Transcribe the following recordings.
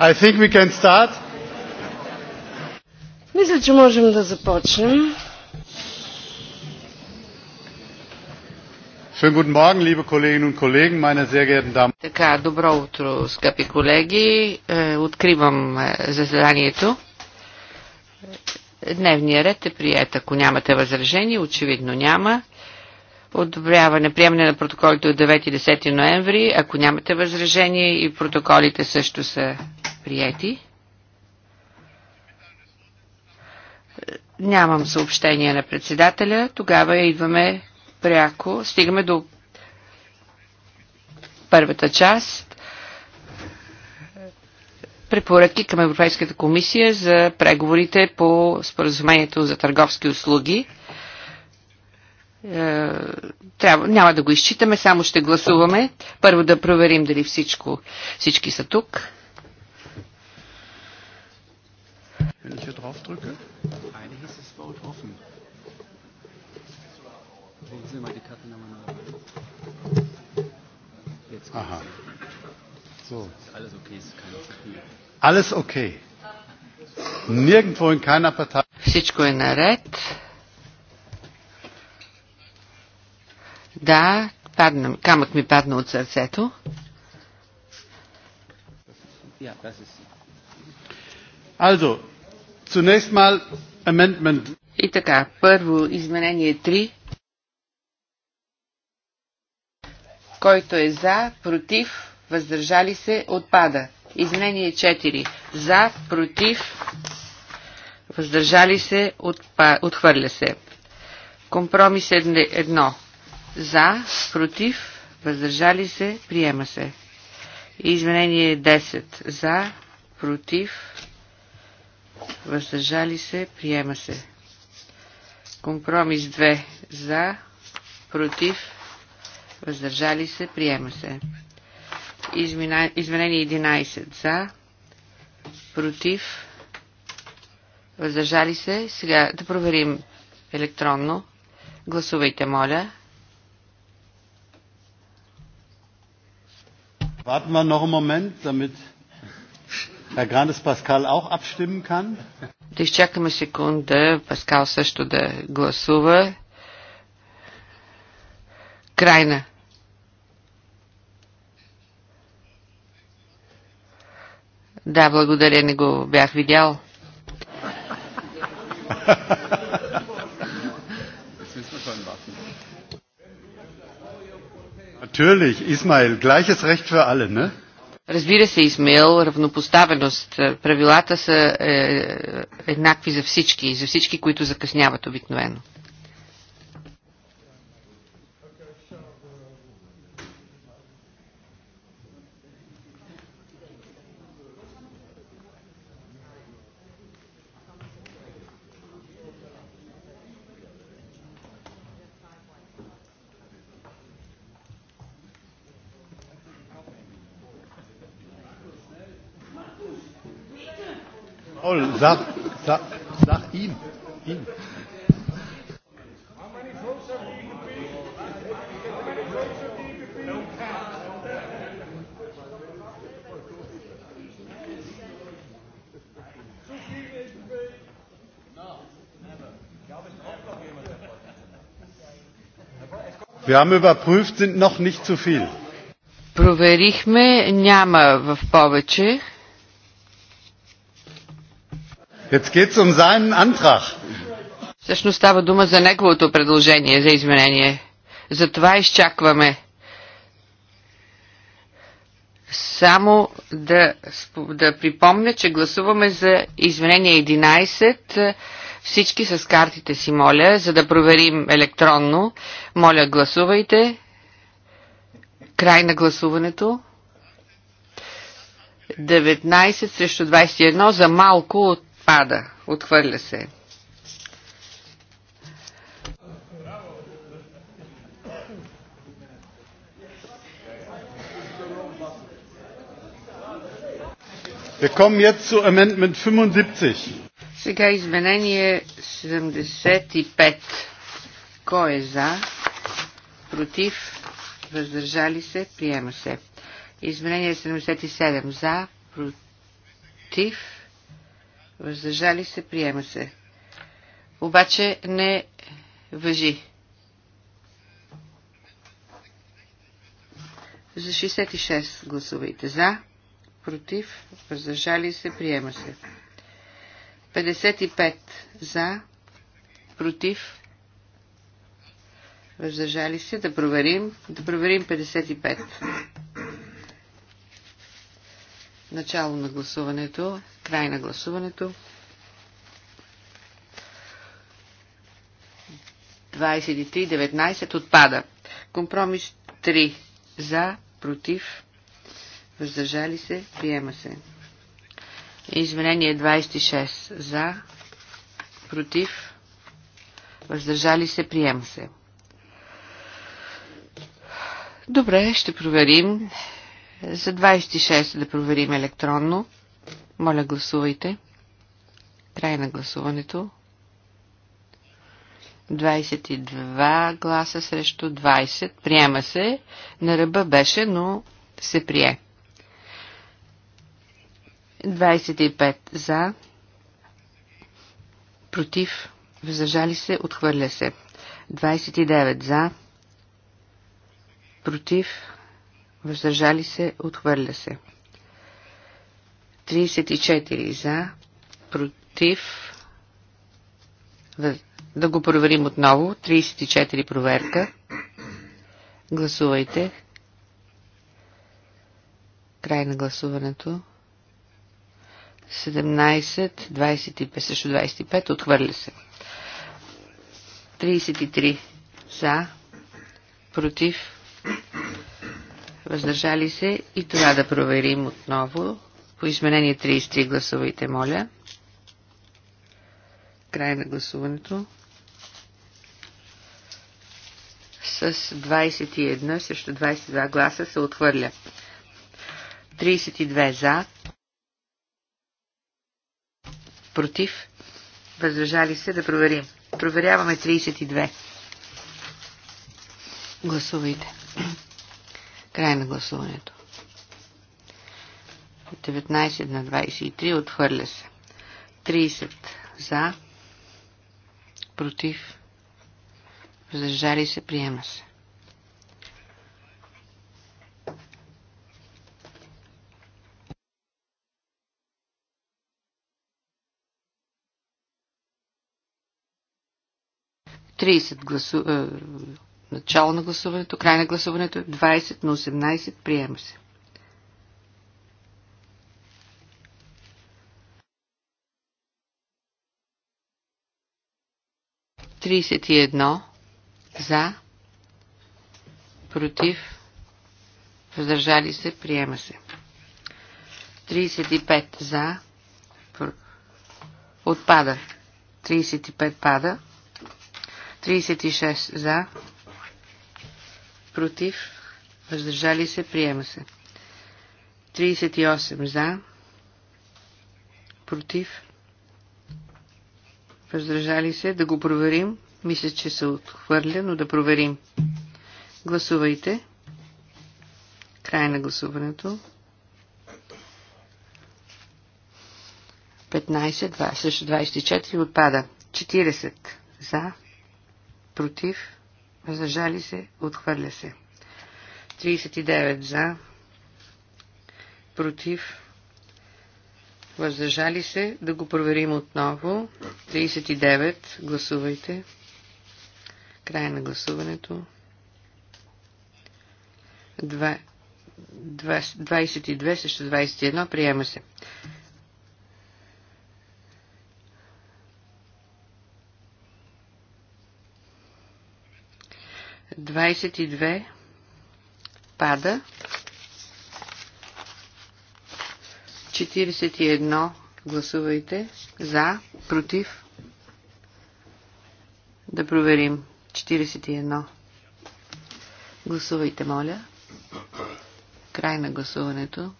I think we can start. Мисля, че можем да започнем. Schönen guten Morgen, liebe Kolleginnen und Kollegen, meine sehr geehrten Damen. Така, добро утро, скъпи колеги. Е, откривам е, заседанието. Е, дневният ред е прият. Ако нямате възражение, очевидно няма. Одобряване, приемане на протоколите от 9 и 10 ноември. Ако нямате възражение и протоколите също са приети. Нямам съобщение на председателя. Тогава идваме пряко. Стигаме до първата част. Препоръки към Европейската комисия за преговорите по споразумението за търговски услуги. Е, трябва, няма да го изчитаме, само ще гласуваме. Първо да проверим дали всичко, всички са тук. Wenn ich hier drauf drücke. Eigentlich ist das Vote offen. Holen Sie mal die Karten nochmal neu Jetzt Aha. So. Ist alles okay, ist kein Spiel. Alles okay. Nirgendwo in keiner Partei. Всичко е наред. Да, падна, камък ми падна от сърцето. Also, Zunächst mal Amendment. И така, първо изменение 3. Който е за, против, въздържали се, отпада. Изменение 4. За, против, въздържали се, отпа, отхвърля се. Компромис 1. За, против, въздържали се, приема се. Изменение 10. За, против, въздържали се, приема се. Компромис 2 за, против, въздържали се, приема се. Измина... Изменение 11 за, против, въздържали се. Сега да проверим електронно. Гласувайте, моля. Warten wir noch einen Moment, damit Herr Grandes Pascal auch abstimmen kann. Да изчакаме секунда, Паскал също да гласува. Крайна. Да, благодаря, не го бях видял. Natürlich, Ismail, gleiches Recht für alle, ne? Разбира се, Исмаил, равнопоставеност. Правилата са е, е, еднакви за всички, за всички, които закъсняват обикновено. Sag, sag, sag ihm. ihm. Wir haben überprüft, sind noch nicht zu viel. Проверихме, няма в повече. Um Всъщност става дума за неговото предложение за изменение. Затова изчакваме. Само да, да припомня, че гласуваме за изменение 11. Всички с картите си, моля, за да проверим електронно. Моля, гласувайте. Край на гласуването. 19 срещу 21 за малко от Пада. Отхвърля се. Wir kommen jetzt zu Amendment 75. Сега изменение 75. Кой е за? Против? Въздържали се? Приема се. Изменение 77. За? Против? въздържали се, приема се. Обаче не въжи. За 66 гласувайте за, против, въздържали се, приема се. 55 за, против, въздържали се, да проверим, да проверим 55. Начало на гласуването. Край на гласуването. 23-19 отпада. Компромис 3. За, против, въздържали се, приема се. Изменение 26. За, против, въздържали се, приема се. Добре, ще проверим. За 26 да проверим електронно. Моля, гласувайте. Край на гласуването. 22 гласа срещу 20. Приема се. На ръба беше, но се прие. 25 за. Против. Въздържали се. Отхвърля се. 29 за. Против. Въздържали се. Отхвърля се. 34 за, против, да го проверим отново, 34 проверка, гласувайте, край на гласуването, 17, 25, също 25, отхвърля се. 33 за, против, въздържали се и това да проверим отново. По изменение 33 гласувайте, моля. Край на гласуването. С 21 срещу 22 гласа се отхвърля. 32 за. Против. Въздържали се да проверим. Проверяваме 32. Гласувайте. Край на гласуването. 19 на 23 отхвърля се. 30 за, против, въздържали се, приема се. гласу... Е, начало на гласуването, край на гласуването, 20 на 18 приема се. 31 за, против, въздържали се, приема се. 35 за, отпада. 35 пада. 36 за, против, въздържали се, приема се. 38 за, против, Въздържали се да го проверим. Мисля, че се отхвърля, но да проверим. Гласувайте. Край на гласуването. 15, 24 отпада. 40 за, против, въздържали се, отхвърля се. 39 за, против, въздържали се, да го проверим отново. 39, гласувайте. Края на гласуването. 22 също 21, приема се. Двадесет и две пада. 41 гласувайте за, против. Да проверим. 41. Гласувайте, моля. Край на гласуването.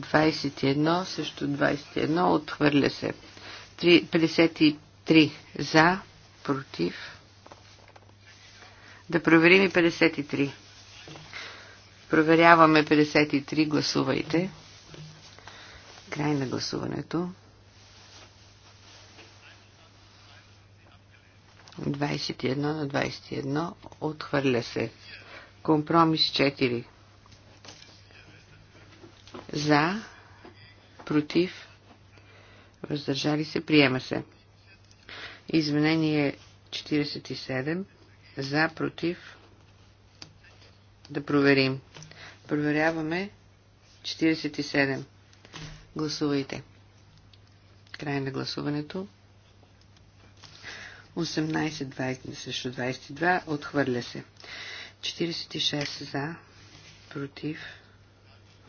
21 също 21 отхвърля се. 53 за, против. Да проверим и 53. Проверяваме 53. Гласувайте. Край на гласуването. 21 на 21. Отхвърля се. Компромис 4. За. Против. Въздържали се. Приема се. Изменение 47. За. Против да проверим. Проверяваме 47. Гласувайте. Край на гласуването. 18-20 срещу 22. Отхвърля се. 46 за. Против.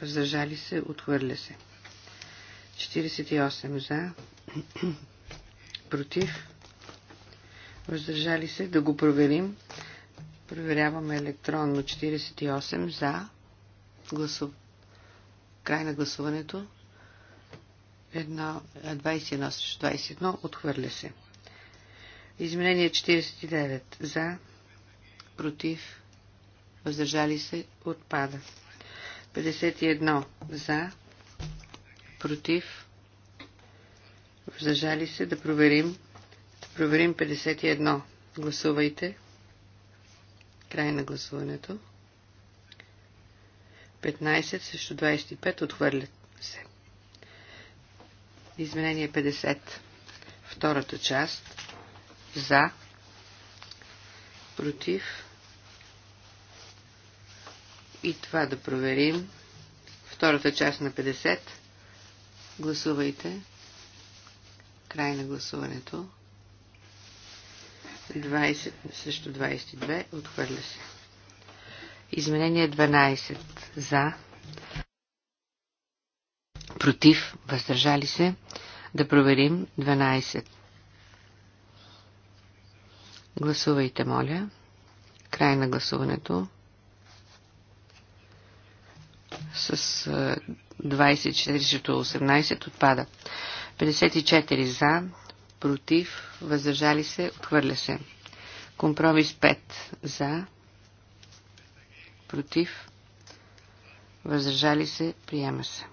Въздържали се. Отхвърля се. 48 за. Против. Въздържали се. Да го проверим. Проверяваме електронно 48 за. гласов... Край на гласуването. Едно... 21 срещу 21 отхвърля се. Изменение 49 за. Против. Въздържали се. Отпада. 51 за. Против. Въздържали се. Да проверим. Да проверим 51. Гласувайте. 51. Край на гласуването. 15 срещу 25 отхвърлят се. Изменение 50. Втората част. За. Против. И това да проверим. Втората част на 50. Гласувайте. Край на гласуването. 20 срещу 22. Отхвърля се. Изменение 12. За. Против. Въздържали се. Да проверим 12. Гласувайте, моля. Край на гласуването. С 24 18 отпада. 54 за, против, въздържали се, отхвърля се. Компромис 5 за, против, въздържали се, приема се.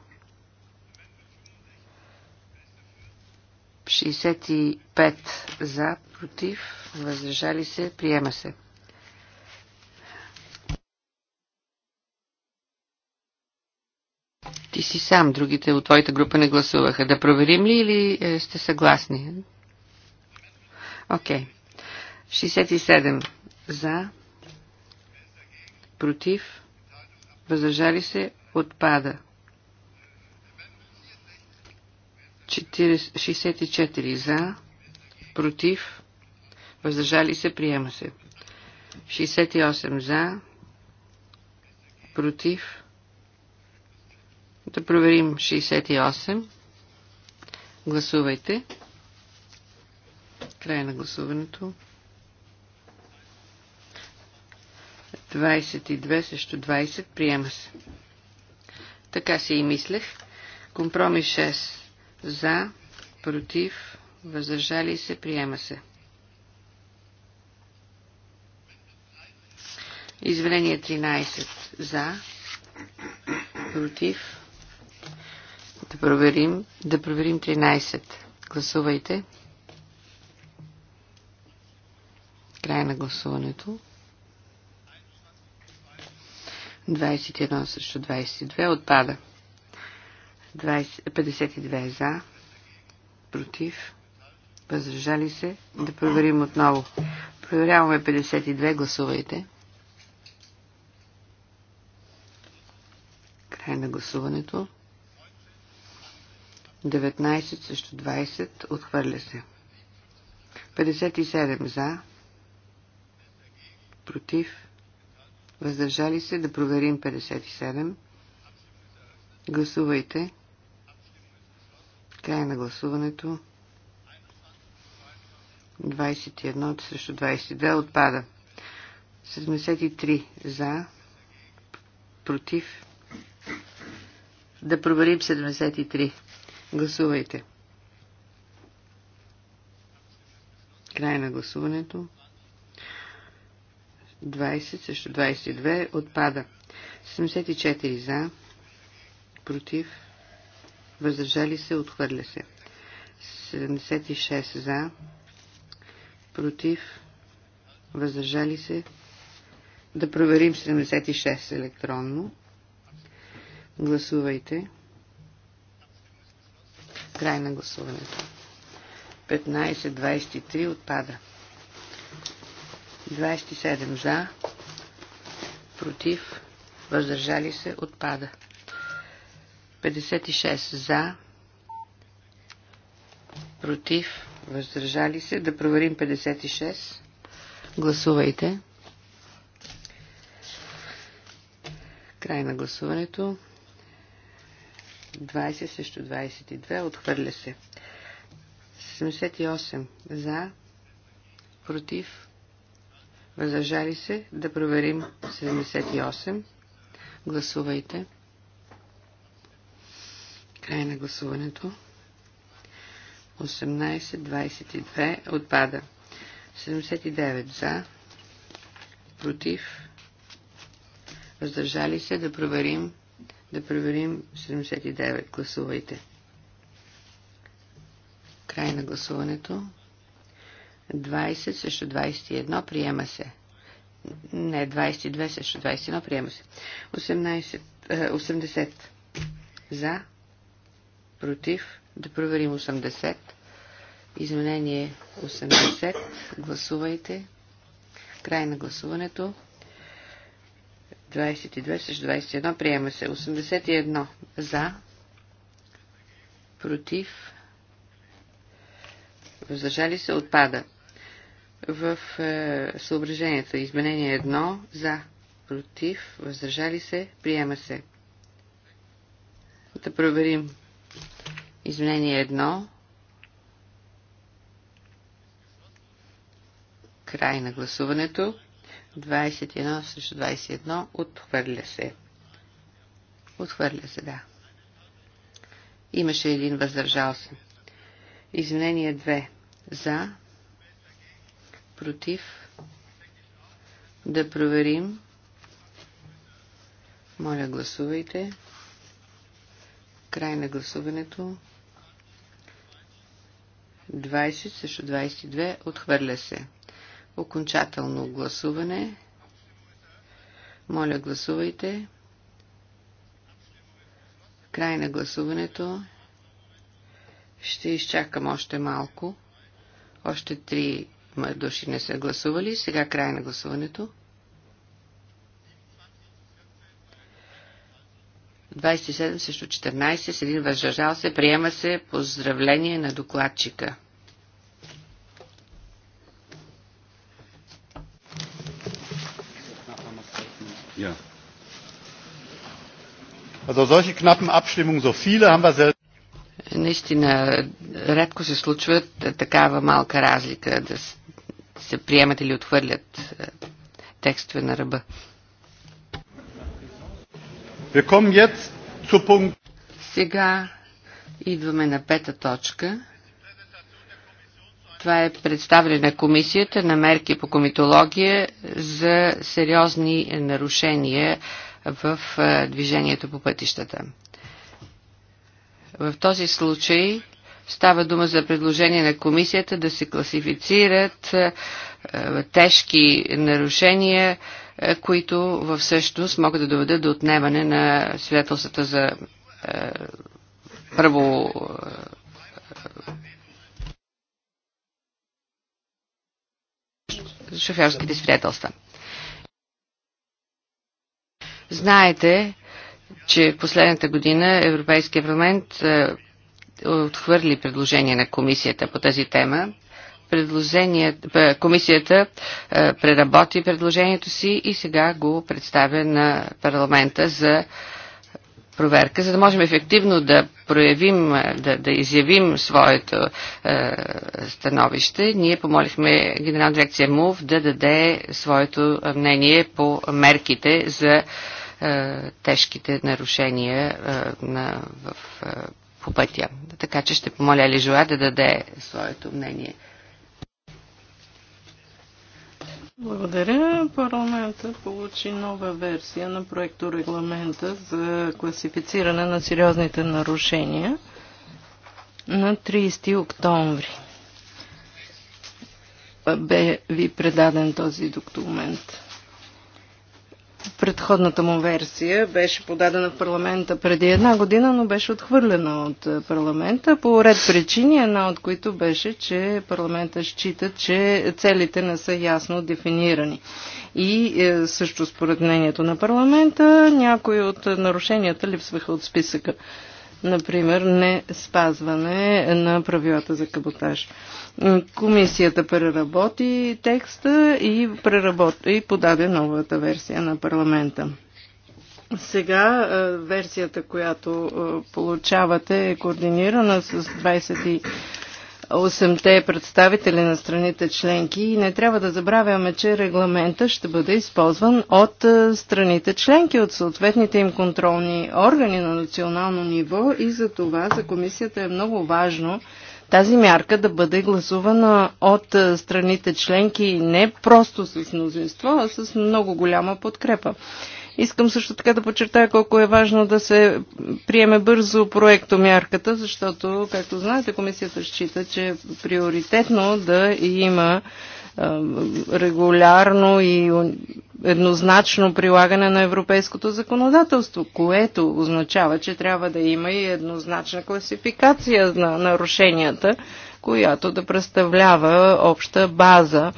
65 за, против, въздържали се, приема се. Ти си сам, другите от твоята група не гласуваха. Да проверим ли или е, сте съгласни? Окей. Okay. 67 за, против, възражали се, отпада. 64 за, против, въздържали се, приема се. 68 за, против. Да проверим 68. Гласувайте. Край на гласуването. 22 срещу 20. Приема се. Така си и мислех. Компромис 6. За, против, въздържали се, приема се. Извинение 13. За, против, да проверим, да проверим 13. Гласувайте. Край на гласуването. 21 също 22 отпада. 20, 52 за, против, въздържали се. Да проверим отново. Проверяваме 52, гласувайте. Край на гласуването. 19 също 20 отхвърля се. 57 за, против, въздържали се, да проверим 57. Гласувайте. Край на гласуването. 21 срещу 22 отпада. 73 за, против. Да проверим 73. Гласувайте. Край на гласуването. 20 срещу 22 отпада. 74 за, против, въздържали се, отхвърля се. 76 за, против, въздържали се. Да проверим 76 електронно. Гласувайте. Край на гласуването. 15-23 отпада. 27 за, против, въздържали се, отпада. 56 за, против, въздържали се. Да проверим 56. Гласувайте. Край на гласуването. 20 срещу 22. Отхвърля се. 78 за, против, Въздържали се да проверим 78. Гласувайте. Край на гласуването. 18-22 отпада. 79 за. Против. Въздържали се да проверим. Да проверим 79. Гласувайте. Край на гласуването. 20 срещу 21 приема се. Не, 22 срещу 21 приема се. 18, 80 е, за, против, да проверим 80. Изменение 80. Гласувайте. Край на гласуването. 22 срещу 21 приема се. 81 за, против, въздържали се, отпада в е, съображенията. Изменение 1 за, против, въздържали се, приема се. Да проверим изменение 1. Край на гласуването. 21 срещу 21 отхвърля се. Отхвърля се, да. Имаше един въздържал се. Изменение 2. За, против, да проверим. Моля, гласувайте. Край на гласуването. 20 също 22 отхвърля се. Окончателно гласуване. Моля, гласувайте. Край на гласуването. Ще изчакам още малко. Още три души не са гласували. Сега край на гласуването. 27 срещу 14 с един въздържал се. Приема се поздравление на докладчика. Also solche knappen Abstimmungen, so viele haben wir Наистина, редко се случва такава малка разлика да се приемат или отхвърлят е, текстове на ръба. Сега идваме на пета точка. Това е представление на комисията на мерки по комитология за сериозни нарушения в е, движението по пътищата. В този случай става дума за предложение на комисията да се класифицират е, е, тежки нарушения, е, които в същност могат да доведат до отнемане на свидетелствата за първо шофьорските свидетелства. Знаете, че в последната година Европейския парламент е, отхвърли предложение на комисията по тази тема. Е, комисията е, преработи предложението си и сега го представя на парламента за проверка, за да можем ефективно да проявим, да, да изявим своето е, становище. Ние помолихме генерална дирекция МУВ да даде своето мнение по мерките за е, тежките нарушения е, на, в, е, по пътя. Така че ще помоля ли Лежоа да даде своето мнение. Благодаря. Парламентът получи нова версия на проекто регламента за класифициране на сериозните нарушения на 30 октомври. Бе ви предаден този документ. Предходната му версия беше подадена в парламента преди една година, но беше отхвърлена от е, парламента по ред причини, една от които беше, че парламента счита, че целите не са ясно дефинирани. И е, също според мнението на парламента някои от нарушенията липсваха от списъка например, не спазване на правилата за каботаж. Комисията преработи текста и, преработи, и подаде новата версия на парламента. Сега е, версията, която е, получавате е координирана с 20 8-те представители на страните членки и не трябва да забравяме, че регламента ще бъде използван от е, страните членки, от съответните им контролни органи на национално ниво и за това за комисията е много важно тази мярка да бъде гласувана от е, страните членки не просто с мнозинство, а с много голяма подкрепа. Искам също така да подчертая колко е важно да се приеме бързо проекто мярката, защото, както знаете, комисията счита, че е приоритетно да има регулярно и еднозначно прилагане на европейското законодателство, което означава, че трябва да има и еднозначна класификация на нарушенията, която да представлява обща база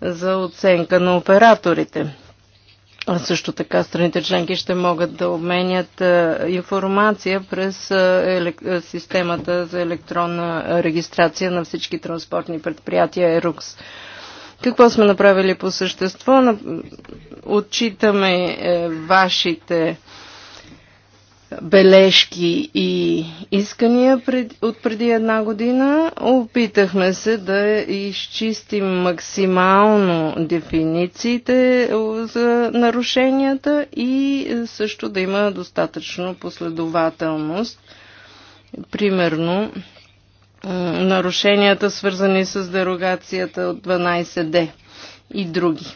за оценка на операторите. Също така страните членки ще могат да обменят информация през системата за електронна регистрация на всички транспортни предприятия ЕРУКС. Какво сме направили по същество? Отчитаме е, вашите бележки и искания пред, от преди една година. Опитахме се да изчистим максимално дефинициите за нарушенията и също да има достатъчно последователност. Примерно, нарушенията свързани с дерогацията от 12D и други.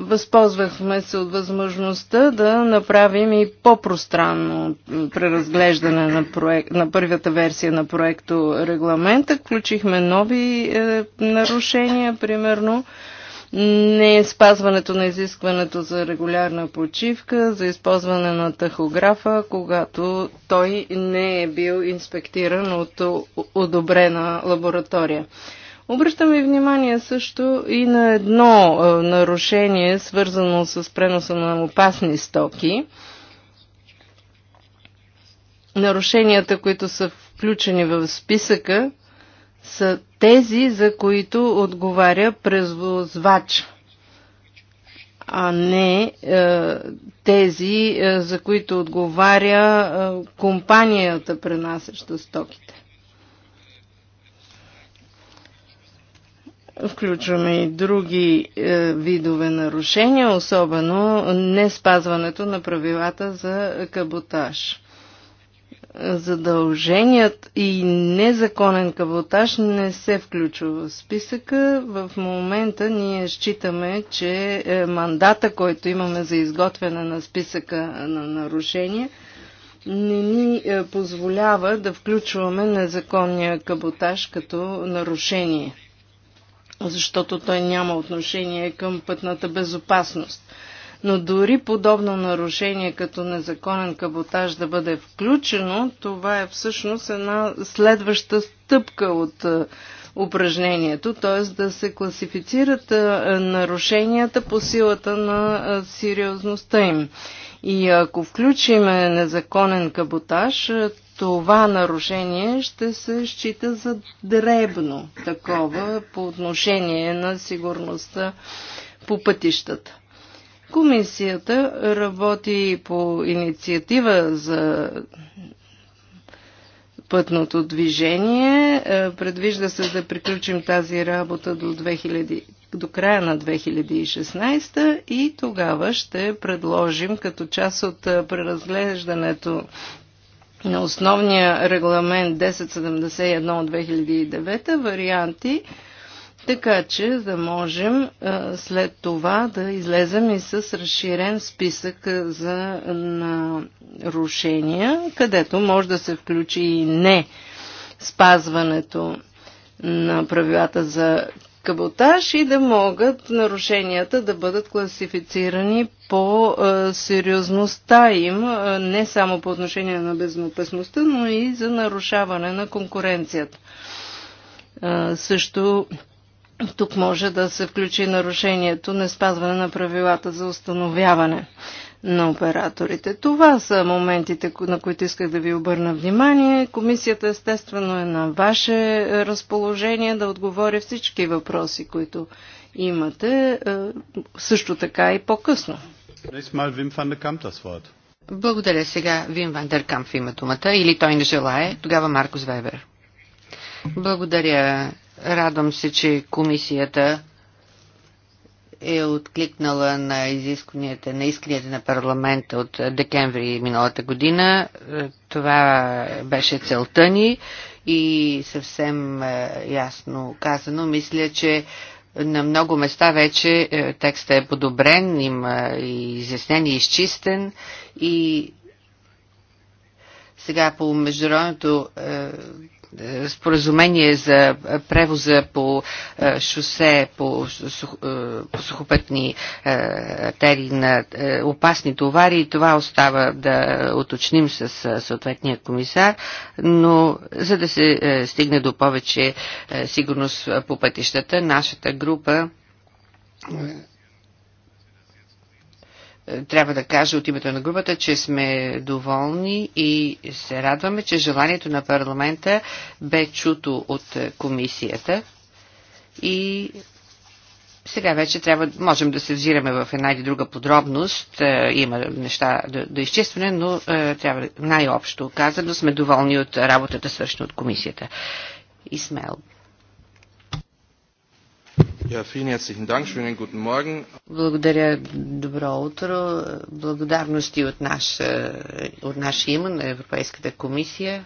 Възползвахме се от възможността да направим и по-пространно преразглеждане на, проект, на първата версия на проекто регламента. Включихме нови е, нарушения, примерно не е спазването на изискването за регулярна почивка, за използване на тахографа, когато той не е бил инспектиран от одобрена лаборатория. Обръщаме внимание също и на едно е, нарушение, свързано с преноса на опасни стоки. Нарушенията, които са включени в списъка, са тези, за които отговаря презвозвач, а не е, тези, е, за които отговаря е, компанията, пренасяща стоките. Включваме и други е, видове нарушения, особено не спазването на правилата за каботаж. Задълженият и незаконен каботаж не се включва в списъка. В момента ние считаме, че е, мандата, който имаме за изготвяне на списъка на нарушения, не ни е, позволява да включваме незаконния каботаж като нарушение защото той няма отношение към пътната безопасност. Но дори подобно нарушение като незаконен каботаж да бъде включено, това е всъщност една следваща стъпка от е, упражнението, т.е. да се класифицират е, нарушенията по силата на е, сериозността им. И ако включиме незаконен каботаж, това нарушение ще се счита за дребно такова по отношение на сигурността по пътищата. Комисията работи по инициатива за пътното движение. Е, предвижда се да приключим тази работа до, 2000, до края на 2016 и тогава ще предложим като част от е, преразглеждането на основния регламент 1071 от 2009 варианти, така че да можем след това да излезем и с разширен списък за нарушения, където може да се включи и не спазването на правилата за каботаж и да могат нарушенията да бъдат класифицирани по е, сериозността им, е, не само по отношение на безопасността, но и за нарушаване на конкуренцията. Е, също тук може да се включи нарушението на спазване на правилата за установяване на операторите. Това са моментите, на които исках да ви обърна внимание. Комисията естествено е на ваше е, разположение да отговори всички въпроси, които имате, е, също така и по-късно. Благодаря сега Вим Вандеркамп в има думата, или той не желае, тогава Маркус Вебер. Благодаря. Радвам се, че комисията е откликнала на изискванията, на исканията на парламента от декември миналата година. Е, това беше целта ни и съвсем е, ясно казано, мисля, че на много места вече е, текстът е подобрен, има и изяснен и изчистен и сега по международното е, споразумение за превоза по е, шосе, по, сух, е, по сухопътни тери на опасни товари. Това остава да уточним с съответния комисар, но за да се стигне до повече сигурност по пътищата, нашата група е, трябва да кажа от името на групата, че сме доволни и се радваме, че желанието на парламента бе чуто от комисията и сега вече трябва, можем да се взираме в една или друга подробност. Е, има неща до, да изчистване, но е, трябва най-общо казано сме доволни от работата, свършена от комисията. Исмел. Благодаря, добро утро. Благодарности от, наш, е, от наше име на Европейската комисия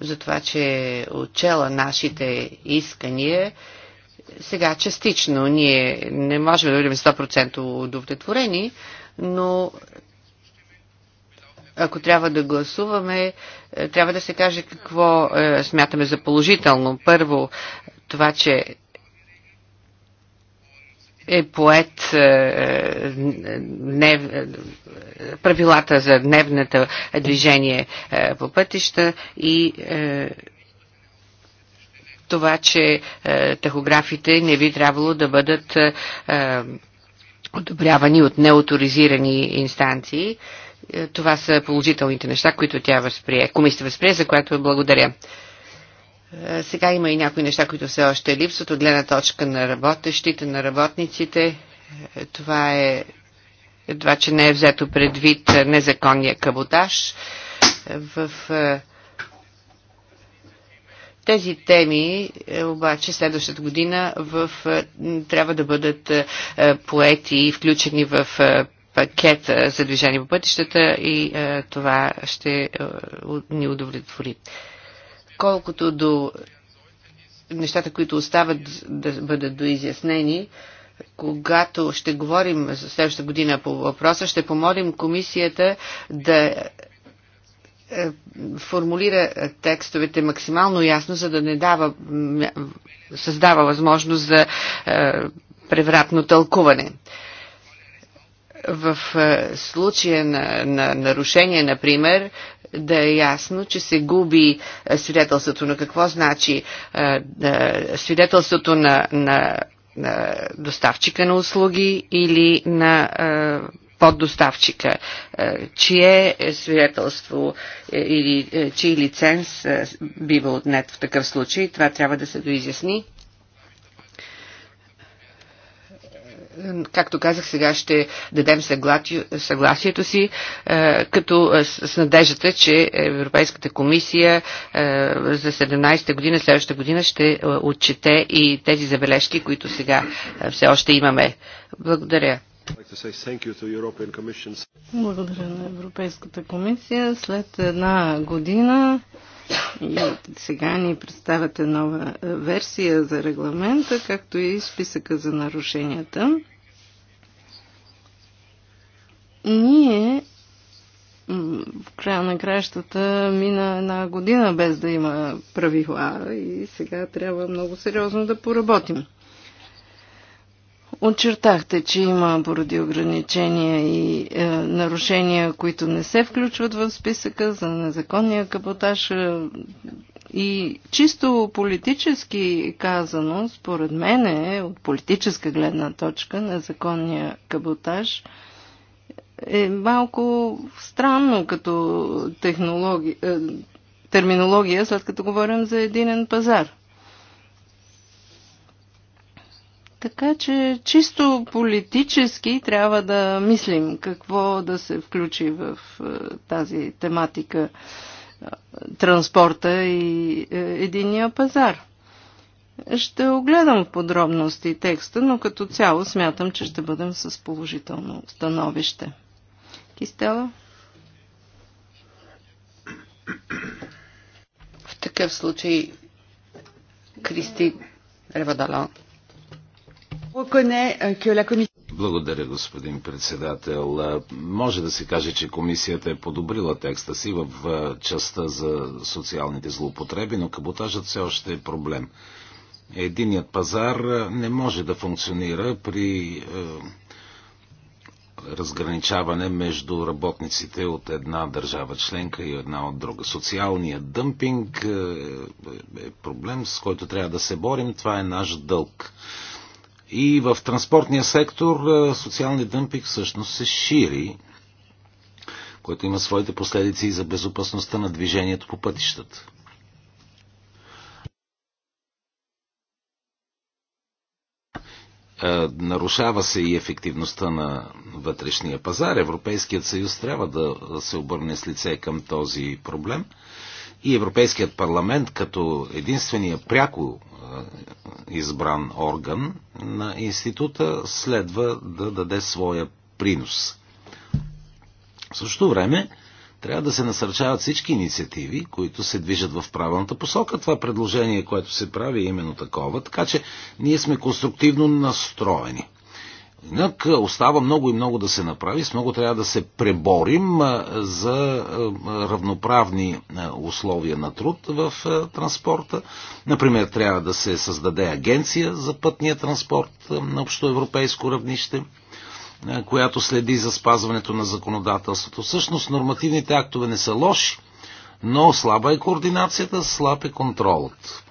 за това, че е отчела нашите искания. Сега частично ние не можем да бъдем 100% удовлетворени, но ако трябва да гласуваме, е, трябва да се каже какво е, смятаме за положително. Първо, това, че е поет е, днев, правилата за дневната движение е, по пътища и е, това, че тахографите не би трябвало да бъдат одобрявани от неоторизирани инстанции. Това са положителните неща, които тя възприе. Комисията възприе, за което благодаря. Е, сега има и някои неща, които все още липсват от гледна точка на работещите, на работниците. Е, това е едва, че не е взето предвид незаконния каботаж. Е, в тези теми обаче следващата година в, трябва да бъдат поети и включени в пакет за движение по пътищата и това ще ни удовлетвори. Колкото до нещата, които остават да бъдат доизяснени, когато ще говорим за следващата година по въпроса, ще помолим комисията да е, формулира текстовете максимално ясно, за да не дава, създава възможност за е, превратно тълкуване. В е, случая на, на нарушение, например, да е ясно, че се губи е, свидетелството на какво значи е, е, свидетелството на, на, на доставчика на услуги или на поддоставчика, чие свидетелство или чий лиценз бива отнет в такъв случай. Това трябва да се доизясни. както казах, сега ще дадем съгласието си, е, като е, с надеждата, че Европейската комисия е, за 17-та година, следващата година ще отчете и тези забележки, които сега все още имаме. Благодаря. Благодаря на Европейската комисия. След една година и сега ни представяте нова е, версия за регламента, както и списъка за нарушенията. Ние в края на кращата мина една година без да има правила и сега трябва много сериозно да поработим. Очертахте, че има поради ограничения и е, нарушения, които не се включват в списъка за незаконния каботаж. Е, и чисто политически казано, според мен е, от политическа гледна точка, незаконния каботаж е малко странно като е, терминология, след като говорим за единен пазар. Така че чисто политически трябва да мислим какво да се включи в е, тази тематика е, транспорта и е, единия пазар. Ще огледам в подробности текста, но като цяло смятам, че ще бъдем с положително становище. Кистела? В такъв случай Кристи Ревадалон. Благодаря, господин председател. Може да се каже, че комисията е подобрила текста си в частта за социалните злоупотреби, но каботажът все още е проблем. Единият пазар не може да функционира при разграничаване между работниците от една държава членка и една от друга. Социалният дъмпинг е, е проблем, с който трябва да се борим. Това е наш дълг. И в транспортния сектор е, социалният дъмпинг всъщност се шири, което има своите последици и за безопасността на движението по пътищата. Е, нарушава се и ефективността на вътрешния пазар. Европейският съюз трябва да се обърне с лице към този проблем и Европейският парламент като единствения пряко е, избран орган на института следва да даде своя принос. В същото време трябва да се насърчават всички инициативи, които се движат в правилната посока. Това предложение, което се прави е именно такова, така че ние сме конструктивно настроени. Инак остава много и много да се направи, с много трябва да се преборим за равноправни условия на труд в транспорта. Например, трябва да се създаде агенция за пътния транспорт на общоевропейско равнище която следи за спазването на законодателството. Всъщност нормативните актове не са лоши, но слаба е координацията, слаб е контролът.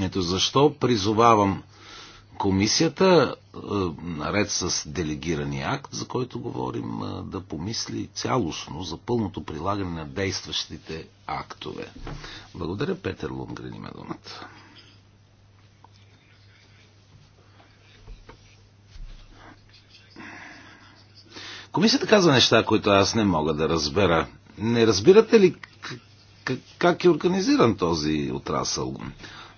Ето защо призовавам комисията, е, наред с делегирания акт, за който говорим, е, да помисли цялостно за пълното прилагане на действащите актове. Благодаря, Петър Лунгрен има думата. Комисията казва неща, които аз не мога да разбера. Не разбирате ли как е организиран този отрасъл?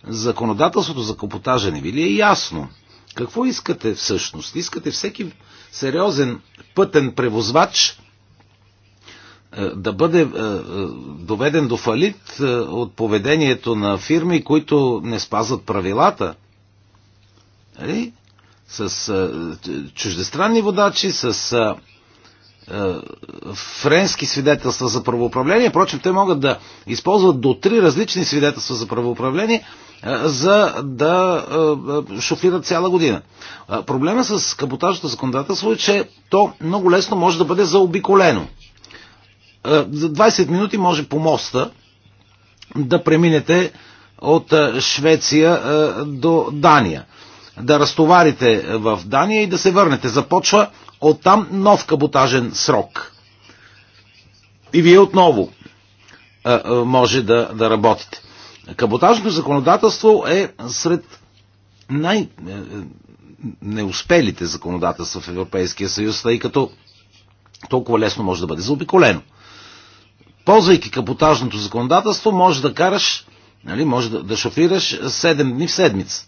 законодателството за капотажа не ви ли е ясно? Какво искате всъщност? Искате всеки сериозен пътен превозвач е, да бъде е, е, доведен до фалит от поведението на фирми, които не спазват правилата. Нали? Е? С чуждестранни водачи, с френски свидетелства за правоуправление. Впрочем, те могат да използват до три различни свидетелства за правоуправление, е, за да е, е, шофира цяла година. Проблема с каботажното законодателство е, че то много лесно може да бъде заобиколено. За 20 минути може по моста да преминете от Швеция до Дания. Да разтоварите в Дания и да се върнете. Започва оттам нов каботажен срок. И вие отново може да, да работите. Каботажното законодателство е сред най-неуспелите е, е, законодателства в Европейския съюз, тъй като толкова лесно може да бъде заобиколено. Ползвайки каботажното законодателство, може да караш, нали, може да, да шофираш 7 дни в седмица.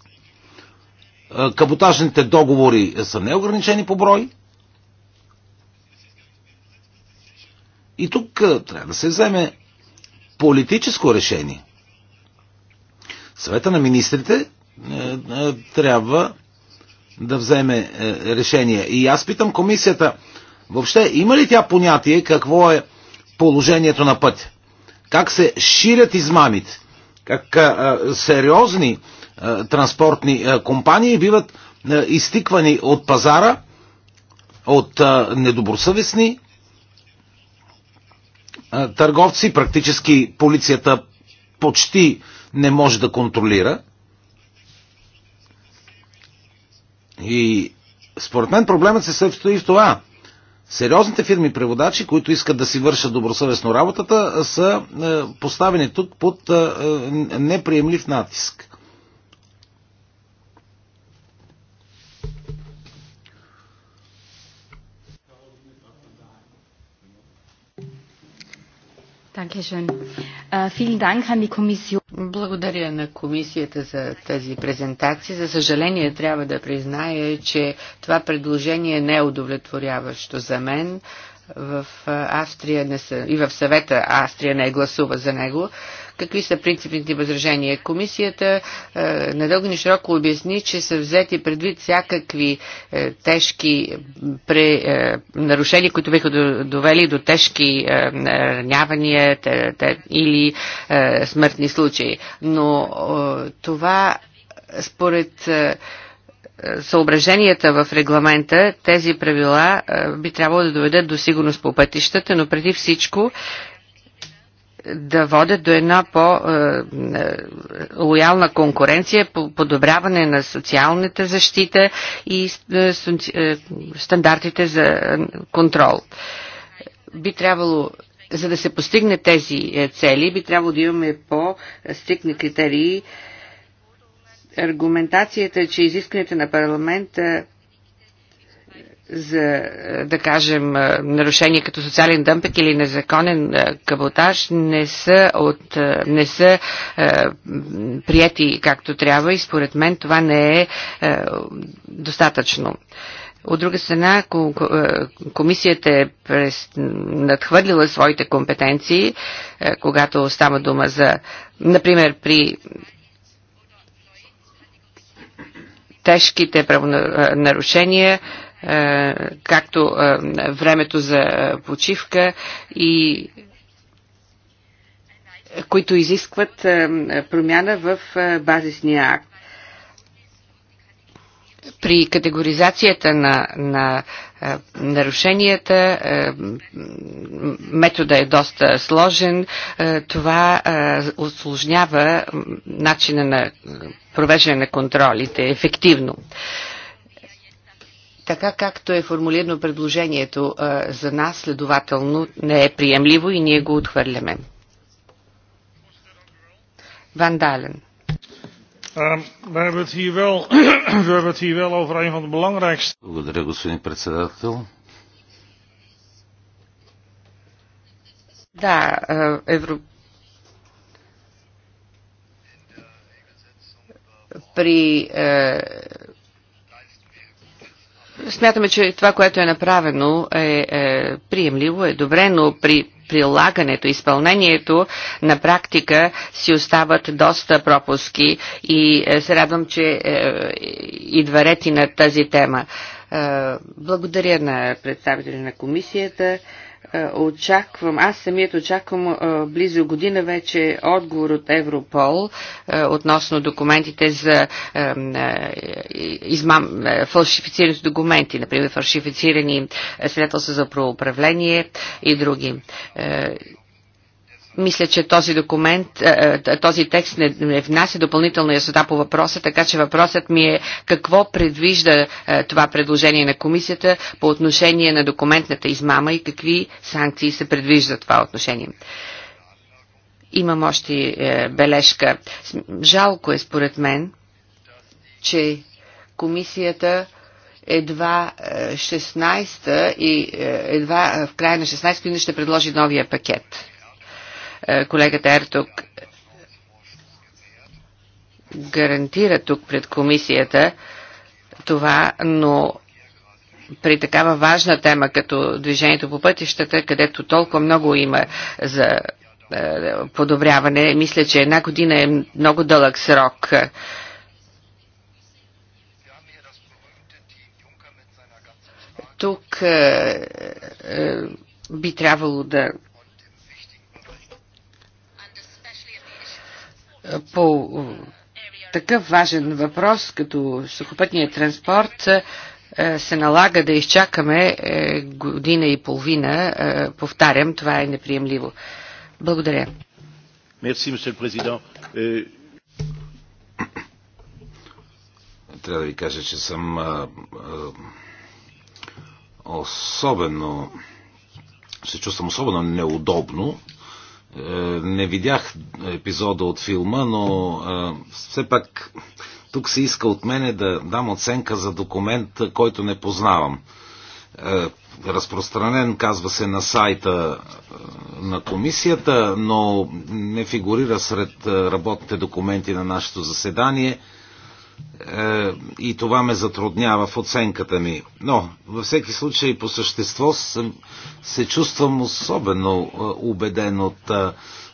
Е, каботажните договори са неограничени по брой. И тук трябва да се вземе политическо решение – Съвета на министрите е, е, трябва да вземе е, решение. И аз питам комисията, въобще има ли тя понятие какво е положението на пътя? Как се ширят измамите? Как е, сериозни е, транспортни е, компании биват е, изтиквани от пазара от е, недобросъвестни е, търговци, практически полицията почти не може да контролира. И според мен проблемът се състои в това. Сериозните фирми преводачи, които искат да си вършат добросъвестно работата, са е, поставени тук под е, е, неприемлив натиск. Dankeschön. Благодаря на комисията за тази презентация. За съжаление трябва да призная, че това предложение не е удовлетворяващо за мен. В Австрия не са, и в съвета Австрия не е гласува за него. Какви са принципните възражения? Комисията е, надълго и широко обясни, че са взети предвид всякакви е, тежки пре, е, нарушения, които биха довели до тежки е, ранявания те, те, или е, смъртни случаи. Но е, това според е, съображенията в регламента, тези правила е, би трябвало да доведат до сигурност по пътищата, но преди всичко да водят до една по-лоялна е, е, конкуренция, подобряване на социалната защита и е, стандартите за контрол. Би трябвало за да се постигне тези цели, би трябвало да имаме по стикни критерии. Аргументацията, че изискванията на парламента за, да кажем, нарушения като социален дъмпек или незаконен каботаж не са, от, не са е, прияти както трябва и според мен това не е, е достатъчно. От друга страна, ако комисията е през, надхвърлила своите компетенции, е, когато става дума за, например, при тежките правонарушения, е, както е, времето за почивка и които изискват е, промяна в базисния акт. При категоризацията на, на нарушенията, метода е доста сложен, това осложнява начина на провеждане на контролите ефективно. Така както е формулирано предложението за нас, следователно не е приемливо и ние го отхвърляме. Вандален. Благодаря, господин председател. Да, евро... при Смятаме, че това, което е направено е, е приемливо, е добре, но при прилагането, изпълнението на практика си остават доста пропуски и е, се радвам, че е, е, идва рети на тази тема. Благодаря на представители на комисията. Е, очаквам, аз самият очаквам е, близо година вече отговор от Европол е, относно документите за измам, фалшифицирани документи, например фалшифицирани свидетелства за правоуправление и други. Мисля, че този документ, е, е, този текст не, не внася допълнителна яснота по въпроса, така че въпросът ми е какво предвижда е, това предложение на комисията по отношение на документната измама и какви санкции се предвижда това отношение. Имам още бележка. Жалко е според мен, че комисията едва 16 и едва в края на 16 година ще предложи новия пакет. Е, колегата Ертук гарантира тук пред комисията това, но при такава важна тема като движението по пътищата, където толкова много има за е, подобряване, мисля, че една година е много дълъг срок. Тук е, би трябвало да по такъв важен въпрос, като сухопътния транспорт, е, се налага да изчакаме е, година и половина. Е, повтарям, това е неприемливо. Благодаря. Мерси, мистер президент. Трябва да ви кажа, че съм особено се чувствам особено неудобно е, не видях епизода от филма, но е, все пак тук се иска от мене да дам оценка за документ, който не познавам. Е, разпространен, казва се, на сайта на комисията, но не фигурира сред работните документи на нашето заседание. Е, и това ме затруднява в оценката ми. Но, във всеки случай, по същество съм, се чувствам особено е, убеден от е,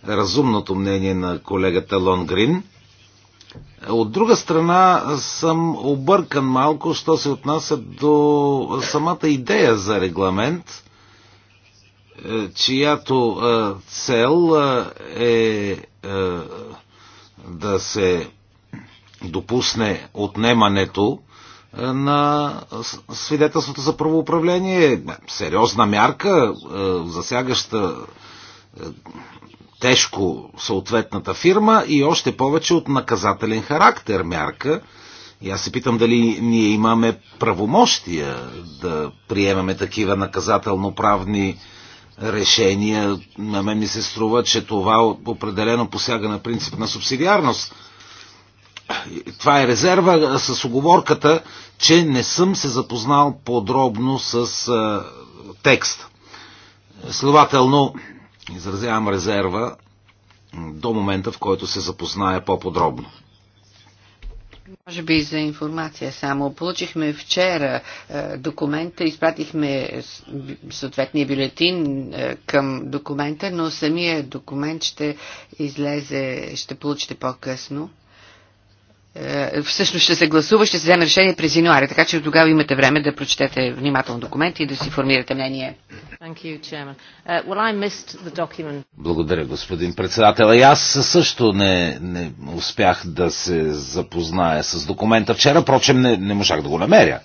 разумното мнение на колегата Лонгрин. От друга страна съм объркан малко, що се отнася до самата идея за регламент, чиято цел е да се допусне отнемането е, на свидетелството за правоуправление. Сериозна мярка, е, засягаща е, тежко съответната фирма и още повече от наказателен характер мярка. И аз се питам дали ние имаме правомощия да приемаме такива наказателно-правни решения. На мен ми се струва, че това определено посяга на принцип на субсидиарност това е резерва с оговорката, че не съм се запознал подробно с а, текст. Следователно, изразявам резерва до момента, в който се запозная по-подробно. Може би за информация само. Получихме вчера е, документа, изпратихме съответния бюлетин е, към документа, но самия документ ще излезе, ще получите по-късно. Е, всъщност ще се гласува, ще се вземе решение през януари, така че тогава имате време да прочетете внимателно документи и да си формирате мнение. You, uh, well, Благодаря, господин председател. И аз също не, не успях да се запозная с документа вчера, прочем не, не можах да го намеря.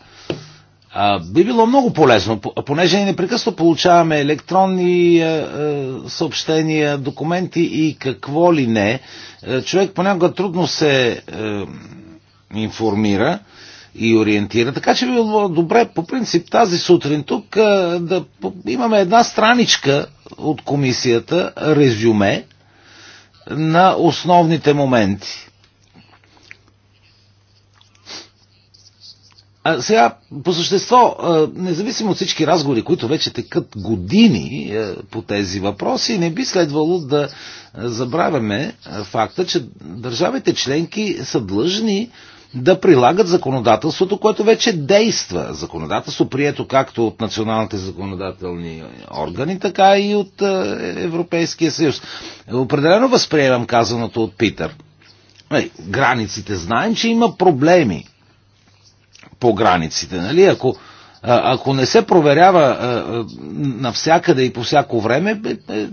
Би било много полезно, понеже непрекъсно получаваме електронни съобщения, документи и какво ли не. Човек понякога трудно се информира и ориентира. Така че би било добре, по принцип, тази сутрин тук да имаме една страничка от комисията, резюме на основните моменти. А сега, по същество, независимо от всички разговори, които вече текат години по тези въпроси, не би следвало да забравяме факта, че държавите членки са длъжни да прилагат законодателството, което вече действа. Законодателство, прието както от националните законодателни органи, така и от Европейския съюз. Определено възприемам казаното от Питър. Границите знаем, че има проблеми по границите. Нали? Ако, ако не се проверява навсякъде и по всяко време, е, е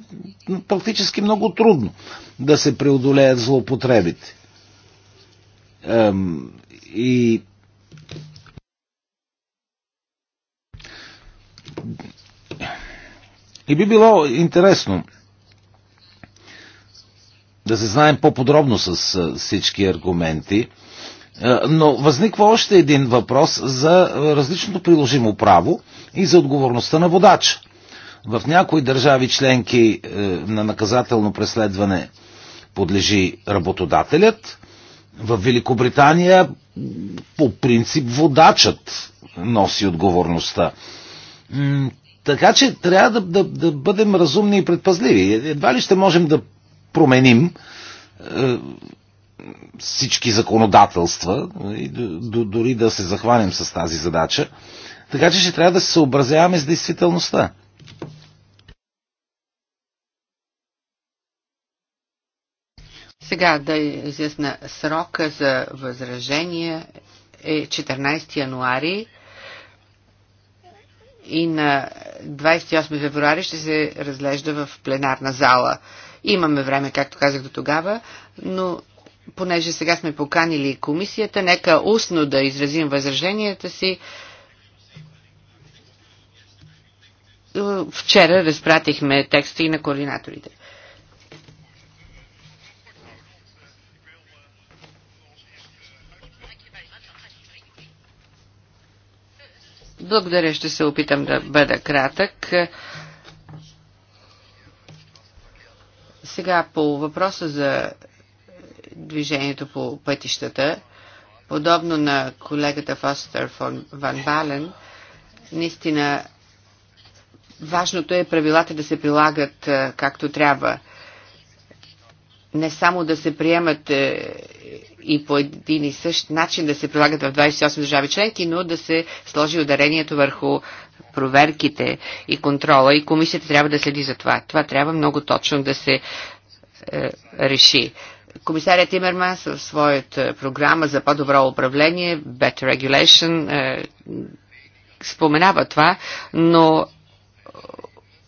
практически много трудно да се преодолеят злоупотребите. И И би било интересно да се знаем по-подробно с всички аргументи. Е, но възниква още един въпрос за е, различното приложимо право и за отговорността на водача. В някои държави членки е, на наказателно преследване подлежи работодателят, в Великобритания по принцип водачът носи отговорността. Така че трябва да, да, да бъдем разумни и предпазливи. Едва ли ще можем да променим всички законодателства, и дори да се захванем с тази задача. Така че ще трябва да се съобразяваме с действителността. Сега да изясна срока за възражение е 14 януари и на 28 февруари ще се разглежда в пленарна зала. Имаме време, както казах до тогава, но понеже сега сме поканили комисията, нека устно да изразим възраженията си. Е, вчера разпратихме текста и на координаторите. Благодаря, ще се опитам да бъда кратък. Сега по въпроса за движението по пътищата. Подобно на колегата Фостер фон Ван Бален, наистина важното е правилата да се прилагат както трябва. Не само да се приемат и по един и същ начин да се прилагат в 28 държави членки, но да се сложи ударението върху проверките и контрола и комисията трябва да следи за това. Това трябва много точно да се е, реши. Комисарят Тимерма в своята програма за по-добро управление, Better Regulation, е, споменава това, но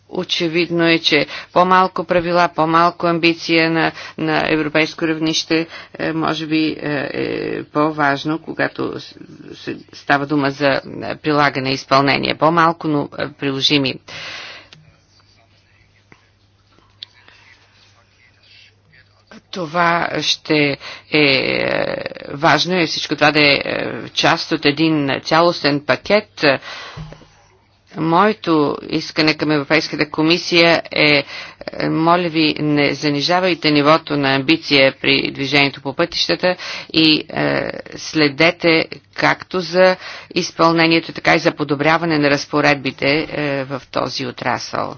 очевидно е, че по-малко правила, по-малко амбиция на, на европейско равнище е, може би е, е по-важно, когато става дума за прилагане и изпълнение. По-малко, но приложими. това ще е, е важно и е всичко това да е, е част от един цялостен пакет. Моето искане към Европейската комисия е, моля ви, не занижавайте нивото на амбиция при движението по пътищата и е, следете както за изпълнението, така и за подобряване на разпоредбите е, в този отрасъл.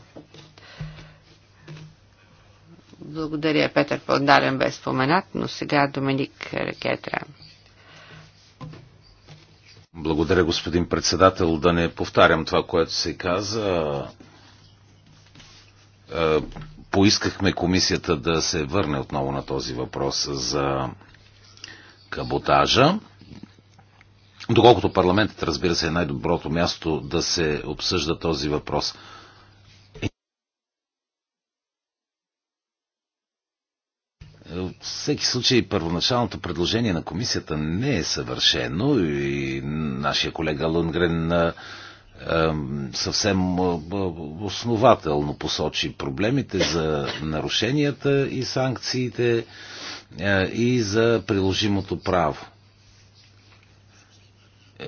Благодаря, Петър Подален бе споменат, но сега Доминик Ракетра. Благодаря, господин председател. Да не повтарям това, което се каза. Е, поискахме комисията да се върне отново на този въпрос за каботажа. Доколкото парламентът, разбира се, е най-доброто място да се обсъжда този въпрос. всеки случай, първоначалното предложение на комисията не е съвършено и нашия колега Лунгрен съвсем основателно посочи проблемите за нарушенията и санкциите и за приложимото право.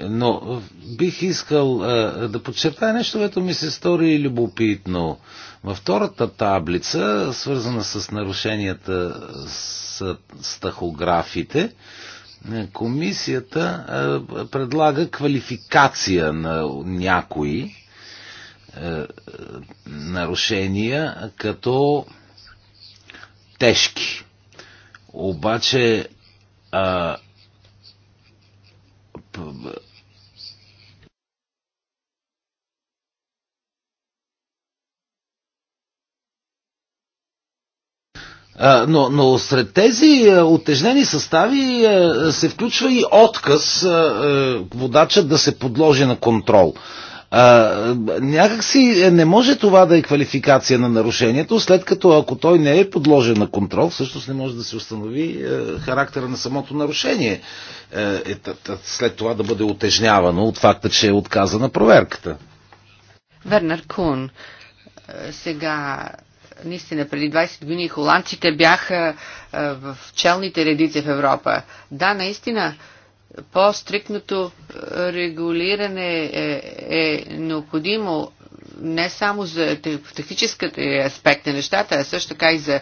Но е, бих искал а, е, да подчертая нещо, което ми се стори любопитно. Във втората таблица, свързана с нарушенията с, стахографите, е, комисията а, предлага квалификация на някои а, нарушения като тежки. Обаче а, но, но сред тези отежнени е, състави е, се включва и отказ е, водача да се подложи на контрол. А, някакси не може това да е квалификация на нарушението, след като ако той не е подложен на контрол, всъщност не може да се установи е, характера на самото нарушение. Е, е, след това да бъде отежнявано от факта, че е отказана проверката. Вернер Кун, е, сега наистина преди 20 години холандците бяха е, в челните редици в Европа. Да, наистина по-стрикното е, регулиране е, е необходимо не само за техническите аспект на нещата, а също така и за е,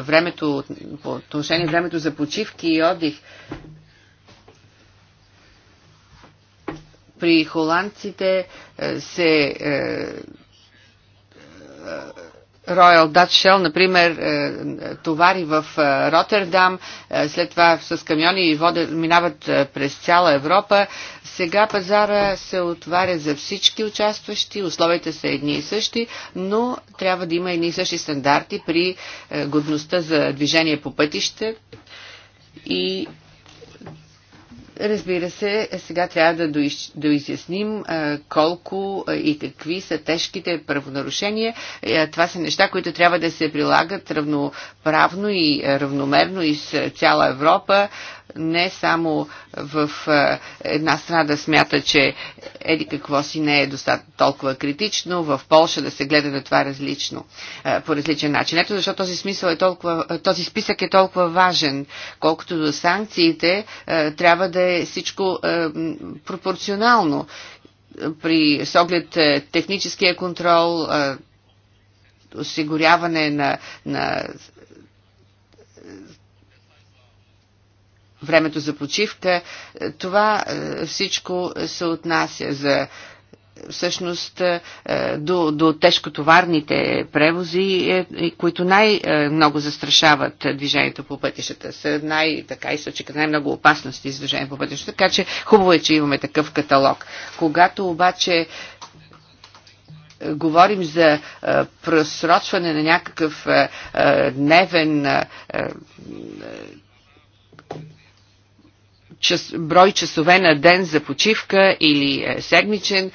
времето, по отношение времето за почивки и отдих. При холандците е, се Royal Dutch Shell, например, е, товари в е, Роттердам, е, след това с камиони и вода минават през цяла Европа. Сега пазара се отваря за всички участващи, условията са едни и същи, но трябва да има едни и същи стандарти при годността за движение по пътища и Разбира се, сега трябва да доизясним колко и какви са тежките правонарушения. Това са неща, които трябва да се прилагат равноправно и равномерно из цяла Европа не само в е, една страна да смята, че еди какво си не е достатъчно толкова критично, в Польша да се гледа на това различно, е, по различен начин. Ето защо този, смисъл е толкова, е, този списък е толкова важен, колкото до санкциите трябва да е всичко пропорционално при, с оглед техническия контрол, осигуряване на, на времето за почивка. Е, това е, всичко се отнася за всъщност е, до, до тежкотоварните превози, които най-много застрашават движението по пътищата. Са най, така и случаи, най-много опасности за движение по пътищата, така че хубаво е, че имаме такъв каталог. Когато обаче говорим за просрочване на някакъв дневен час, брой часове на ден за почивка или е, седмичен,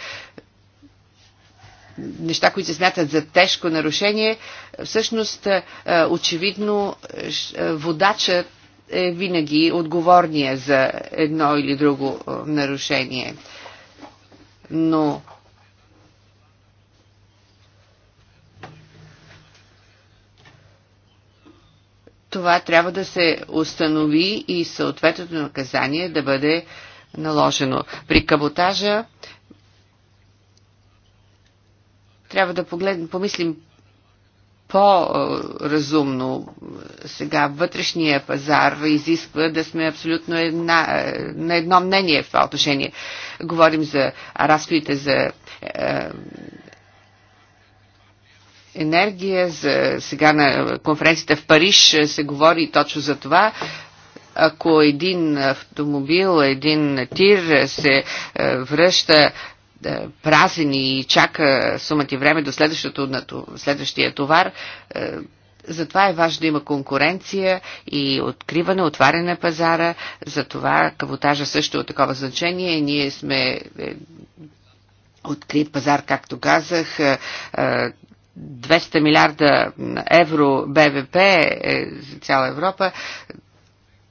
неща, които се смятат за тежко нарушение, всъщност е, е, очевидно водача е винаги отговорния за едно или друго нарушение. Но това трябва да се установи и съответното наказание да бъде наложено. При каботажа трябва да погледнем, помислим по-разумно. Сега вътрешния пазар изисква да сме абсолютно една, на едно мнение в това отношение. Говорим за разходите за е, енергия. За сега на конференцията в Париж се говори точно за това ако един автомобил, един тир се е, връща е, празен и чака сумата и време до следващия товар, е, затова е важно да има конкуренция и откриване, отваряне на пазара. Затова кавотажа също е от такова значение. Ние сме открит пазар, както казах. 200 милиарда евро БВП е, за цяла Европа,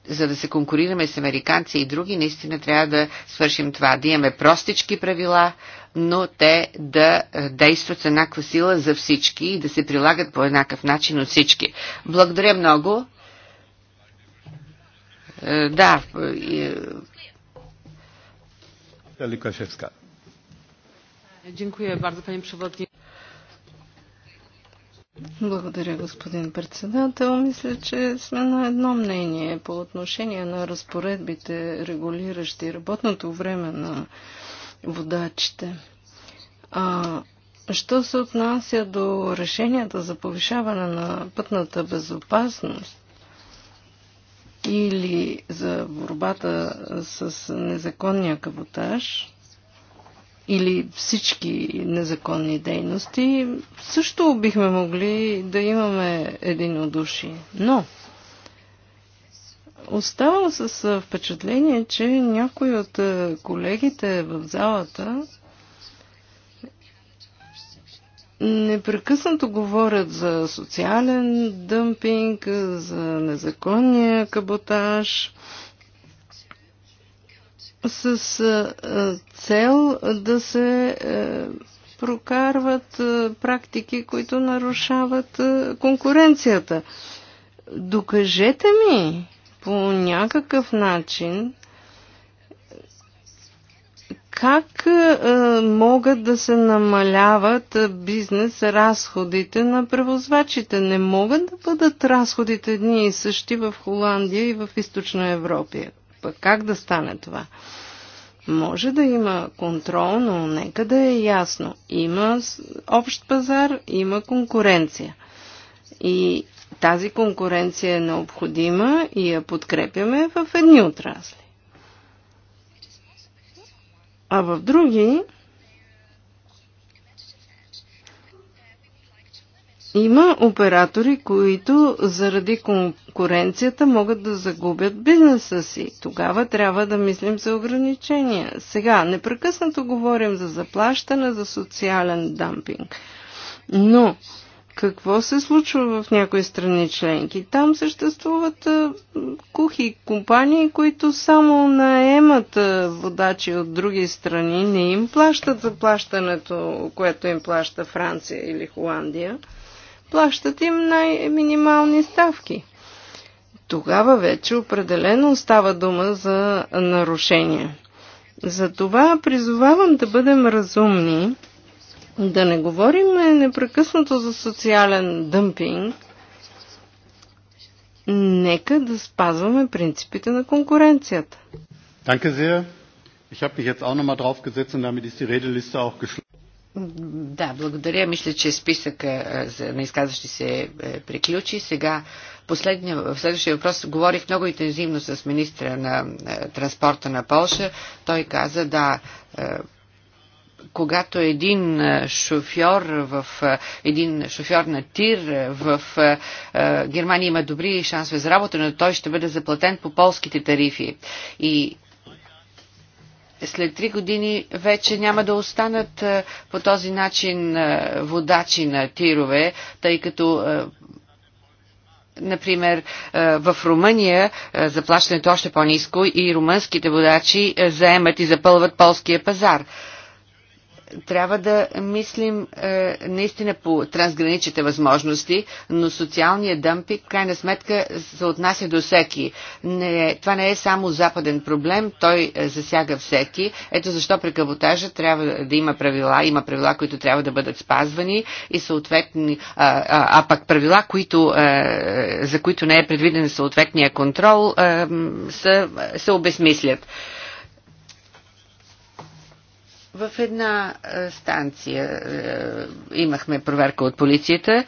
за да се конкурираме с американци и други, наистина трябва да свършим това. Да имаме простички правила, но те да е, действат с еднаква сила за всички и да се прилагат по еднакъв начин от всички. Благодаря много. Е, да. Dziękuję bardzo, panie благодаря, господин председател. Мисля, че сме на едно мнение по отношение на разпоредбите, регулиращи работното време на водачите. А, що се отнася до решенията за повишаване на пътната безопасност или за борбата с незаконния каботаж, или всички незаконни дейности, също бихме могли да имаме единодушие. Но оставам с впечатление, че някои от колегите в залата непрекъснато говорят за социален дъмпинг, за незаконния каботаж – с цел да се прокарват практики, които нарушават конкуренцията. Докажете ми по някакъв начин как могат да се намаляват бизнес разходите на превозвачите. Не могат да бъдат разходите дни и същи в Холандия и в Източна Европа действа. Как да стане това? Може да има контрол, но нека да е ясно. Има общ пазар, има конкуренция. И тази конкуренция е необходима и я подкрепяме в едни отрасли. А в други Има оператори, които заради конкуренцията могат да загубят бизнеса си. Тогава трябва да мислим за ограничения. Сега непрекъснато говорим за заплащане, за социален дампинг. Но какво се случва в някои страни членки? Там съществуват кухи компании, които само наемат водачи от други страни, не им плащат заплащането, което им плаща Франция или Холандия плащат им най-минимални ставки. Тогава вече определено става дума за нарушения. Затова призовавам да бъдем разумни, да не говорим непрекъснато за социален дъмпинг, нека да спазваме принципите на конкуренцията. Danke sehr. Ich habe mich jetzt auch nochmal draufgesetzt und damit ist die Redeliste auch geschlossen. Да, благодаря. Мисля, че списък е, на изказващи се е, приключи. Сега последния, в следващия въпрос говорих много интензивно с министра на е, транспорта на Полша. Той каза, да, когато един шофьор в един шофьор на тир в Германия има добри шансове за работа, но той ще бъде заплатен по полските тарифи. И след три години вече няма да останат е, по този начин е, водачи на тирове, тъй като е, Например, в Румъния заплащането е още по-низко и румънските водачи заемат и запълват полския пазар трябва да мислим е, наистина по трансграничните възможности, но социалният дъмпинг в крайна сметка се отнася до всеки. Не, е, това не е само западен проблем, той е, засяга всеки. Ето защо при каботажа трябва да има правила, има правила, които трябва да бъдат спазвани и съответни, а, а, а пък правила, които, е, за които не е предвиден съответния контрол, е, са, се обезмислят. В една е, станция е, имахме проверка от полицията.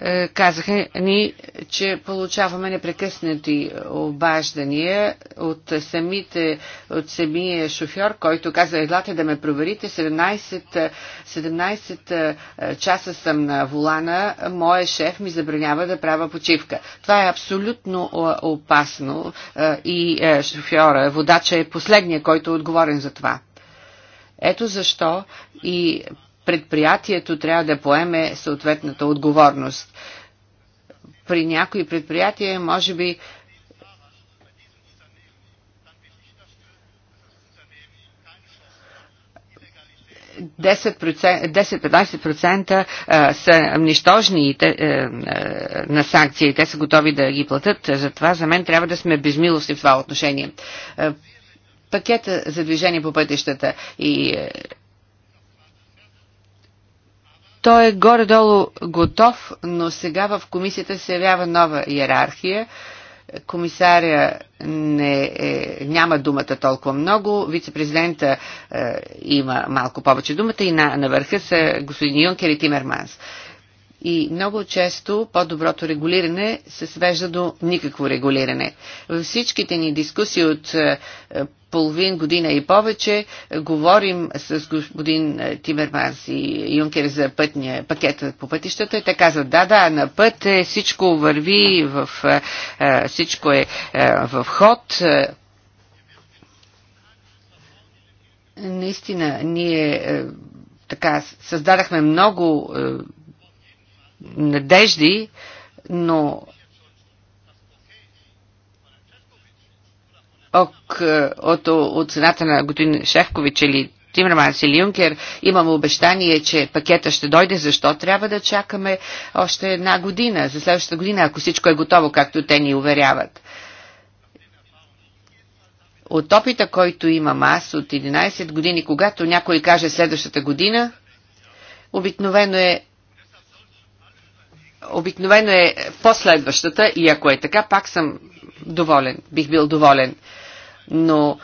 Е, казаха ни, че получаваме непрекъснати обаждания от, самите, от самия шофьор, който каза, едлате да ме проверите, 17, 17 часа съм на волана, моят шеф ми забранява да правя почивка. Това е абсолютно опасно и шофьора, водача е последния, който е отговорен за това. Ето защо и предприятието трябва да поеме съответната отговорност. При някои предприятия, може би, процента са нищожни на санкции. Те са готови да ги платят. Затова за мен трябва да сме безмилостни в това отношение пакета за движение по пътищата и е, той е горе-долу готов, но сега в комисията се явява нова иерархия. Комисаря не е, няма думата толкова много, вице-президента е, има малко повече думата и на, на върха са господин Юнкер и Тимерманс. Е, и много често по-доброто регулиране се свежда до никакво регулиране. Във всичките ни дискусии от е, е, половин година и повече е, говорим с господин Тимерманс и Юнкер за пътния пакет по пътищата и те казват да, да, на път е, всичко върви, в, всичко е в ход, наистина ние така създадахме много надежди, но ок, от, от цената на господин Шефкович или Тимерманс или Юнкер имам обещание, че пакета ще дойде, защо трябва да чакаме още една година, за следващата година, ако всичко е готово, както те ни уверяват. От опита, който имам аз от 11 години, когато някой каже следващата година, обикновено е обикновено е последващата и ако е така, пак съм доволен, бих бил доволен. Но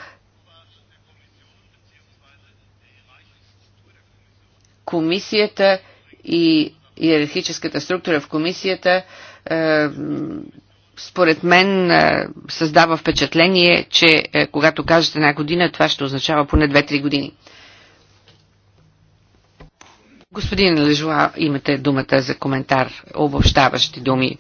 комисията и иерархическата структура в комисията е, според мен е, създава впечатление, че е, когато кажете една година, това ще означава поне 2-3 години. Господин Лежуа, имате думата за коментар, обобщаващи думи.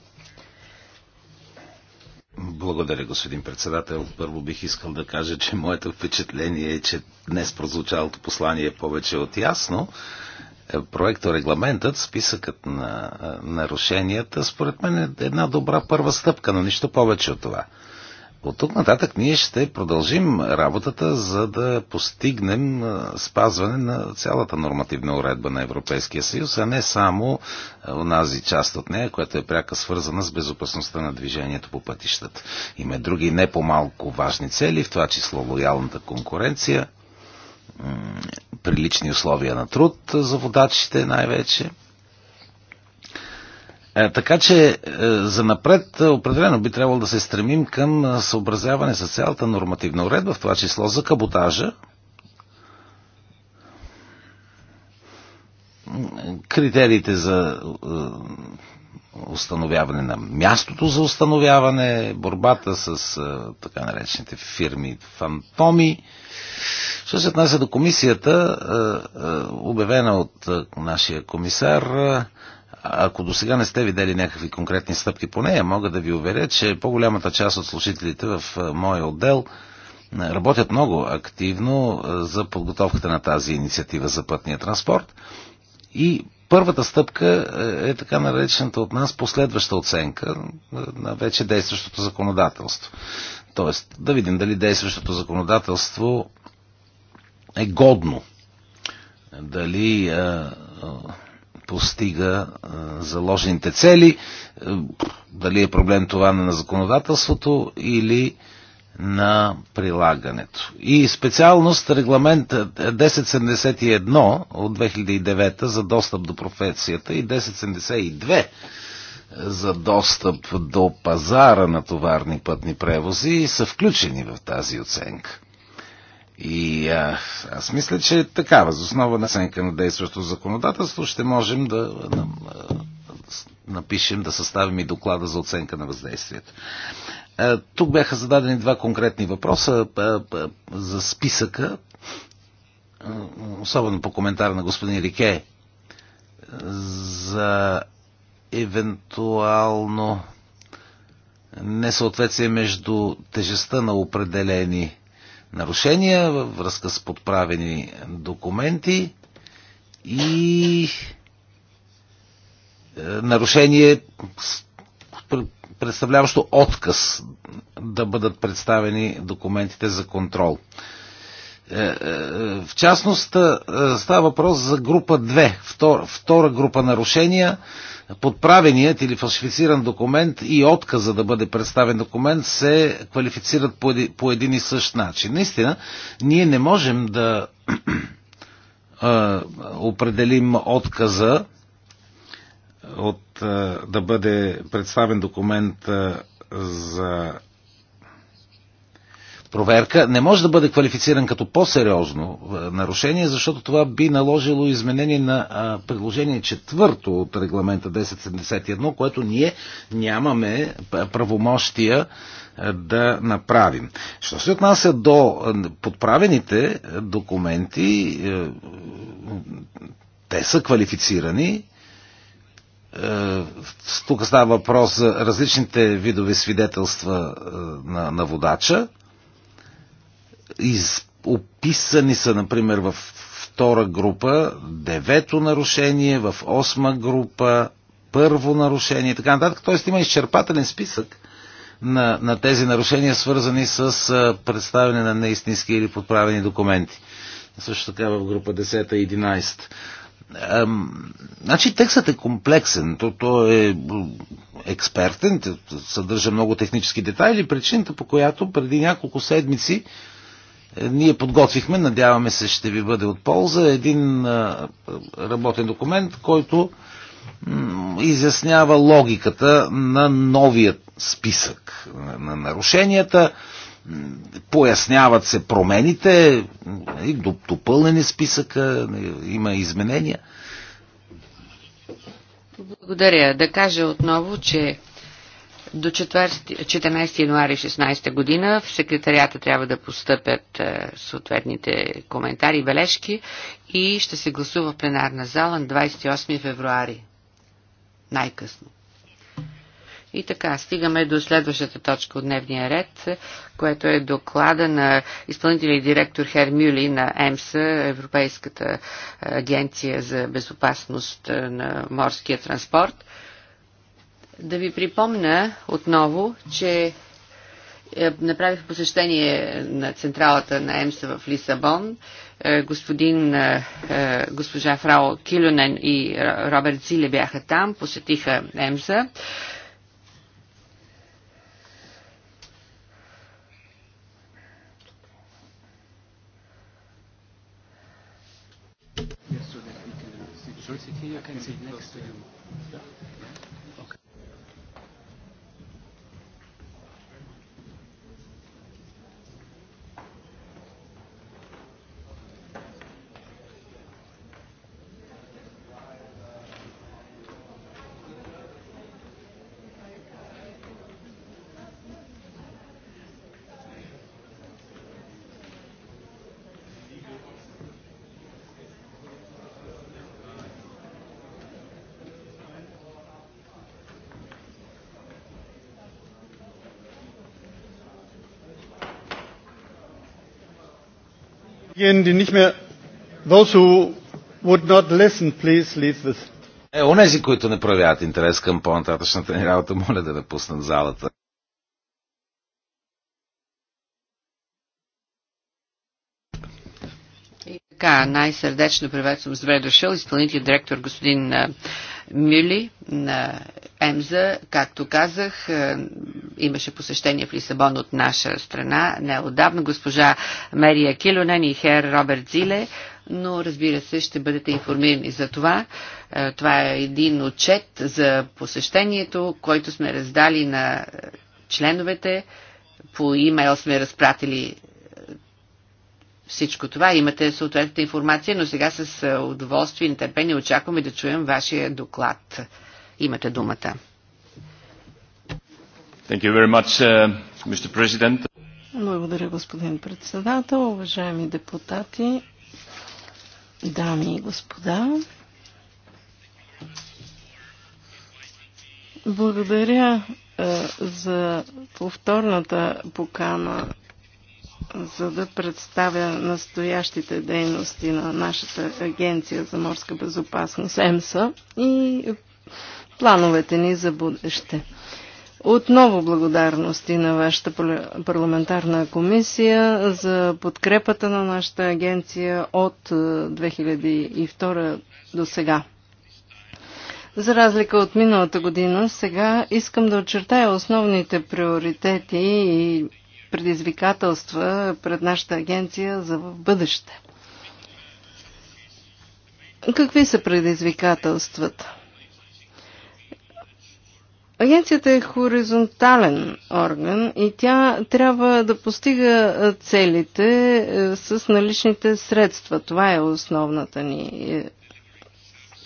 Благодаря, господин председател. Първо бих искал да кажа, че моето впечатление е, че днес прозвучалото послание е повече от ясно. Проекто регламентът, списъкът на нарушенията, според мен е една добра първа стъпка, но нищо повече от това. От тук нататък ние ще продължим работата, за да постигнем спазване на цялата нормативна уредба на Европейския съюз, а не само онази част от нея, която е пряка свързана с безопасността на движението по пътищата. Има други не по-малко важни цели, в това число лоялната конкуренция, прилични условия на труд за водачите най-вече – е, така че е, за напред е, определено би трябвало да се стремим към съобразяване с цялата нормативна уредба, в това число за каботажа, критериите за установяване на мястото за установяване, борбата с така наречените фирми фантоми. Що се отнася до комисията, обявена от нашия комисар, ако до сега не сте видели някакви конкретни стъпки по нея, мога да ви уверя, че по-голямата част от служителите в моя отдел работят много активно за подготовката на тази инициатива за пътния транспорт. И първата стъпка е така наречената от нас последваща оценка на вече действащото законодателство. Тоест да видим дали действащото законодателство е годно. Дали постига заложените цели. Е, дали е проблем това на законодателството или на прилагането. И специалност регламент 1071 е, от 2009 за достъп до професията и 1072 е, за достъп до пазара на товарни пътни превози са включени в тази оценка. И а, аз мисля, че е така, възоснова на сенка на действащото законодателство, ще можем да, да напишем, да съставим и доклада за оценка на въздействието. Тук бяха зададени два конкретни въпроса за списъка, особено по коментар на господин Рике, за евентуално несъответствие между тежестта на определени нарушения във връзка с подправени документи и е, нарушение представляващо отказ да бъдат представени документите за контрол. Е, е, в частност, е, става въпрос за група 2, втора, втора група нарушения. Подправеният или фалшифициран документ и отказа да бъде представен документ се квалифицират по един, по един и същ начин. Наистина, ние не можем да определим отказа от да бъде представен документ за проверка не може да бъде квалифициран като по-сериозно е, нарушение, защото това би наложило изменение на предложение четвърто от регламента 1071, което ние нямаме е, правомощия е, да направим. Що се отнася до подправените документи, те са квалифицирани, тук става въпрос за различните видове свидетелства на, на водача из, описани са, например, в втора група, девето нарушение, в осма група, първо нарушение и така нататък. Тоест има изчерпателен списък на, на тези нарушения, свързани с а, представяне на неистински или подправени документи. Също така в група 10 и 11. значи текстът е комплексен, то, то е експертен, съдържа много технически детайли. Причината, по която преди няколко седмици ние подготвихме, надяваме се, ще ви бъде от полза, един работен документ, който изяснява логиката на новия списък на нарушенията. Поясняват се промените, допълнени списъка, има изменения. Благодаря. Да кажа отново, че до 14 януари 16 година в секретарията трябва да постъпят е, съответните коментари и бележки и ще се гласува в пленарна зала на 28 февруари. Най-късно. И така, стигаме до следващата точка от дневния ред, което е доклада на изпълнителния директор Хер Мюли на ЕМСА, Европейската агенция за безопасност е, на морския транспорт – да ви припомня отново, че е, направих посещение на централата на ЕМСА в Лисабон. Е, господин, е, госпожа Фрао Килюнен и Роберт Зиле бяха там, посетиха ЕМСА. Yes, so that can sit next to you. Е, онези, които не проявяват интерес към по-нататъчната ни работа, моля да напуснат залата. Така, най-сърдечно приветствам с добре дошъл изпълнителният директор господин Мюли на ЕМЗА. Както казах, имаше посещение в Лисабон от наша страна. Неодавна госпожа Мерия Килонен и хер Роберт Зиле, но разбира се, ще бъдете информирани за това. Това е един отчет за посещението, който сме раздали на членовете. По имейл сме разпратили всичко това. Имате съответната информация, но сега с е, удоволствие и нетърпение очакваме да чуем вашия доклад. Имате думата. Thank you very much, uh, Mr. President. Благодаря, господин председател, уважаеми депутати, дами и господа. Благодаря е, за повторната покана за да представя настоящите дейности на нашата агенция за морска безопасност ЕМСА и плановете ни за бъдеще. Отново благодарности на вашата парламентарна комисия за подкрепата на нашата агенция от 2002 е, до сега. За разлика от миналата година, сега искам да очертая основните приоритети и предизвикателства пред нашата агенция за в бъдеще. Какви са предизвикателствата? Агенцията е хоризонтален орган и тя трябва да постига целите е, с наличните средства. Това е основната ни е,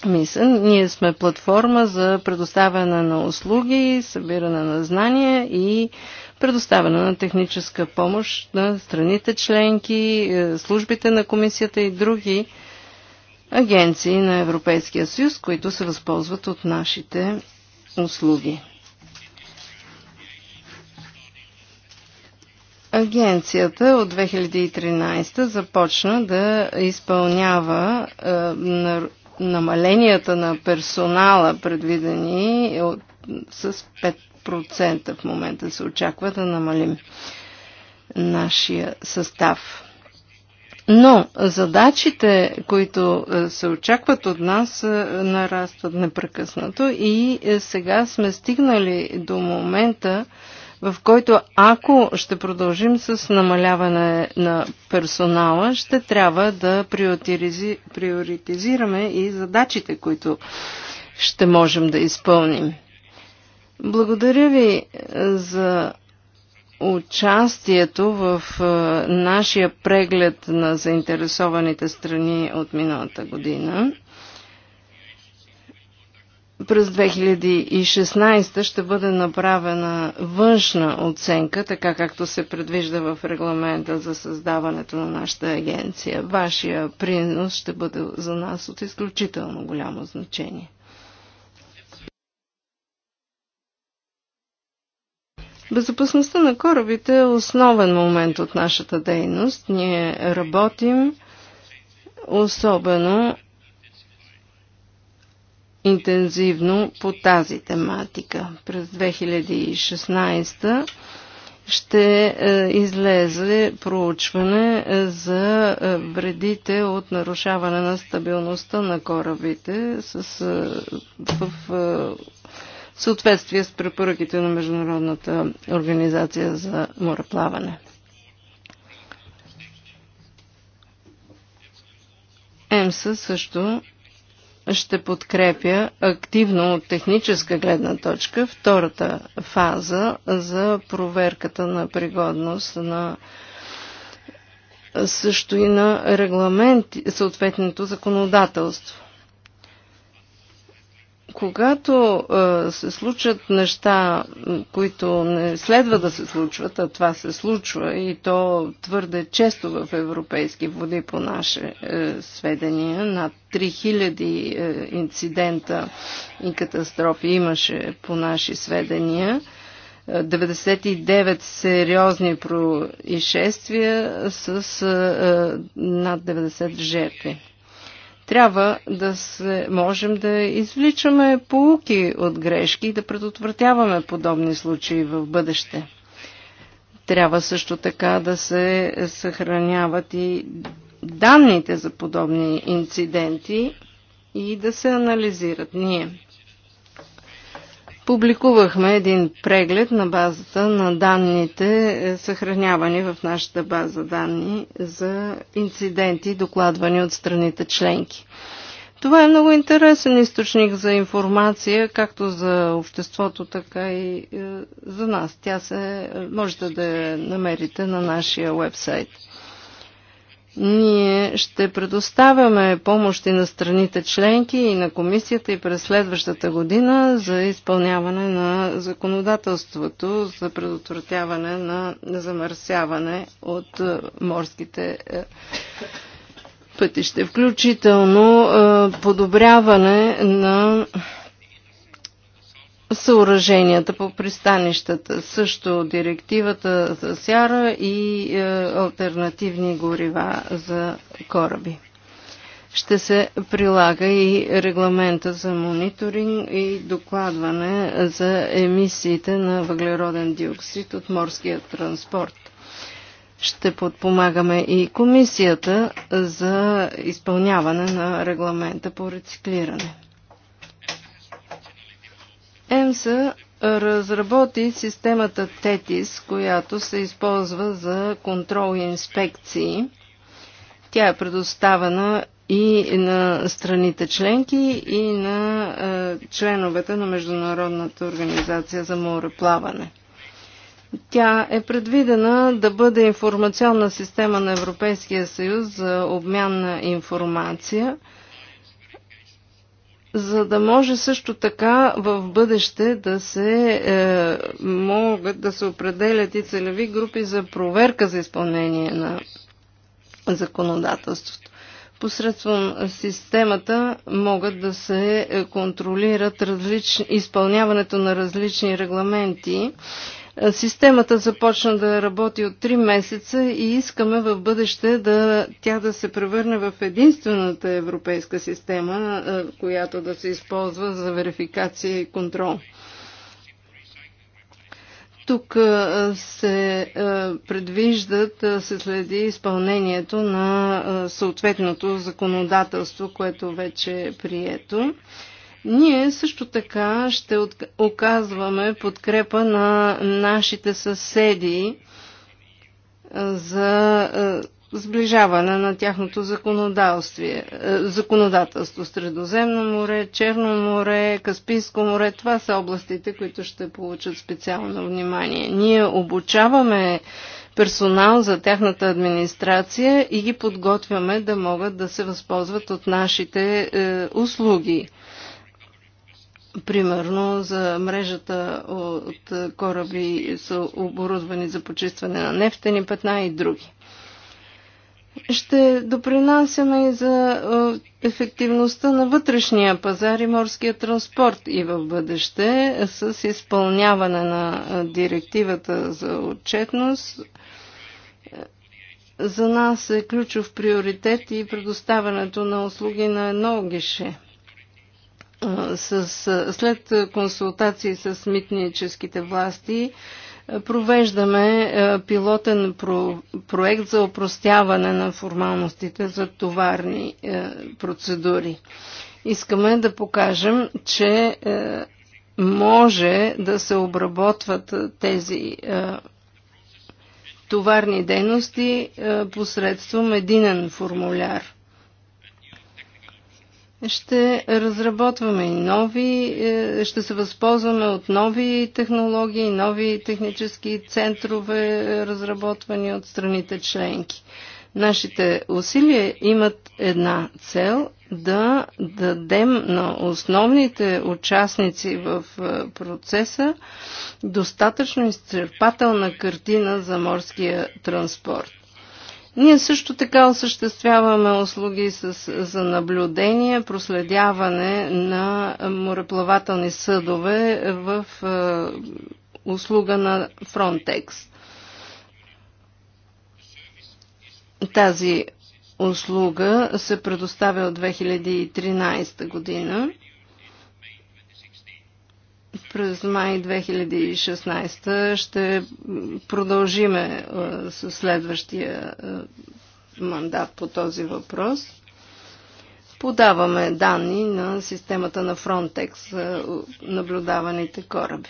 мисъл. Ние сме платформа за предоставяне на услуги, събиране на знания и предоставяне на техническа помощ на страните членки, е, службите на комисията и други агенции на Европейския съюз, които се възползват от нашите услуги. Агенцията от 2013 започна да изпълнява е, намаленията на персонала, предвидени е от, с 5% в момента се очаква да намалим нашия състав. Но задачите, които е, се очакват от нас, е, нарастват непрекъснато и е, сега сме стигнали до момента, в който ако ще продължим с намаляване на персонала, ще трябва да приоритизираме и задачите, които ще можем да изпълним. Благодаря ви е, за участието в е, нашия преглед на заинтересованите страни от миналата година. През 2016 ще бъде направена външна оценка, така както се предвижда в регламента за създаването на нашата агенция. Вашия принос ще бъде за нас от изключително голямо значение. Безопасността на корабите е основен момент от нашата дейност. Ние работим особено интензивно по тази тематика. През 2016 ще е, излезе проучване е, за е, вредите от нарушаване на стабилността на корабите с, в съответствие с препоръките на Международната организация за мореплаване. ЕМСА също ще подкрепя активно от техническа гледна точка втората фаза за проверката на пригодност на също и на регламент, съответното законодателство когато се случат неща, които не следва да се случват, а това се случва и то твърде често в европейски води по наше е, сведения, над 3000 е, инцидента и катастрофи имаше по наши сведения, 99 е, сериозни происшествия с над 90 жертви. Трябва да се, можем да извличаме полуки от грешки и да предотвратяваме подобни случаи в бъдеще. Трябва също така да се съхраняват и данните за подобни инциденти и да се анализират. Ние Публикувахме един преглед на базата на данните, е, съхранявани в нашата база данни за инциденти, докладвани от страните членки. Това е много интересен източник за информация, както за обществото, така и е, за нас. Тя се, е, можете да я намерите на нашия вебсайт. Ние ще предоставяме помощи на страните членки и на комисията и през следващата година за изпълняване на законодателството за предотвратяване на замърсяване от е, морските е, пътища, включително е, подобряване на съоръженията по пристанищата, също директивата за сяра и е, альтернативни горива за кораби. Ще се прилага и регламента за мониторинг и докладване за емисиите на въглероден диоксид от морския транспорт. Ще подпомагаме и комисията за изпълняване на регламента по рециклиране. ЕМСА разработи системата ТЕТИС, която се използва за контрол и инспекции. Тя е предоставена и на страните членки, и на е, членовете на Международната организация за мореплаване. Тя е предвидена да бъде информационна система на Европейския съюз за обмян на информация – за да може също така в бъдеще да се е, могат да се определят и целеви групи за проверка за изпълнение на законодателството. Посредством системата могат да се е, контролират различни, изпълняването на различни регламенти е, системата започна да работи от 3 месеца и искаме в бъдеще да, тя да се превърне в единствената европейска система, е, която да се използва за верификация и контрол. Тук е, се предвиждат, се следи изпълнението на съответното законодателство, което вече е прието. Ние също така ще оказваме подкрепа на нашите съседи за сближаване на тяхното законодателство. Средоземно море, Черно море, Каспийско море, това са областите, които ще получат специално внимание. Ние обучаваме персонал за тяхната администрация и ги подготвяме да могат да се възползват от нашите е, услуги. Примерно за мрежата от кораби са оборудвани за почистване на нефтени петна и други. Ще допринасяме и за ефективността на вътрешния пазар и морския транспорт и в бъдеще с изпълняване на директивата за отчетност. За нас е ключов приоритет и предоставянето на услуги на едно гише – с, след консултации с митническите власти провеждаме пилотен про, проект за опростяване на формалностите за товарни процедури. Искаме да покажем, че може да се обработват тези товарни дейности посредством единен формуляр – ще разработваме и нови, е, ще се възползваме от нови технологии, нови технически центрове, е, разработвани от страните членки. Нашите усилия имат една цел да дадем на основните участници в е, процеса достатъчно изчерпателна картина за морския транспорт. Ние също така осъществяваме услуги с, за наблюдение, проследяване на мореплавателни съдове в е, услуга на Frontex. Тази услуга се предоставя от 2013 година през май 2016 ще продължиме е, с следващия е, мандат по този въпрос. Подаваме данни на системата на Frontex за е, наблюдаваните кораби.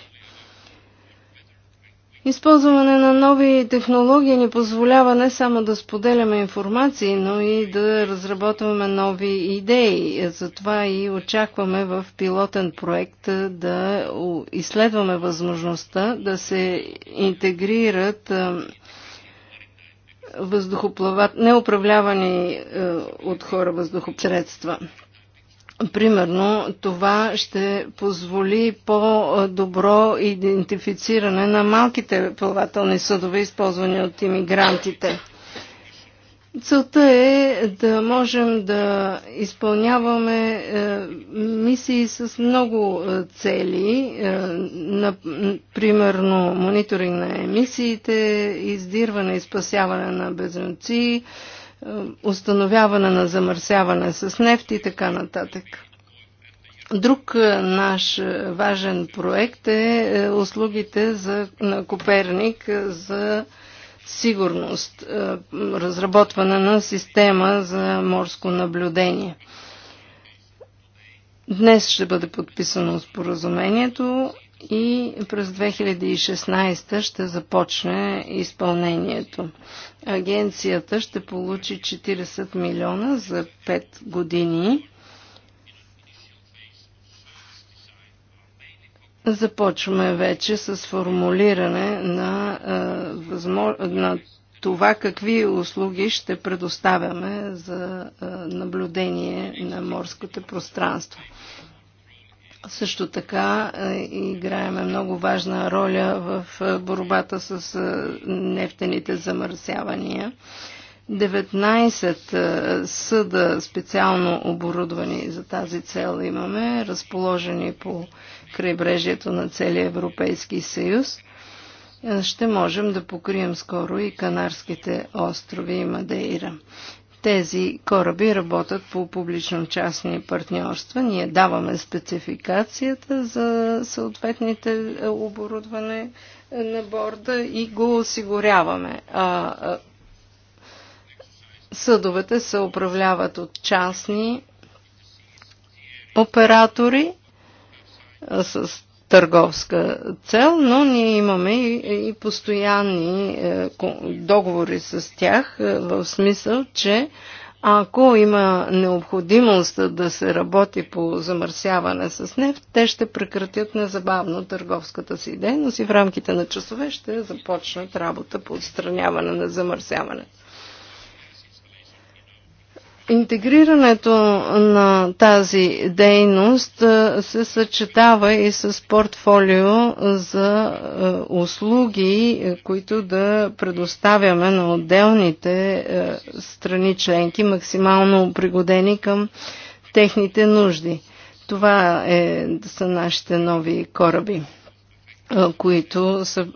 Използване на нови технологии ни позволява не само да споделяме информации, но и да разработваме нови идеи. Затова и очакваме в пилотен проект да изследваме възможността да се интегрират въздухоплават, неуправлявани от хора въздухосредства. средства. Примерно, това ще позволи по-добро идентифициране на малките плавателни съдове, използвани от иммигрантите. Целта е да можем да изпълняваме е, мисии с много е, цели, е, на, примерно мониторинг на емисиите, издирване и спасяване на е, е, установяване на замърсяване с нефт и така нататък. Друг е, наш е, важен проект е услугите за, на Коперник за сигурност, разработване на система за морско наблюдение. Днес ще бъде подписано споразумението и през 2016 ще започне изпълнението. Агенцията ще получи 40 милиона за 5 години. Започваме вече с формулиране на, на това какви услуги ще предоставяме за наблюдение на морското пространство. Също така е, играеме много важна роля в е, борбата с е, нефтените замърсявания. 19 съда специално оборудвани за тази цел имаме, разположени по крайбрежието на целия Европейски съюз. Ще можем да покрием скоро и Канарските острови и Мадейра. Тези кораби работят по публично-частни партньорства. Ние даваме спецификацията за съответните е, оборудване е, на борда и го осигуряваме. А, съдовете се управляват от частни оператори с търговска цел, но ние имаме и постоянни е, договори с тях е, в смисъл, че ако има необходимост да се работи по замърсяване с нефт, те ще прекратят незабавно търговската си дейност и в рамките на часове ще започнат работа по отстраняване на замърсяването. Интегрирането на тази дейност се съчетава и с портфолио за услуги, които да предоставяме на отделните страни членки, максимално пригодени към техните нужди. Това е, са нашите нови кораби, които са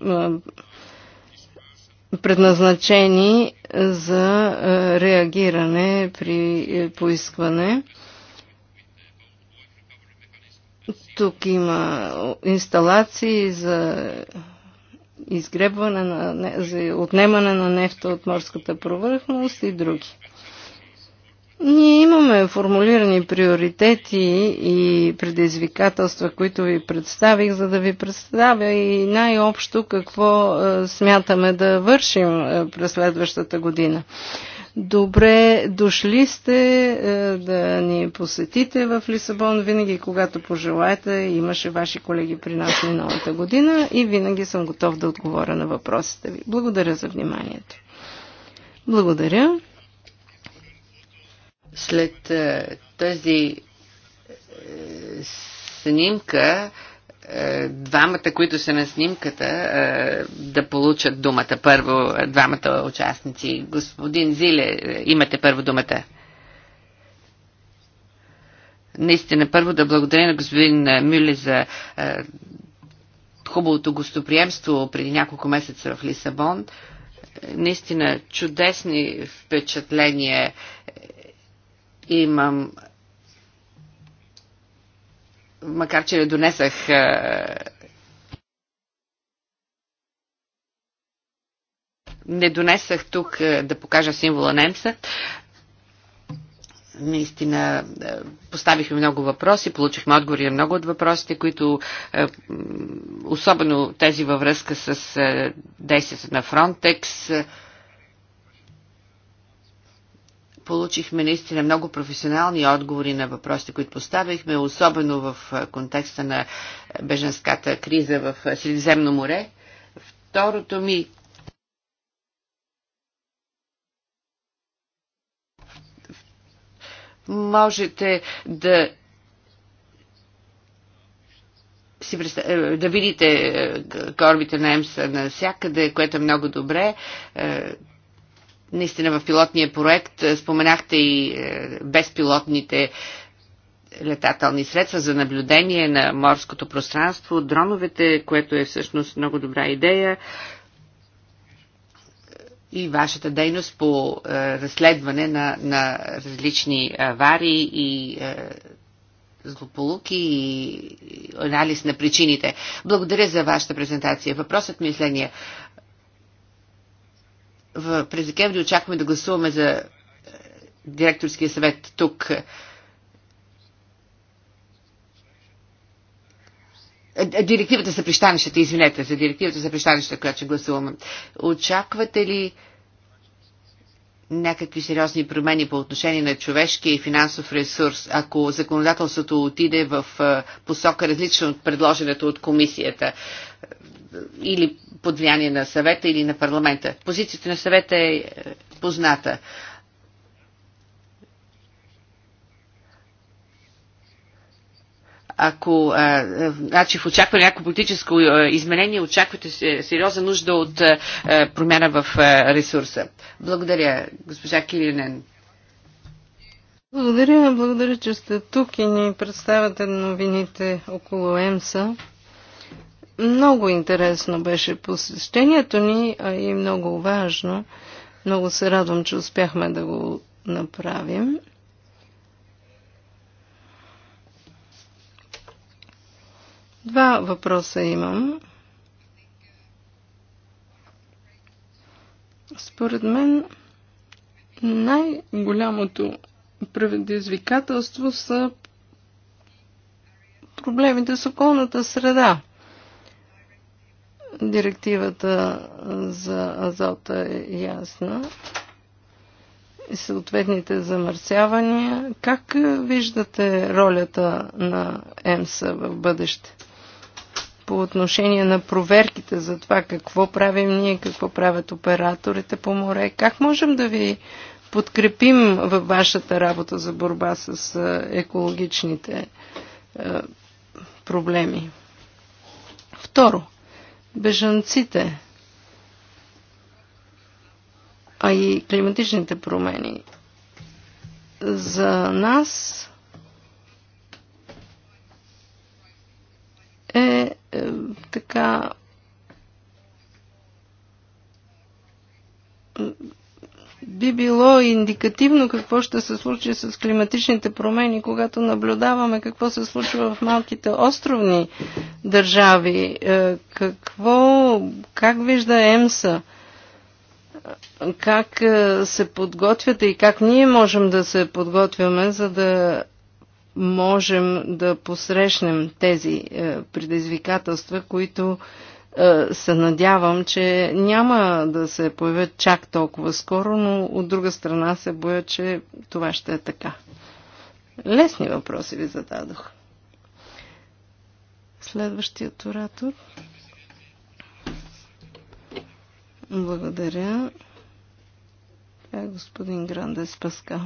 предназначени за е, реагиране при е, поискване. Тук има инсталации за изгребване на, за отнемане на нефта от морската повърхност и други. Ние имаме формулирани приоритети и предизвикателства, които ви представих, за да ви представя и най-общо какво е, смятаме да вършим е, през следващата година. Добре дошли сте е, да ни посетите в Лисабон винаги, когато пожелаете. Имаше ваши колеги при нас новата година и винаги съм готов да отговоря на въпросите ви. Благодаря за вниманието. Благодаря. След е, тази е, снимка, е, двамата, които са на снимката, да получат думата първо, двамата участници. Господин Зиле, имате първо думата. Наистина, първо да благодаря на господин Мюле за хубавото гостоприемство преди няколко месеца в Лисабон. Наистина, чудесни впечатления Имам макар че не донесах е, не донесах тук е, да покажа символа немца. Наистина е, поставихме много въпроси, получихме отговори на много от въпросите, които особено тези във връзка с действията на Фронтекс, Получихме наистина много професионални отговори на въпросите, които поставихме, особено в контекста на беженската криза в Средиземно море. Второто ми можете да си е, да видите е, корбите на ЕМС навсякъде, което е много добре. Е, Наистина в пилотния проект е, споменахте и е, безпилотните летателни средства за наблюдение на морското пространство, дроновете, което е всъщност много добра идея и вашата дейност по е, разследване на, на различни аварии и е, злополуки и анализ на причините. Благодаря за вашата презентация. Въпросът ми е следния. В, през декември очакваме да гласуваме за е, директорския съвет тук. Е, е, директивата за пристанищата, извинете, за директивата за пристанищата, която ще гласуваме. Очаквате ли някакви сериозни промени по отношение на човешкия и финансов ресурс, ако законодателството отиде в посока различна от предложената от комисията или под влияние на съвета или на парламента. Позицията на съвета е, е позната. ако а, значи в очакване някакво политическо изменение, очаквате сериозна нужда от а, промяна в а, ресурса. Благодаря, госпожа Килинен. Благодаря, благодаря, че сте тук и ни представяте новините около ЕМСА. Много интересно беше посещението ни а и много важно. Много се радвам, че успяхме да го направим. Два въпроса имам. Според мен най-голямото предизвикателство са проблемите с околната среда – Директивата за азота е ясна. И съответните замърсявания. Как виждате ролята на ЕМСА в бъдеще? По отношение на проверките за това какво правим ние, какво правят операторите по море, как можем да ви подкрепим във вашата работа за борба с екологичните проблеми? Второ, бежанците, а и климатичните промени. За нас е, е така би било индикативно какво ще се случи с климатичните промени, когато наблюдаваме какво се случва в малките островни държави. Е, какво, как вижда ЕМСА? Как е, се подготвяте и как ние можем да се подготвяме, за да можем да посрещнем тези е, предизвикателства, които е, се надявам, че няма да се появят чак толкова скоро, но от друга страна се боя, че това ще е така. Лесни въпроси ви зададох. Следващият оратор. Благодаря. Това е господин Грандес Паскал.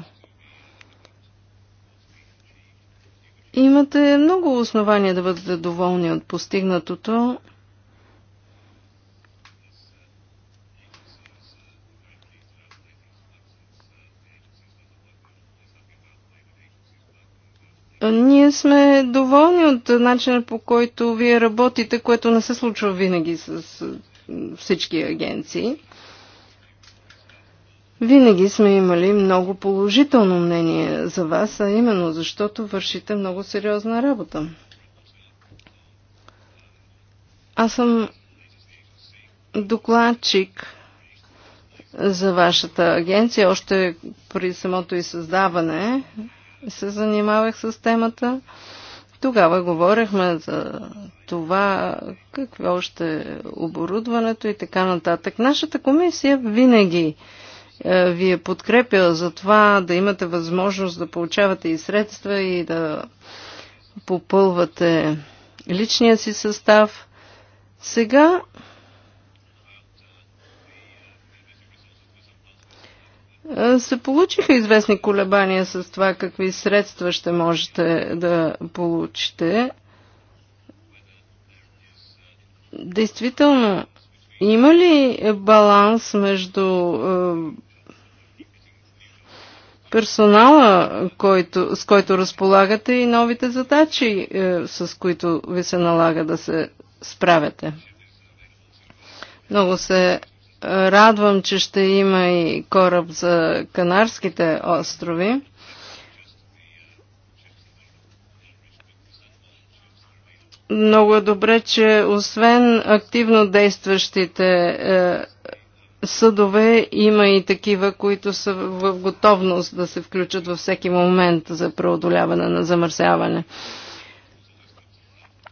Имате много основания да бъдете доволни от постигнатото. Ние сме доволни от начина по който вие работите, което не се случва винаги с всички агенции. Винаги сме имали много положително мнение за вас, а именно защото вършите много сериозна работа. Аз съм докладчик за вашата агенция, още при самото и създаване се занимавах с темата. Тогава говорехме за това, какво още е оборудването и така нататък. Нашата комисия винаги е, ви е подкрепила за това да имате възможност да получавате и средства и да попълвате личния си състав. Сега се получиха известни колебания с това какви средства ще можете да получите. Действително, има ли баланс между персонала, който, с който разполагате и новите задачи, с които ви се налага да се справяте? Много се радвам, че ще има и кораб за Канарските острови. Много е добре, че освен активно действащите е, съдове, има и такива, които са в готовност да се включат във всеки момент за преодоляване на замърсяване.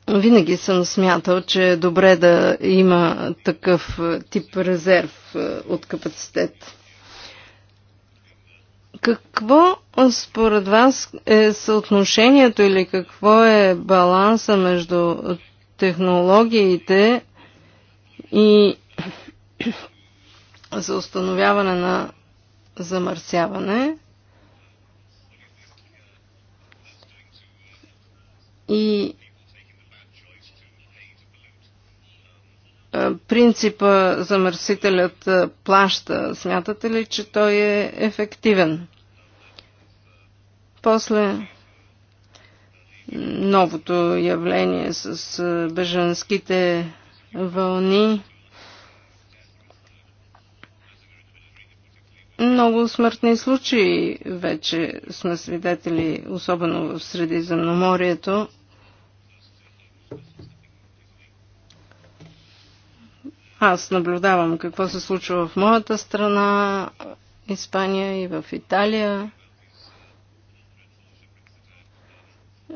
Винаги съм смятал, че е добре да има такъв е, тип резерв е, от капацитет. Какво е, според вас е съотношението или какво е баланса между технологиите и за установяване на замърсяване? И Е, принципа замърсителят е, плаща, смятате ли, че той е ефективен? После новото явление с е, бежанските вълни. Много смъртни случаи вече сме свидетели, особено в Средиземноморието. Аз наблюдавам какво се случва в моята страна, Испания и в Италия.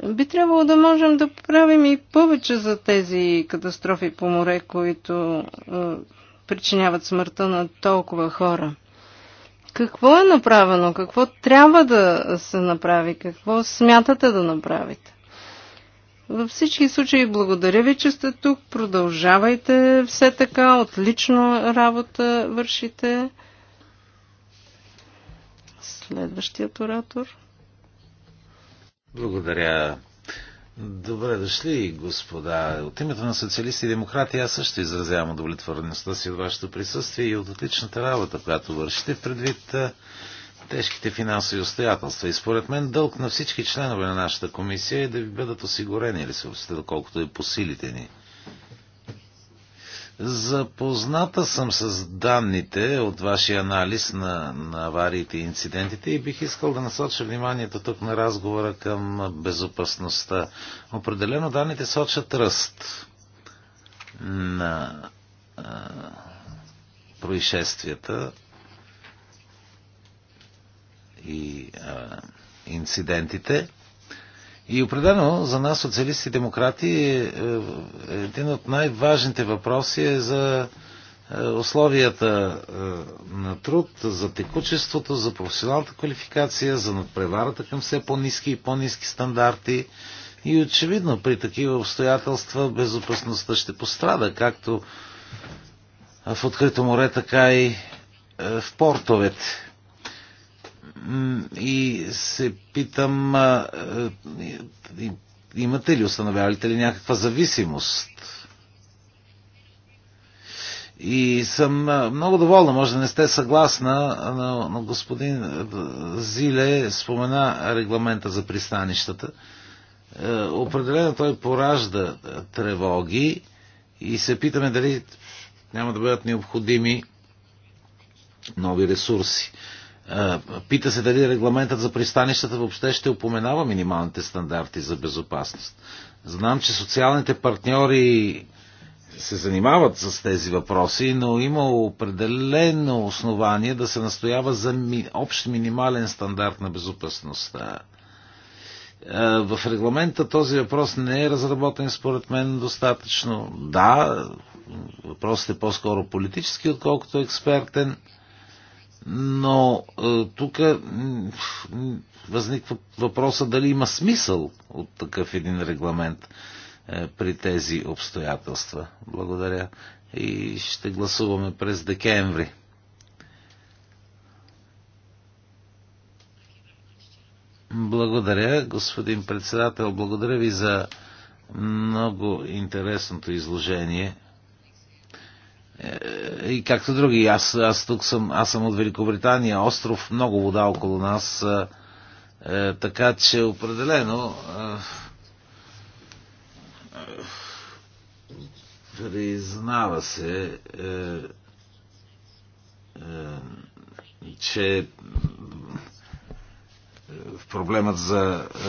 Би трябвало да можем да правим и повече за тези катастрофи по море, които е, причиняват смъртта на толкова хора. Какво е направено? Какво трябва да се направи? Какво смятате да направите? Във всички случаи благодаря ви, че сте тук. Продължавайте все така. Отлично работа вършите. Следващият оратор. Благодаря. Добре дошли, господа. От името на социалисти и демократи аз също изразявам удовлетвореността си от вашето присъствие и от отличната работа, която вършите предвид тежките финансови обстоятелства. И според мен дълг на всички членове на нашата комисия е да ви бъдат осигурени ресурсите, доколкото и е по силите ни. Запозната съм с данните от вашия анализ на, на авариите и инцидентите и бих искал да насоча вниманието тук на разговора към безопасността. Определено данните сочат ръст на а, происшествията и а, инцидентите. И определено за нас, социалисти и демократи, е, е, един от най-важните въпроси е за е, условията на труд, за текучеството, за професионалната квалификация, за надпреварата към все по-низки и по-низки стандарти. И очевидно при такива обстоятелства безопасността ще пострада, както в открито море, така и в портовете и се питам, е, имате ли, установявате ли някаква зависимост? И съм много доволна, може да не сте съгласна, но, но господин Зиле спомена регламента за пристанищата. Е, определено той поражда тревоги и се питаме дали няма да бъдат необходими нови ресурси. Е, пита се дали регламентът за пристанищата въобще ще упоменава минималните стандарти за безопасност. Знам, че социалните партньори се занимават с тези въпроси, но има определено основание да се настоява за общ минимален стандарт на безопасността. Е, в регламента този въпрос не е разработен според мен достатъчно. Да, въпросът е по-скоро политически, отколкото експертен но е, тук възниква въпроса дали има смисъл от такъв един регламент е, при тези обстоятелства. Благодаря. И ще гласуваме през декември. Благодаря, господин председател. Благодаря ви за много интересното изложение. Е, и както други. Аз, аз тук съм, аз съм от Великобритания, остров, много вода около нас. Е, е, така че определено признава се, че в проблемът за е,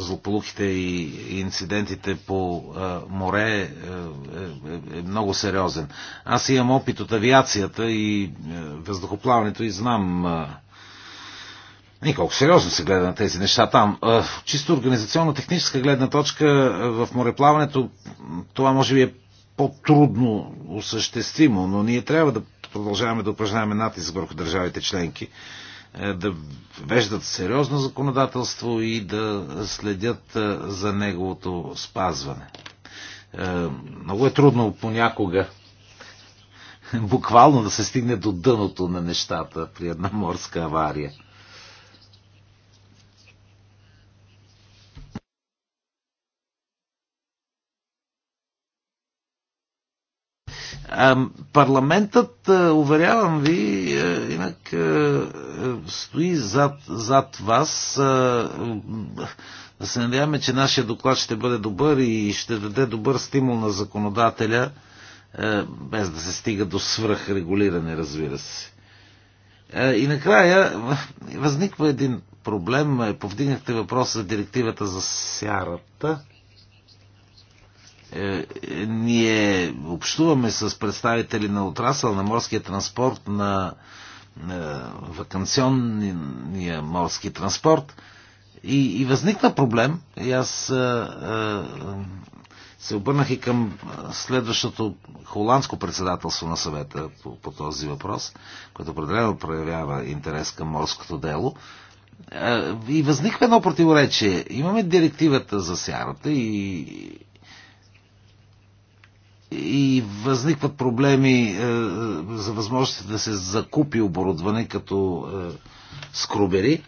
злополуките и инцидентите по е, море е, е много сериозен. Аз имам опит от авиацията и въздухоплаването и знам и колко сериозно се гледа на тези неща там. Чисто организационно-техническа гледна точка в мореплаването това може би е по-трудно осъществимо, но ние трябва да продължаваме да упражняваме натиск върху държавите членки е, да веждат сериозно законодателство и да следят е, за неговото спазване. Е, много е трудно понякога буквално да се стигне до дъното на нещата при една морска авария. Парламентът, е, уверявам ви, е, инак е, стои зад, зад вас. Да се надяваме, че нашия доклад ще бъде добър и ще даде добър стимул на законодателя, без да се стига до свръхрегулиране, разбира се. И накрая възниква един проблем. Повдигнахте въпрос за директивата за сярата. Е, е, ние общуваме с представители на отрасъл на морския транспорт, на вакансионния морски транспорт. И, и възникна проблем. И аз а, е, а, се обърнах и към следващото холандско председателство на съвета по, по този въпрос, което определено проявява интерес към морското дело. А, и възниква едно противоречие. Имаме директивата за сярата и и възникват проблеми е, е, за възможности да се закупи оборудване като е, скрубери.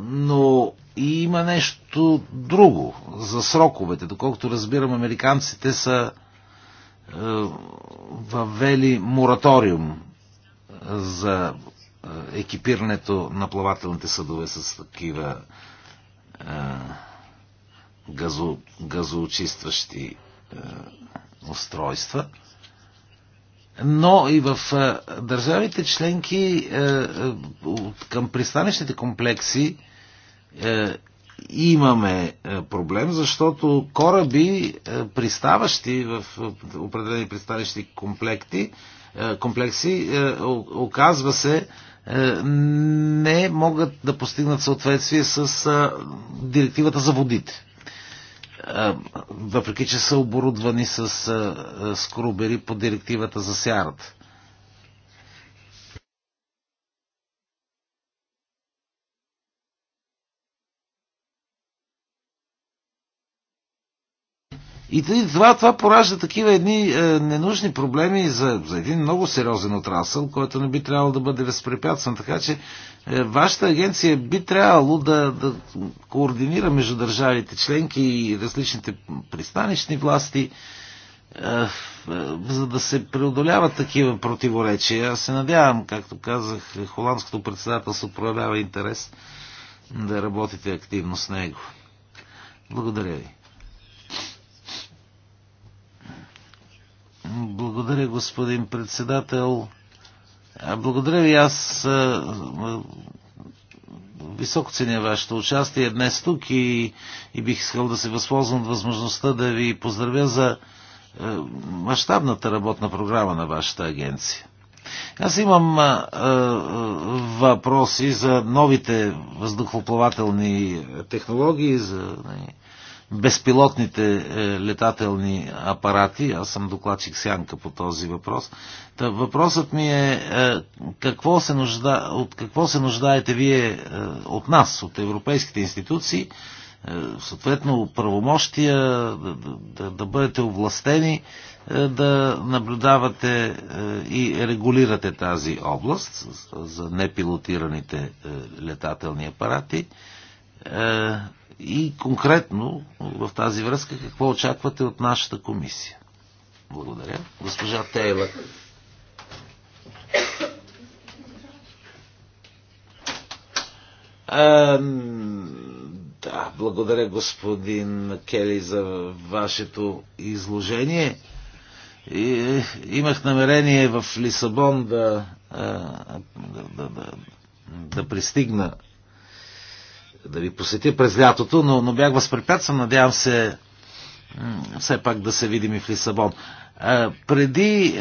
Но и има нещо друго за сроковете. Доколкото разбирам, американците са въвели мораториум за екипирането на плавателните съдове с такива газо, газоочистващи е, устройства. Но и в е, държавите членки е, е, към пристанищните комплекси е, имаме е, проблем, защото кораби, е, приставащи в определени пристанищни комплекти, е, комплекси, оказва се, не могат да постигнат съответствие с директивата за водите въпреки че са оборудвани с скрубери по директивата за сярата. И това, това поражда такива едни е, ненужни проблеми за, за един много сериозен отрасъл, който не би трябвало да бъде възпрепятстван. Така че е, вашата агенция би трябвало да, да координира между държавите членки и различните пристанищни власти, е, е, за да се преодоляват такива противоречия. Аз се надявам, както казах, холандското председателство проявява интерес да работите активно с него. Благодаря ви. Благодаря, господин председател. Благодаря ви аз. Високо ценя вашето участие днес тук и, и бих искал да се възползвам от възможността да ви поздравя за е, мащабната работна програма на вашата агенция. Аз имам е, въпроси за новите въздухоплавателни технологии, за не, нали, безпилотните е, летателни апарати. Аз съм докладчик Сянка по този въпрос. Та, въпросът ми е, е какво се нужда, от какво се нуждаете вие е, от нас, от европейските институции, съответно правомощия, да, да, да бъдете овластени, да наблюдавате и регулирате тази област за непилотираните летателни апарати и конкретно в тази връзка какво очаквате от нашата комисия? Благодаря. Госпожа Тейла. А, да, благодаря господин Кели за вашето изложение. И, е, имах намерение в Лисабон да, е, да, да, да, да пристигна да ви посети през лятото, но, но бях възпрепятствам. Надявам се все пак да се видим и в Лисабон. Преди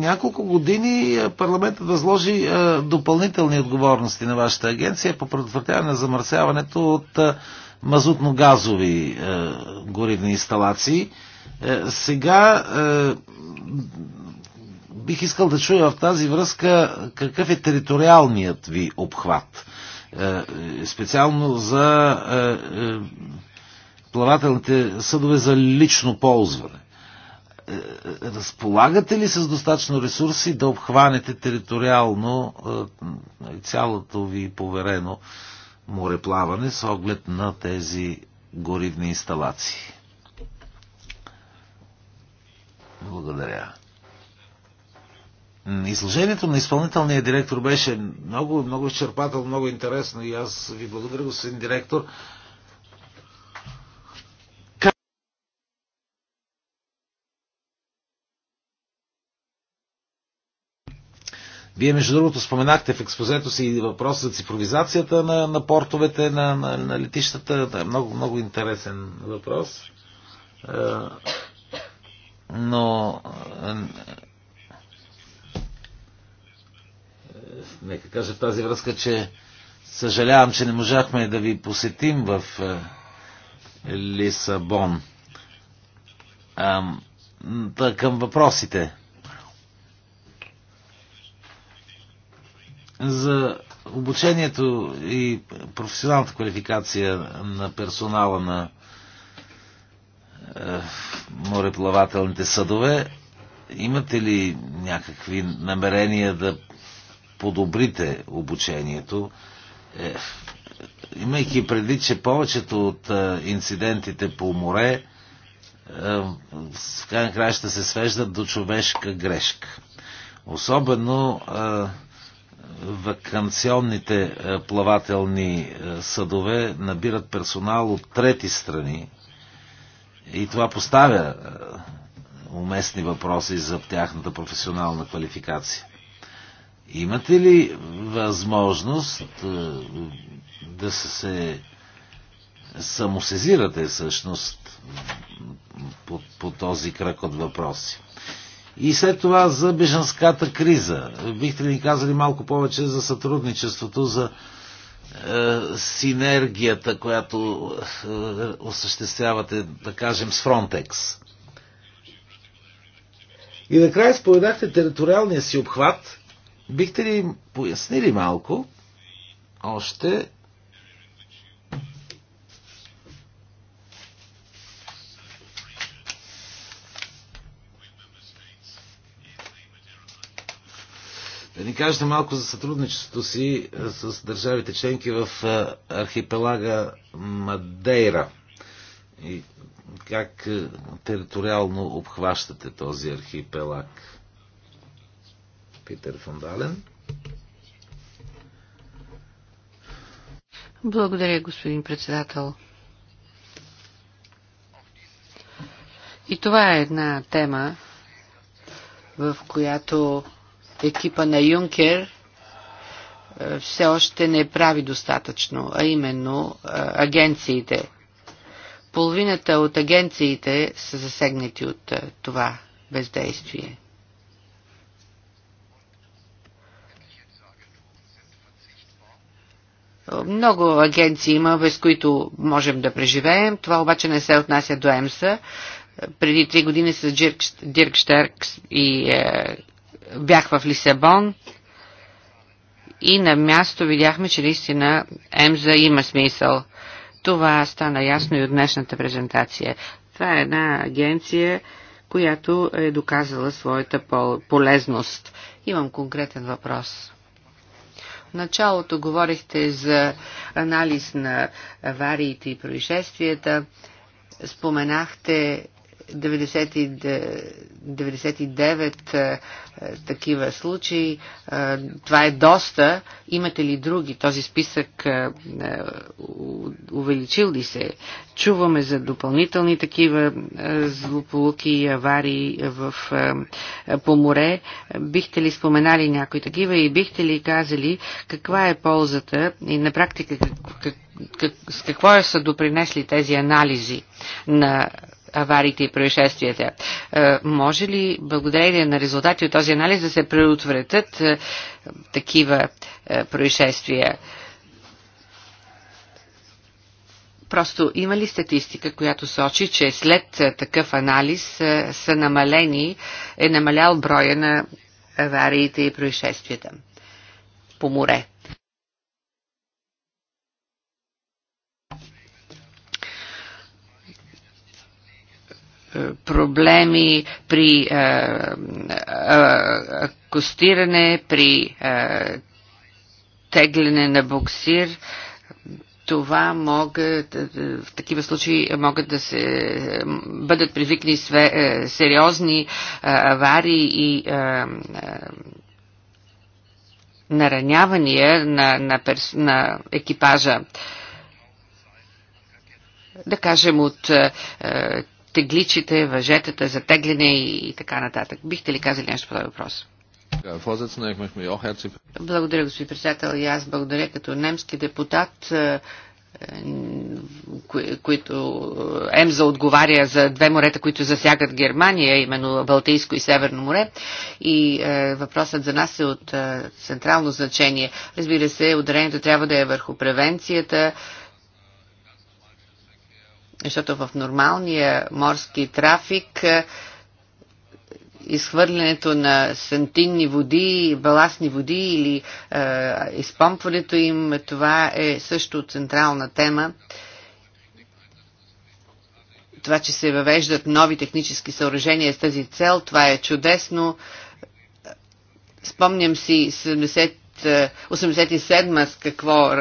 няколко години парламентът възложи допълнителни отговорности на вашата агенция по предотвратяване на замърсяването от мазутно-газови горивни инсталации. Сега бих искал да чуя в тази връзка какъв е териториалният ви обхват е, специално за е, е, плавателните съдове за лично ползване. Разполагате ли с достатъчно ресурси да обхванете териториално нали, цялото ви поверено мореплаване с оглед на тези горивни инсталации? Благодаря. Изложението на изпълнителния директор беше много, много изчерпателно, много интересно и аз ви благодаря, господин директор. Вие, между другото, споменахте в експозето си въпрос въпроса за цифровизацията на, на портовете, на, на, на летищата. Да, много, много интересен въпрос. Е, но е, нека кажа в тази връзка, че съжалявам, че не можахме да ви посетим в е, Лисабон. Та към въпросите. За обучението и професионалната квалификация на персонала на е, мореплавателните съдове, имате ли някакви намерения да подобрите обучението, е, имайки предвид, че повечето от е, инцидентите по море е, в крайна края ще се свеждат до човешка грешка. Особено е, вакансионните е, плавателни е, съдове набират персонал от трети страни и това поставя е, уместни въпроси за тяхната професионална квалификация. Имате ли възможност е, да се самосезирате всъщност по, по този кръг от въпроси? И след това за бежанската криза. Бихте ли казали малко повече за сътрудничеството, за е, синергията, която е, осъществявате, да кажем, с Фронтекс? И накрая споведахте териториалния си обхват Бихте ли пояснили малко още Да ни кажете малко за сътрудничеството си е, с държавите членки в е, архипелага Мадейра и как е, териториално обхващате този архипелаг. Питер Фондален. Благодаря, господин председател. И това е една тема, в която екипа на Юнкер е, все още не прави достатъчно, а именно е, агенциите. Половината от агенциите са засегнати от е, това бездействие. Много агенции има, без които можем да преживеем. Това обаче не се отнася до ЕМСА. Преди три години с Дирк, Дирк Штеркс и е, бях в Лисабон и на място видяхме, че наистина ЕМЗА има смисъл. Това стана ясно и от днешната презентация. Това е една агенция, която е доказала своята полезност. Имам конкретен въпрос началото говорихте за анализ на авариите и происшествията, споменахте 99 е, такива случаи. Е, това е доста. Имате ли други? Този списък е, увеличил ли се? Чуваме за допълнителни такива злополуки и аварии в, по море. Бихте ли споменали някои такива и бихте ли казали каква е ползата и на практика как, как, с какво са допринесли тези анализи на авариите и происшествията. Е, може ли, благодарение на резултати от този анализ, да се предотвратят е, такива е, происшествия? Просто има ли статистика, която сочи, че след такъв анализ са намалени, е намалял броя на авариите и происшествията по море? Е, проблеми при е, е, акустиране, при тегляне на буксир. Това могат, в такива случаи могат да се бъдат привикни све, сериозни аварии и наранявания на, на, перс, на екипажа да кажем, от тегличите, въжетата затегляне и така нататък. Бихте ли казали нещо по този въпрос? Благодаря, господин председател. И аз благодаря като немски депутат е, които е, Емза отговаря за две морета, които засягат Германия, именно Балтийско и Северно море. И е, въпросът за нас е от е, централно значение. Разбира се, ударението трябва да е върху превенцията, защото в нормалния морски трафик е, изхвърлянето на сантинни води, баласни води или е, изпомпването им, това е също централна тема. Това, че се въвеждат нови технически съоръжения с тази цел, това е чудесно. Спомням си 70, 87 е, с какво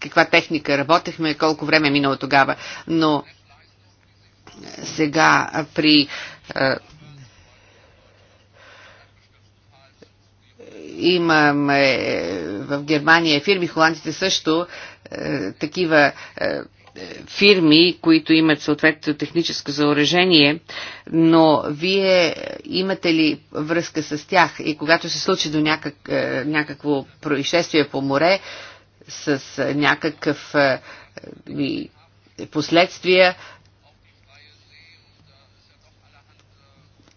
каква техника работехме, колко време е минало тогава. Но сега при имам е, в Германия е фирми, холандците също е, такива фирми, които имат съответно техническо заоръжение, но вие имате ли връзка с тях и когато се случи до някак, някакво происшествие по море, с някакъв последствия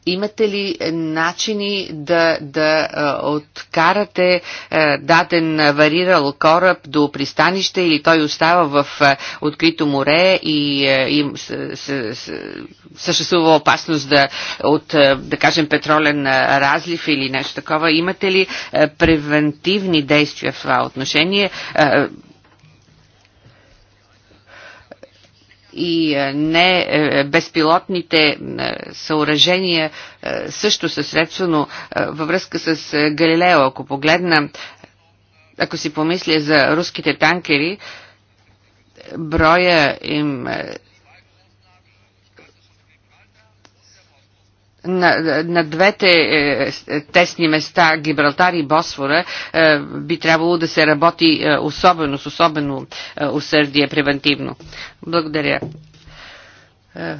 Имате ли начини да, да откарате даден варирал кораб до пристанище или той остава в открито море и, и съществува опасност да, от, да кажем, петролен разлив или нещо такова? Имате ли превентивни действия в това отношение? и е, не е, безпилотните е, съоръжения също са средство, но във връзка с Галилео, ако погледна, ако си помисля за руските танкери, броя им на, на двете е, е, тесни места, Гибралтар и Босфора, е, би трябвало да се работи е, особено, с особено е, усърдие превентивно. Благодаря. Е,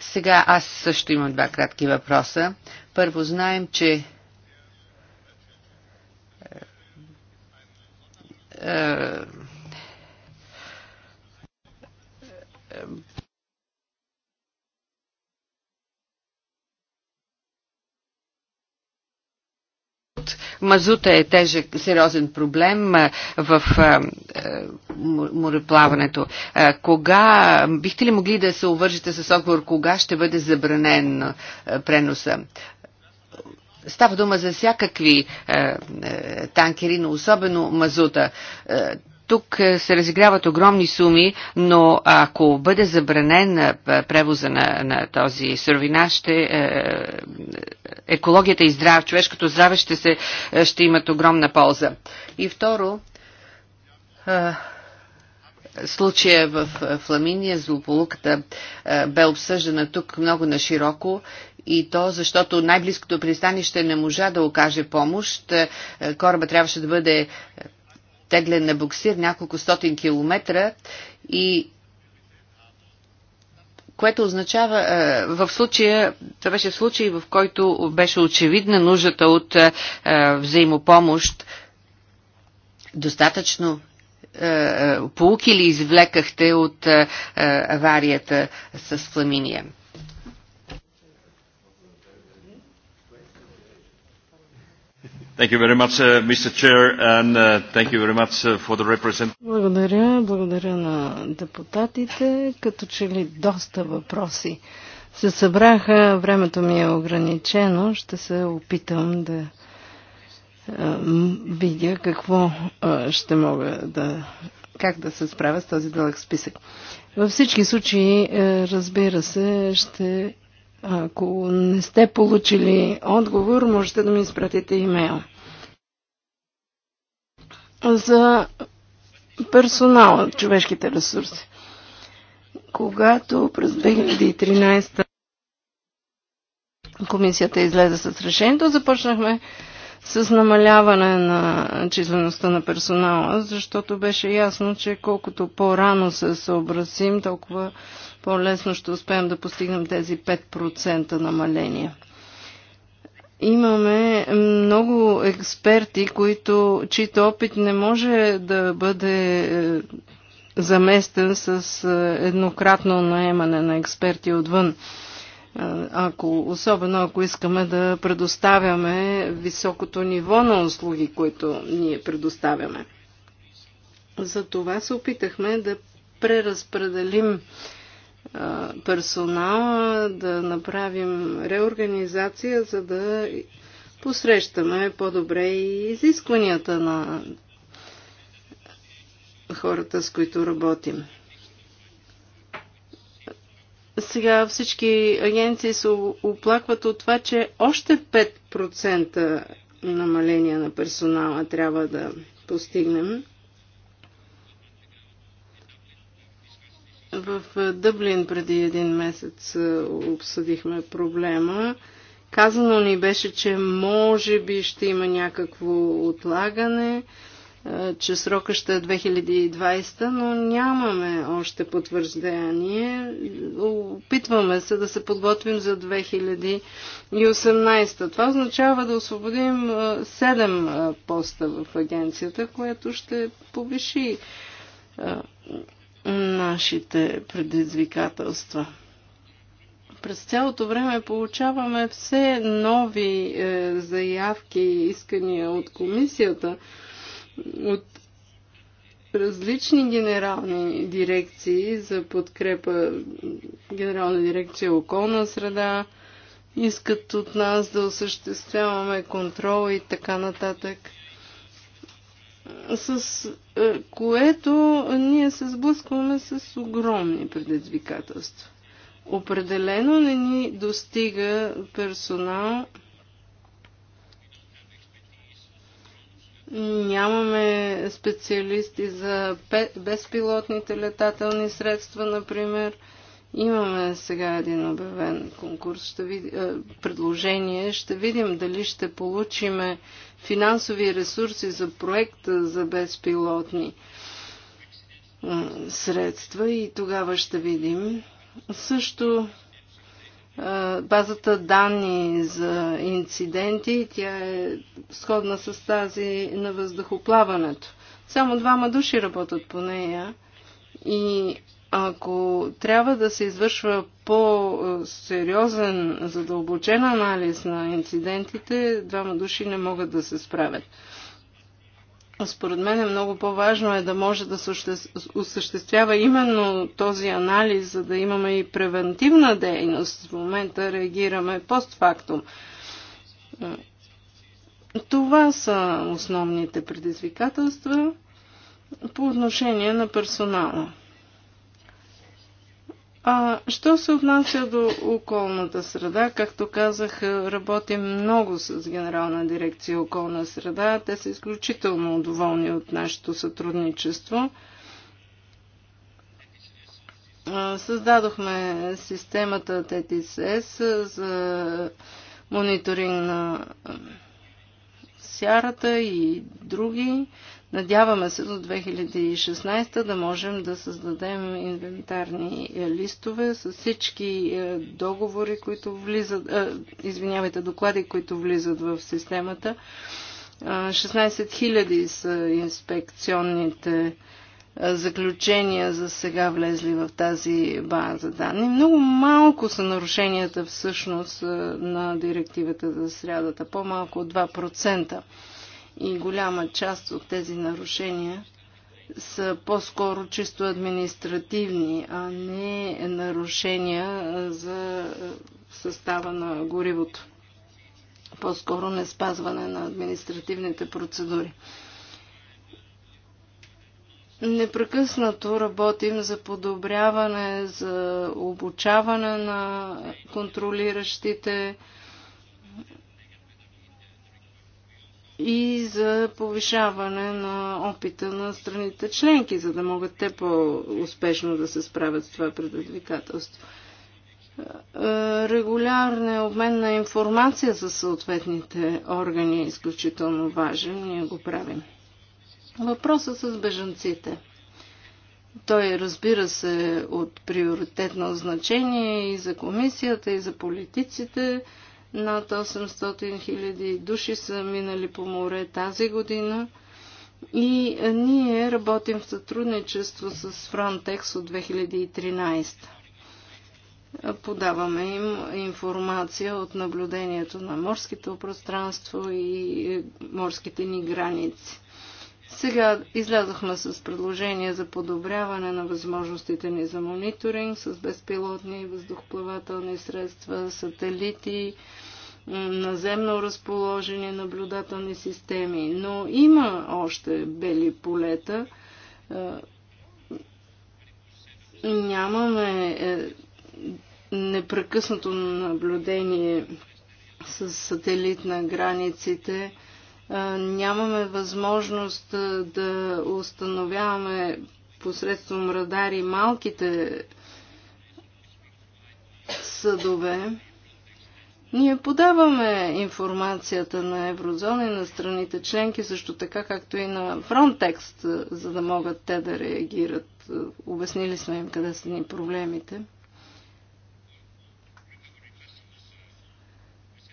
сега аз също имам два кратки въпроса. Първо, знаем, че е, е, Мазута е тежък, сериозен проблем в мореплаването. Кога, бихте ли могли да се увържете с отговор, кога ще бъде забранен преноса? Става дума за всякакви танкери, но особено мазута. Тук е, се разиграват огромни суми, но ако бъде забранен е, превоза на, на този суровина, ще, е, е, екологията и здрав, човешкото здраве ще, се, ще имат огромна полза. И второ, е, случая в Фламиния, злополуката е, бе обсъждана тук много нашироко и то защото най-близкото пристанище не можа да окаже помощ. Кораба трябваше да бъде теглен на буксир няколко стотин километра и което означава е, в случая, това беше случай, в който беше очевидна нуждата от е, е, взаимопомощ. Достатъчно полуки ли извлекахте от аварията с Фламиния? Thank you very much, uh, Mr. Chair, and uh, thank you very much uh, for the Благодаря, благодаря на депутатите, като че ли доста въпроси се събраха, времето ми е ограничено, ще се опитам да е, видя какво е, ще мога да как да се справя с този дълъг списък. Във всички случаи, е, разбира се, ще ако не сте получили отговор, можете да ми изпратите имейл. За персонала, човешките ресурси. Когато през 2013 комисията излезе с решението, започнахме с намаляване на числеността на персонала, защото беше ясно, че колкото по-рано се съобразим, толкова по-лесно ще успеем да постигнем тези 5% намаления. Имаме много експерти, които, чийто опит не може да бъде е, заместен с е, еднократно наемане на експерти отвън. Е, ако, особено ако искаме да предоставяме високото ниво на услуги, които ние предоставяме. За това се опитахме да преразпределим персонала, да направим реорганизация, за да посрещаме по-добре и изискванията на хората, с които работим. Сега всички агенции се оплакват от това, че още 5% намаление на персонала трябва да постигнем. В е, Дъблин преди един месец е, обсъдихме проблема. Казано ни беше, че може би ще има някакво отлагане, е, че срока ще е 2020, но нямаме още потвърждение. Опитваме се да се подготвим за 2018. Това означава да освободим 7 поста в агенцията, което ще повиши нашите предизвикателства. През цялото време получаваме все нови е, заявки и искания от комисията, от различни генерални дирекции за подкрепа. Генерална дирекция околна среда искат от нас да осъществяваме контрол и така нататък с е, което ние се сблъскваме с огромни предизвикателства. Определено не ни достига персонал. Нямаме специалисти за безпилотните летателни средства, например. Имаме сега един обявен конкурс, ще види, е, предложение. Ще видим дали ще получиме финансови ресурси за проекта за безпилотни средства и тогава ще видим. Също базата данни за инциденти, тя е сходна с тази на въздухоплаването. Само двама души работят по нея и ако трябва да се извършва по-сериозен, задълбочен анализ на инцидентите, двама души не могат да се справят. Според мен е много по-важно е да може да се осъществява именно този анализ, за да имаме и превентивна дейност. В момента реагираме постфактум. Това са основните предизвикателства по отношение на персонала. А, що се отнася до околната среда, както казах, работим много с Генерална дирекция околна среда. Те са изключително доволни от нашето сътрудничество. Създадохме системата ТТСС за мониторинг на сярата и други. Надяваме се до 2016 да можем да създадем инвентарни е, листове с всички е, договори, които влизат, е, извинявайте, доклади, които влизат в системата. 16 000 са инспекционните заключения за сега влезли в тази база данни. Много малко са нарушенията всъщност на директивата за срядата, по-малко от 2% и голяма част от тези нарушения са по-скоро чисто административни, а не нарушения за състава на горивото. По-скоро не спазване на административните процедури. Непрекъснато работим за подобряване, за обучаване на контролиращите и за повишаване на опита на страните членки, за да могат те по-успешно да се справят с това предизвикателство. Е, регулярен е обмен на информация за съответните органи е изключително важен. Ние го правим. Въпросът с бежанците. Той разбира се е от приоритетно значение и за комисията, и за политиците. Над 800 000 души са минали по море тази година. И е, ние работим в сътрудничество с Frontex от 2013. Подаваме им информация от наблюдението на морското пространство и е, морските ни граници. Сега излязохме с предложение за подобряване на възможностите ни за мониторинг с безпилотни въздухоплавателни средства, сателити, наземно разположени наблюдателни системи. Но има още бели полета. Нямаме е, непрекъснато наблюдение с сателит на границите нямаме възможност да установяваме посредством радари малките съдове, ние подаваме информацията на еврозона и на страните членки, също така както и на фронтекст, за да могат те да реагират. Обяснили сме им къде са ни проблемите.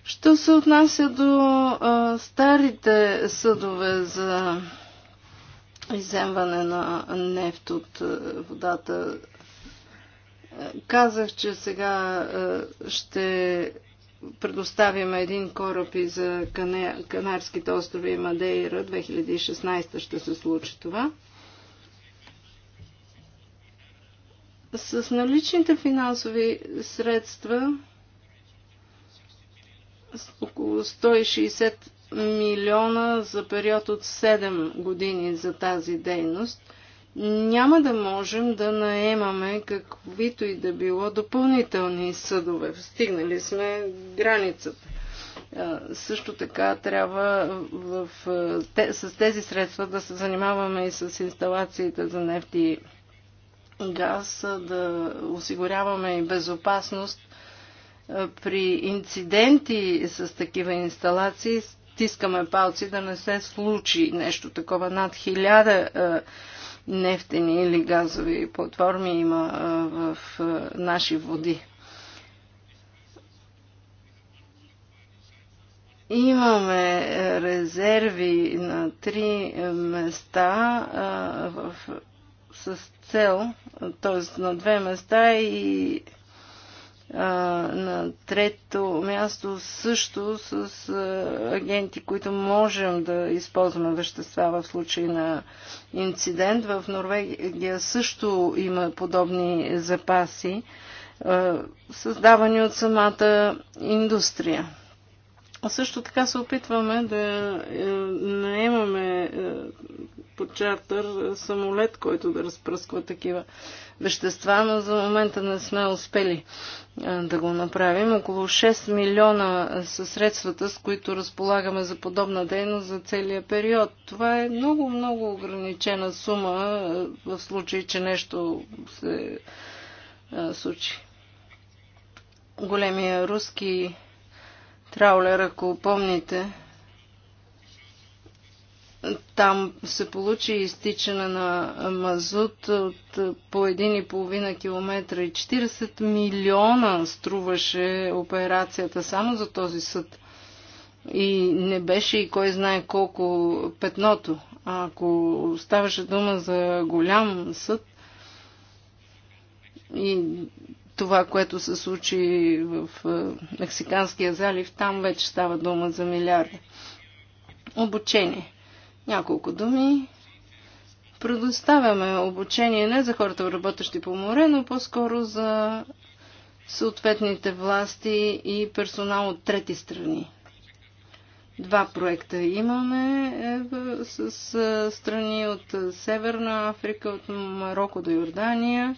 Що се отнася до а, старите съдове за иземване на нефт от водата, казах, че сега ще предоставим един кораб и за Канарските острови и Мадейра. 2016 ще се случи това. С наличните финансови средства около 160 милиона за период от 7 години за тази дейност, няма да можем да наемаме каквито и да било допълнителни съдове. Стигнали сме границата. Също така трябва в, те, с тези средства да се занимаваме и с инсталациите за нефти и газ, да осигуряваме и безопасност – е, при инциденти с такива инсталации стискаме палци да не се случи нещо такова. Над хиляда е, нефтени или газови платформи има е, в наши води. Имаме резерви на три места в, с цел, т.е. на две места и на трето място също с агенти, които можем да използваме вещества в случай на инцидент. В Норвегия също има подобни запаси, създавани от самата индустрия. Също така се опитваме да е, наемаме е, по чартър е, самолет, който да разпръсква такива вещества, но за момента не сме успели е, да го направим. Около 6 милиона са средствата, с които разполагаме за подобна дейност за целия период. Това е много-много ограничена сума е, в случай, че нещо се случи. Големия руски траулер, ако помните, там се получи изтичане на мазут от по 1,5 км и 40 милиона струваше операцията само за този съд. И не беше и кой знае колко петното. А ако ставаше дума за голям съд и това, което се случи в е, Мексиканския залив, там вече става дума за милиарди. Обучение. Няколко думи. Предоставяме обучение не за хората, работещи по море, но по-скоро за съответните власти и персонал от трети страни. Два проекта имаме е, с е, страни от Северна Африка, от Марокко до Йордания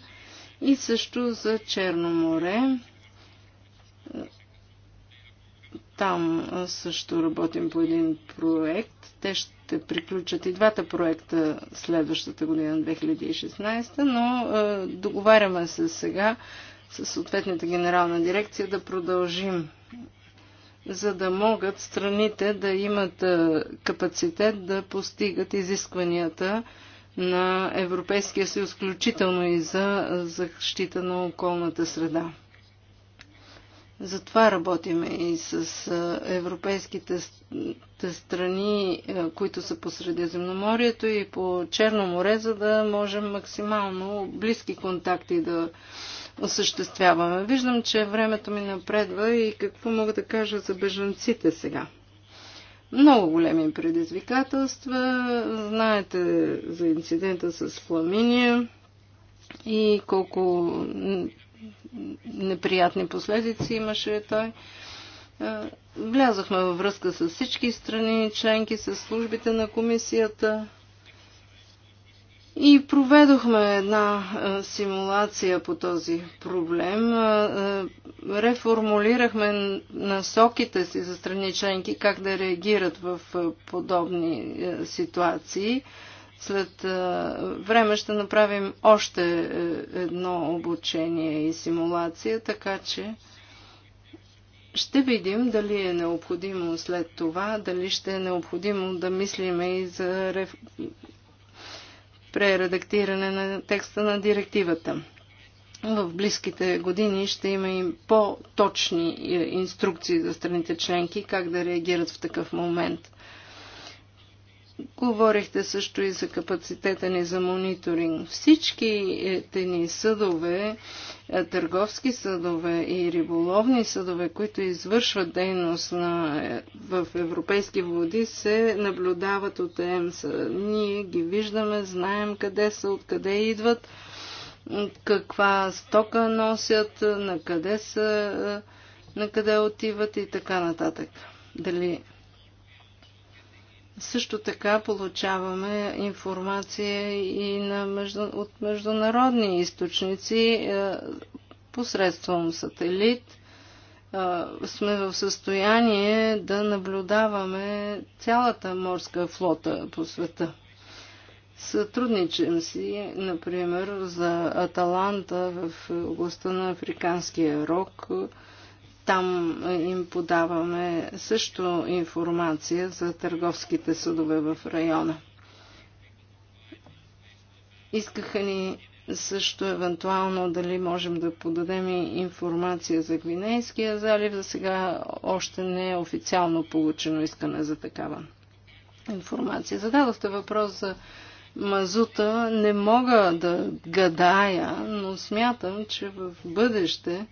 и също за Черно море. Там също работим по един проект. Те ще ще приключат и двата проекта следващата година, 2016, но е, договаряме се сега с съответната генерална дирекция да продължим, за да могат страните да имат е, капацитет да постигат изискванията на Европейския съюз, включително и за е, защита на околната среда. Затова работиме и с европейските страни, които са по Средиземноморието и по Черно море, за да можем максимално близки контакти да осъществяваме. Виждам, че времето ми напредва и какво мога да кажа за бежанците сега. Много големи предизвикателства. Знаете за инцидента с Фламиния и колко неприятни последици имаше той. Влязохме във връзка с всички страни, членки, с службите на комисията и проведохме една симулация по този проблем. Реформулирахме насоките си за страни членки как да реагират в подобни ситуации. След време ще направим още е, едно обучение и симулация, така че ще видим дали е необходимо след това, дали ще е необходимо да мислиме и за реф... прередактиране на текста на директивата. В близките години ще има и по-точни е, инструкции за страните членки как да реагират в такъв момент. Говорихте също и за капацитета ни за мониторинг. Всички е, ни съдове, е, търговски съдове и риболовни съдове, които извършват дейност на, е, в европейски води, се наблюдават от ЕМСА. Ние ги виждаме, знаем къде са, откъде идват, каква стока носят, на къде са, на къде отиват и така нататък. Дали също така получаваме информация и на между... от международни източници е, посредством сателит. Е, сме в състояние да наблюдаваме цялата морска флота по света. Сътрудничим си, например, за Аталанта в областта на Африканския рок. Е, там е, им подаваме също информация за търговските съдове в района. Искаха ни също евентуално дали можем да подадем информация за Гвинейския залив. За сега още не е официално получено искане за такава информация. Зададохте въпрос за мазута. Не мога да гадая, но смятам, че в бъдеще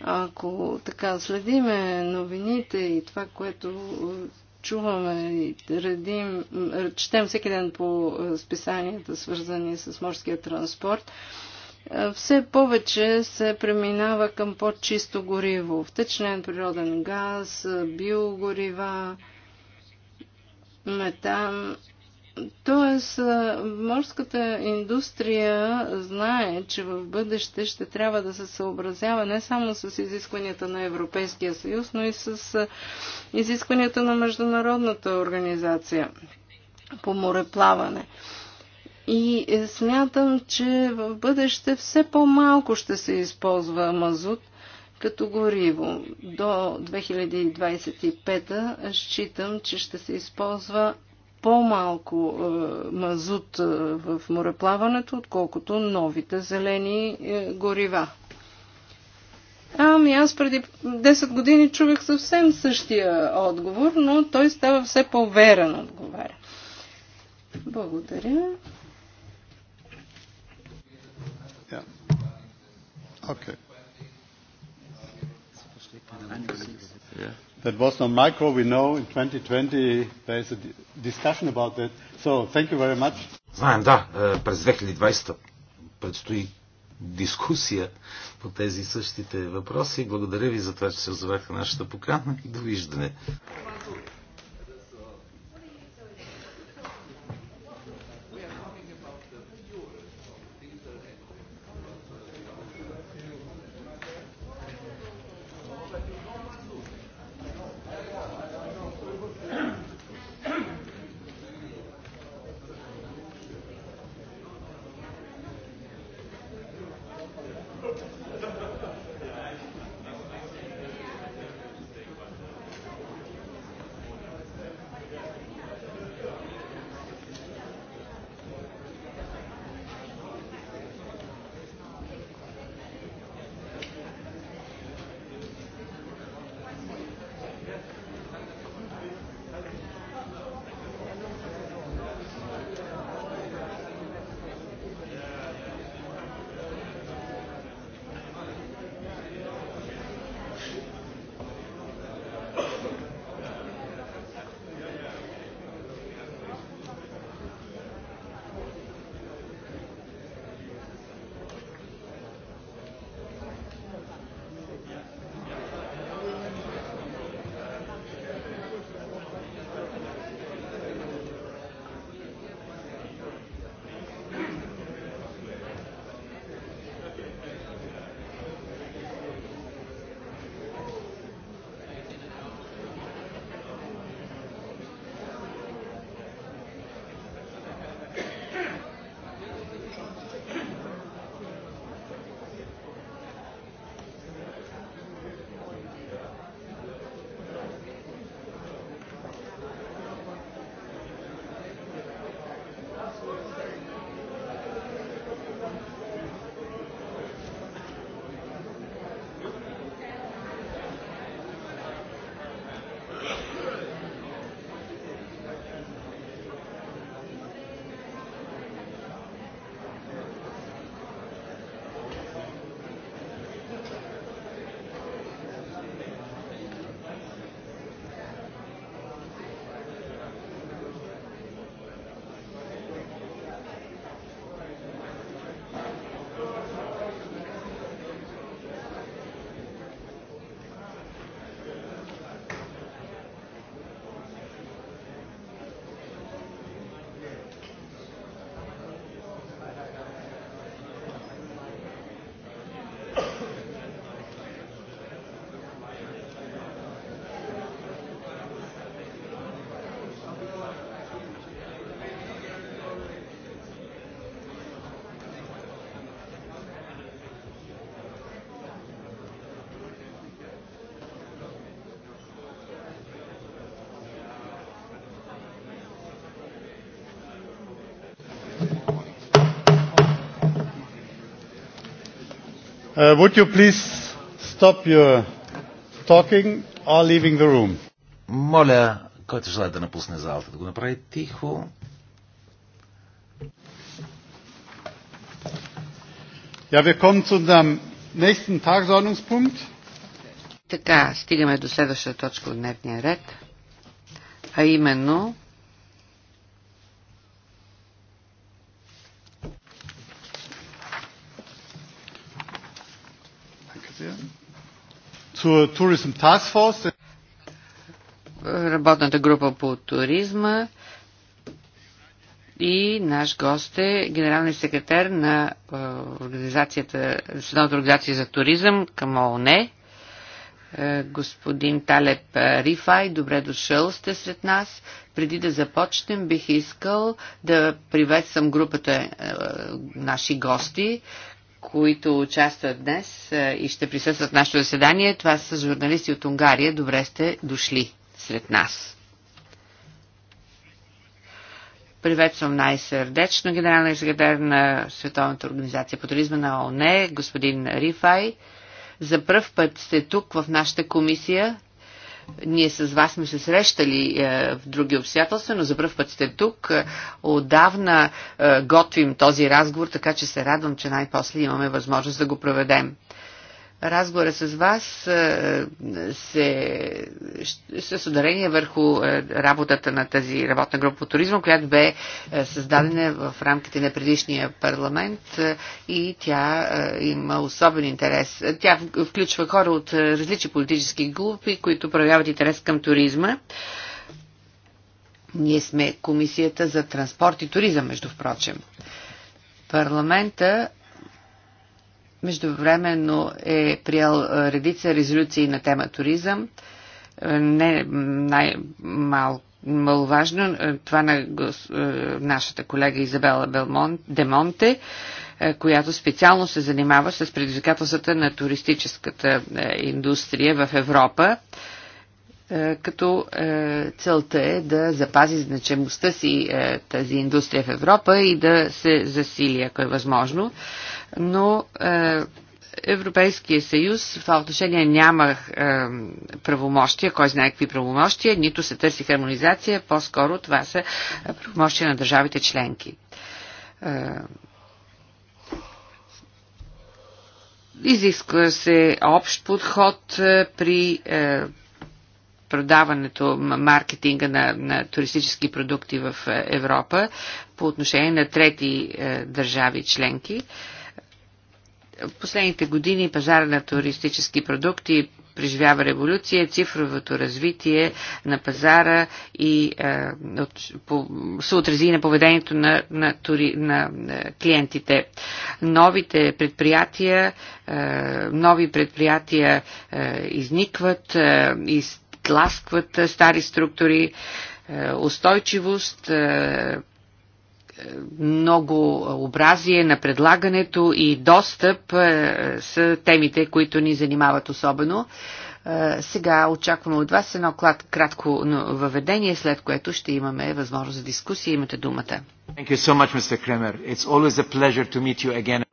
ако така следиме новините и това, което е, чуваме и редим, е, четем всеки ден по е, списанията, свързани с морския транспорт, все повече се преминава към по-чисто гориво. Втечнен природен газ, биогорива, метан Тоест, морската индустрия знае, че в бъдеще ще трябва да се съобразява не само с изискванията на Европейския съюз, но и с изискванията на Международната организация по мореплаване. И е, смятам, че в бъдеще все по-малко ще се използва мазут като гориво. До 2025 считам, че ще се използва по-малко е, мазут е, в мореплаването, отколкото новите зелени е, горива. Ами аз преди 10 години чувах съвсем същия отговор, но той става все по-верен отговаря. Благодаря. Yeah. Okay. Yeah that was not micro. We know in 2020 there is a discussion about that. So thank you very much. Знаем, да, е, през 2020 предстои дискусия по тези същите въпроси. Благодаря ви за това, че се озоваха нашата покана и довиждане. Uh, would you please stop your talking or leaving the room? Моля, който желая да напусне залата, да го направи тихо. Ja, wir kommen zu unserem nächsten Tagesordnungspunkt. Така, стигаме до следващата точка от дневния ред, а именно to Tourism Task Force. Работната група по туризма и наш гост е генералният секретар на организацията, Националната организация за туризъм към ООН, господин Талеп Рифай. Добре дошъл сте сред нас. Преди да започнем, бих искал да приветствам групата наши гости, които участват днес е, и ще присъстват в нашето заседание. Това са журналисти от Унгария. Добре сте дошли сред нас. Приветствам най-сърдечно генералния секретар на Световната организация по туризма на ОНЕ, господин Рифай. За първ път сте тук в нашата комисия ние с вас сме се срещали е, в други обстоятелства, но за първ път сте тук. Е, отдавна е, готвим този разговор, така че се радвам, че най-после имаме възможност да го проведем разговора с вас е, се, с ударение върху е, работата на тази работна група по туризма, която бе е, създадена в рамките на предишния парламент и тя има особен интерес. Тя включва хора от различни политически групи, които проявяват интерес към туризма. Ние сме комисията за транспорт и туризъм, между впрочем. Парламента Междувременно е приел редица резолюции на тема туризъм. Не най-малко маловажно, това на нашата колега Изабела Белмон, Демонте, която специално се занимава с предизвикателствата на туристическата индустрия в Европа. Е, като е, целта е да запази значимостта си е, тази индустрия в Европа и да се засили, ако е възможно. Но Европейския съюз в това отношение няма е, правомощия, кой знае какви правомощия, нито се търси хармонизация, по-скоро това са правомощия на държавите членки. Е, изисква се общ подход при е, продаването, маркетинга на, на туристически продукти в е, Европа по отношение на трети е, държави членки. В последните години пазара на туристически продукти преживява революция, цифровото развитие на пазара и е, от, по, се отрази на поведението на, на, тури, на, на е, клиентите. Новите предприятия, е, нови предприятия е, изникват е, и тласкват е, стари структури, е, устойчивост, е, много образие на предлагането и достъп са темите, които ни занимават особено. Сега очакваме от вас едно кратко въведение, след което ще имаме възможност за дискусия. Имате думата. So much,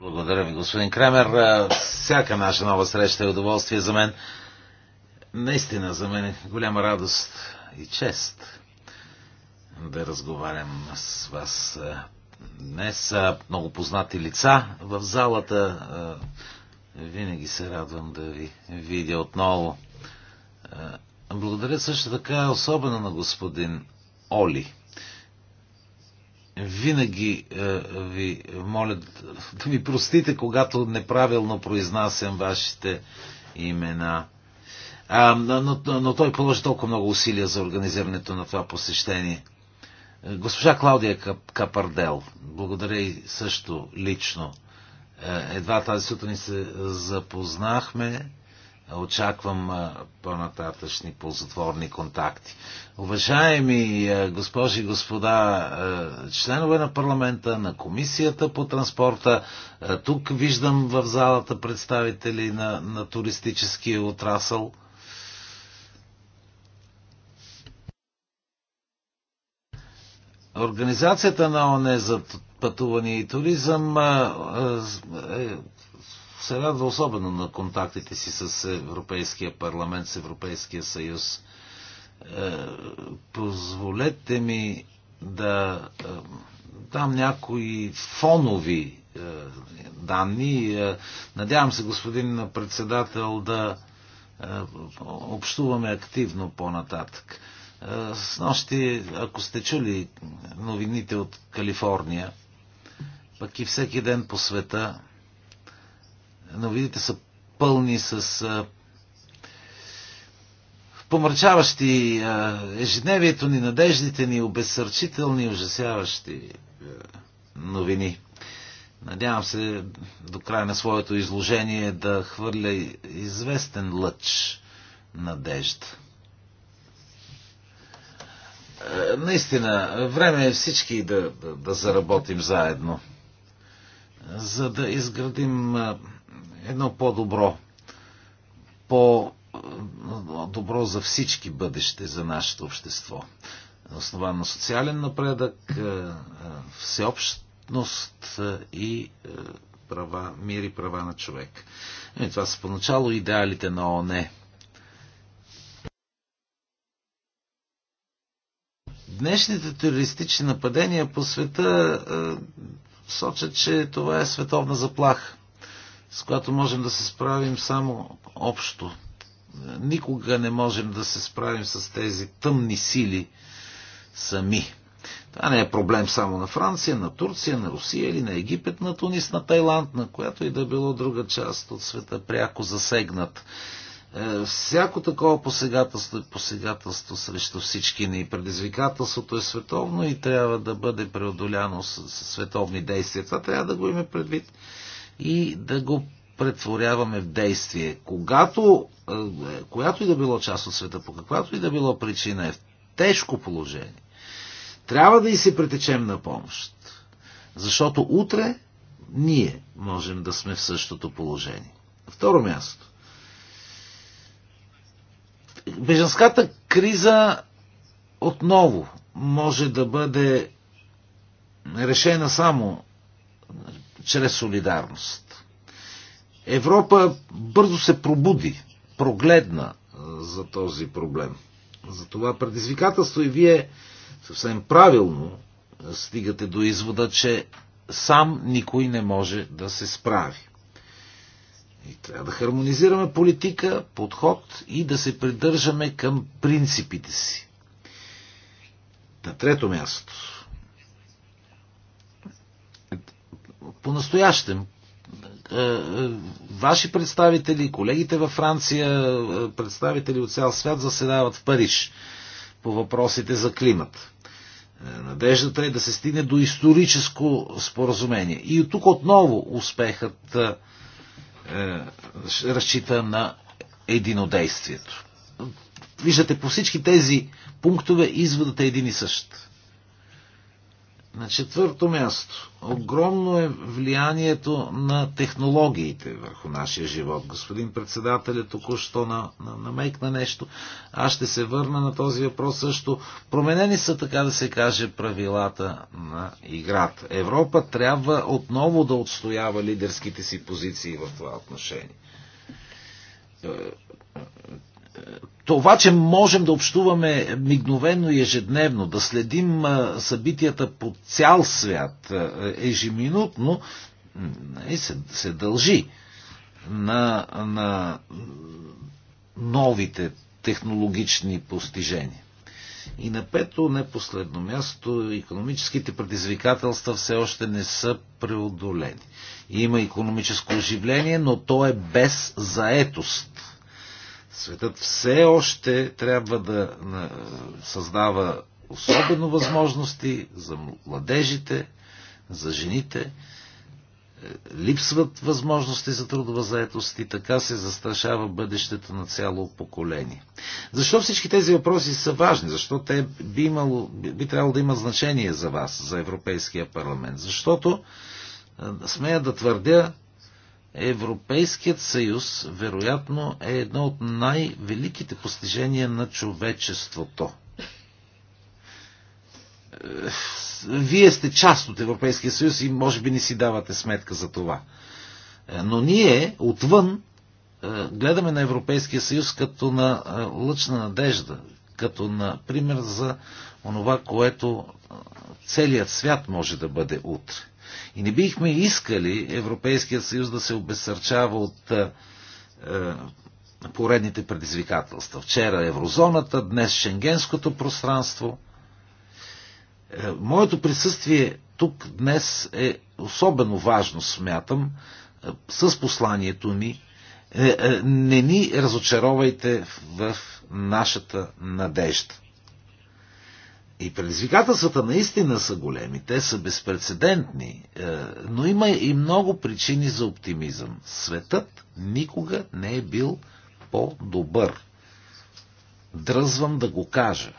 Благодаря ви, господин Кремер. Всяка наша нова среща е удоволствие за мен. Наистина за мен е голяма радост и чест да разговарям с вас днес. Много познати лица в залата. Винаги се радвам да ви видя отново. Благодаря също така особено на господин Оли. Винаги ви моля да ми простите, когато неправилно произнасям вашите имена но, но той положи толкова много усилия за организирането на това посещение. Госпожа Клаудия Капардел, благодаря и също лично. Е, едва тази сутрин се запознахме. Очаквам е, по-нататъчни ползотворни контакти. Уважаеми е, госпожи и господа, членове на парламента, на комисията по транспорта, тук виждам в залата представители на, на туристическия отрасъл – Организацията на ОНЕ за пътуване и туризъм е, се радва особено на контактите си с Европейския парламент, с Европейския съюз. Е, позволете ми да е, дам някои фонови данни. Надявам се, господин председател, да общуваме активно по-нататък. С е, нощи, ако сте чули новините от Калифорния, пък и всеки ден по света, новините са пълни с е, помрачаващи е, ежедневието ни, надеждите ни, обезсърчителни, ужасяващи новини. Надявам се до края на своето изложение да хвърля известен лъч надежда. Е, наистина, време е всички да, да, да заработим заедно, за да изградим е, едно по-добро, по-добро за всички бъдеще, за нашето общество. Основа на социален напредък, е, всеобщност и права, мир и права на човек. И това са поначало идеалите на ОНЕ. Днешните терористични нападения по света е, сочат, че това е световна заплаха, с която можем да се справим само общо. Никога не можем да се справим с тези тъмни сили сами. Това не е проблем само на Франция, на Турция, на Русия или на Египет, на Тунис, на Тайланд, на която и да било друга част от света пряко засегнат. Е, всяко такова посегателство е посегателство срещу всички ни. Предизвикателството е световно и трябва да бъде преодоляно с световни действия. Това трябва да го имаме предвид и да го претворяваме в действие. Когато, е, която и да било част от света, по каквато и да било причина е в тежко положение, трябва да и се притечем на помощ. Защото утре ние можем да сме в същото положение. Второ място. Беженската криза отново може да бъде решена само чрез солидарност. Европа бързо се пробуди, прогледна за този проблем, за това предизвикателство и вие съвсем правилно стигате до извода, че сам никой не може да се справи. И трябва да хармонизираме политика, подход и да се придържаме към принципите си. На трето място. По-настоящем, е, е, ваши представители, колегите във Франция, е, представители от цял свят заседават в Париж по въпросите за климат. Надеждата е да се стигне до историческо споразумение. И тук отново успехът е, разчита на единодействието. Виждате, по всички тези пунктове изводът е един и същ. На четвърто място, огромно е влиянието на технологиите върху нашия живот. Господин председател е току-що на, на, намекна нещо. Аз ще се върна на този въпрос също. Променени са, така да се каже, правилата на играта. Европа трябва отново да отстоява лидерските си позиции в това отношение е, това, че можем да общуваме мигновено и ежедневно, да следим събитията по цял свят ежеминутно, се, се дължи на, на новите технологични постижения. И на пето, не последно място, економическите предизвикателства все още не са преодолени. Има економическо оживление, но то е без заетост Светът все още трябва да създава особено възможности за младежите, за жените. Е, липсват възможности за трудова заетост и така се застрашава бъдещето на цяло поколение. Защо всички тези въпроси са важни? Защо те би, имало, би трябвало да имат значение за вас, за Европейския парламент? Защото е, смея да твърдя, Европейският съюз, вероятно, е едно от най-великите постижения на човечеството. Е, вие сте част от Европейския съюз и може би не си давате сметка за това. Е, но ние отвън е, гледаме на Европейския съюз като на лъчна надежда, като на пример за онова, което целият свят може да бъде утре. И не бихме искали Европейският съюз да се обесърчава от е, е, поредните предизвикателства. Вчера еврозоната, днес шенгенското пространство. Е, моето присъствие тук днес е особено важно, смятам, е, с посланието ми. Е, е не ни разочаровайте в нашата надежда. И предизвикателствата наистина са големи, те са безпредседентни, е, но има и много причини за оптимизъм. Светът никога не е бил по-добър. Дръзвам да го кажа.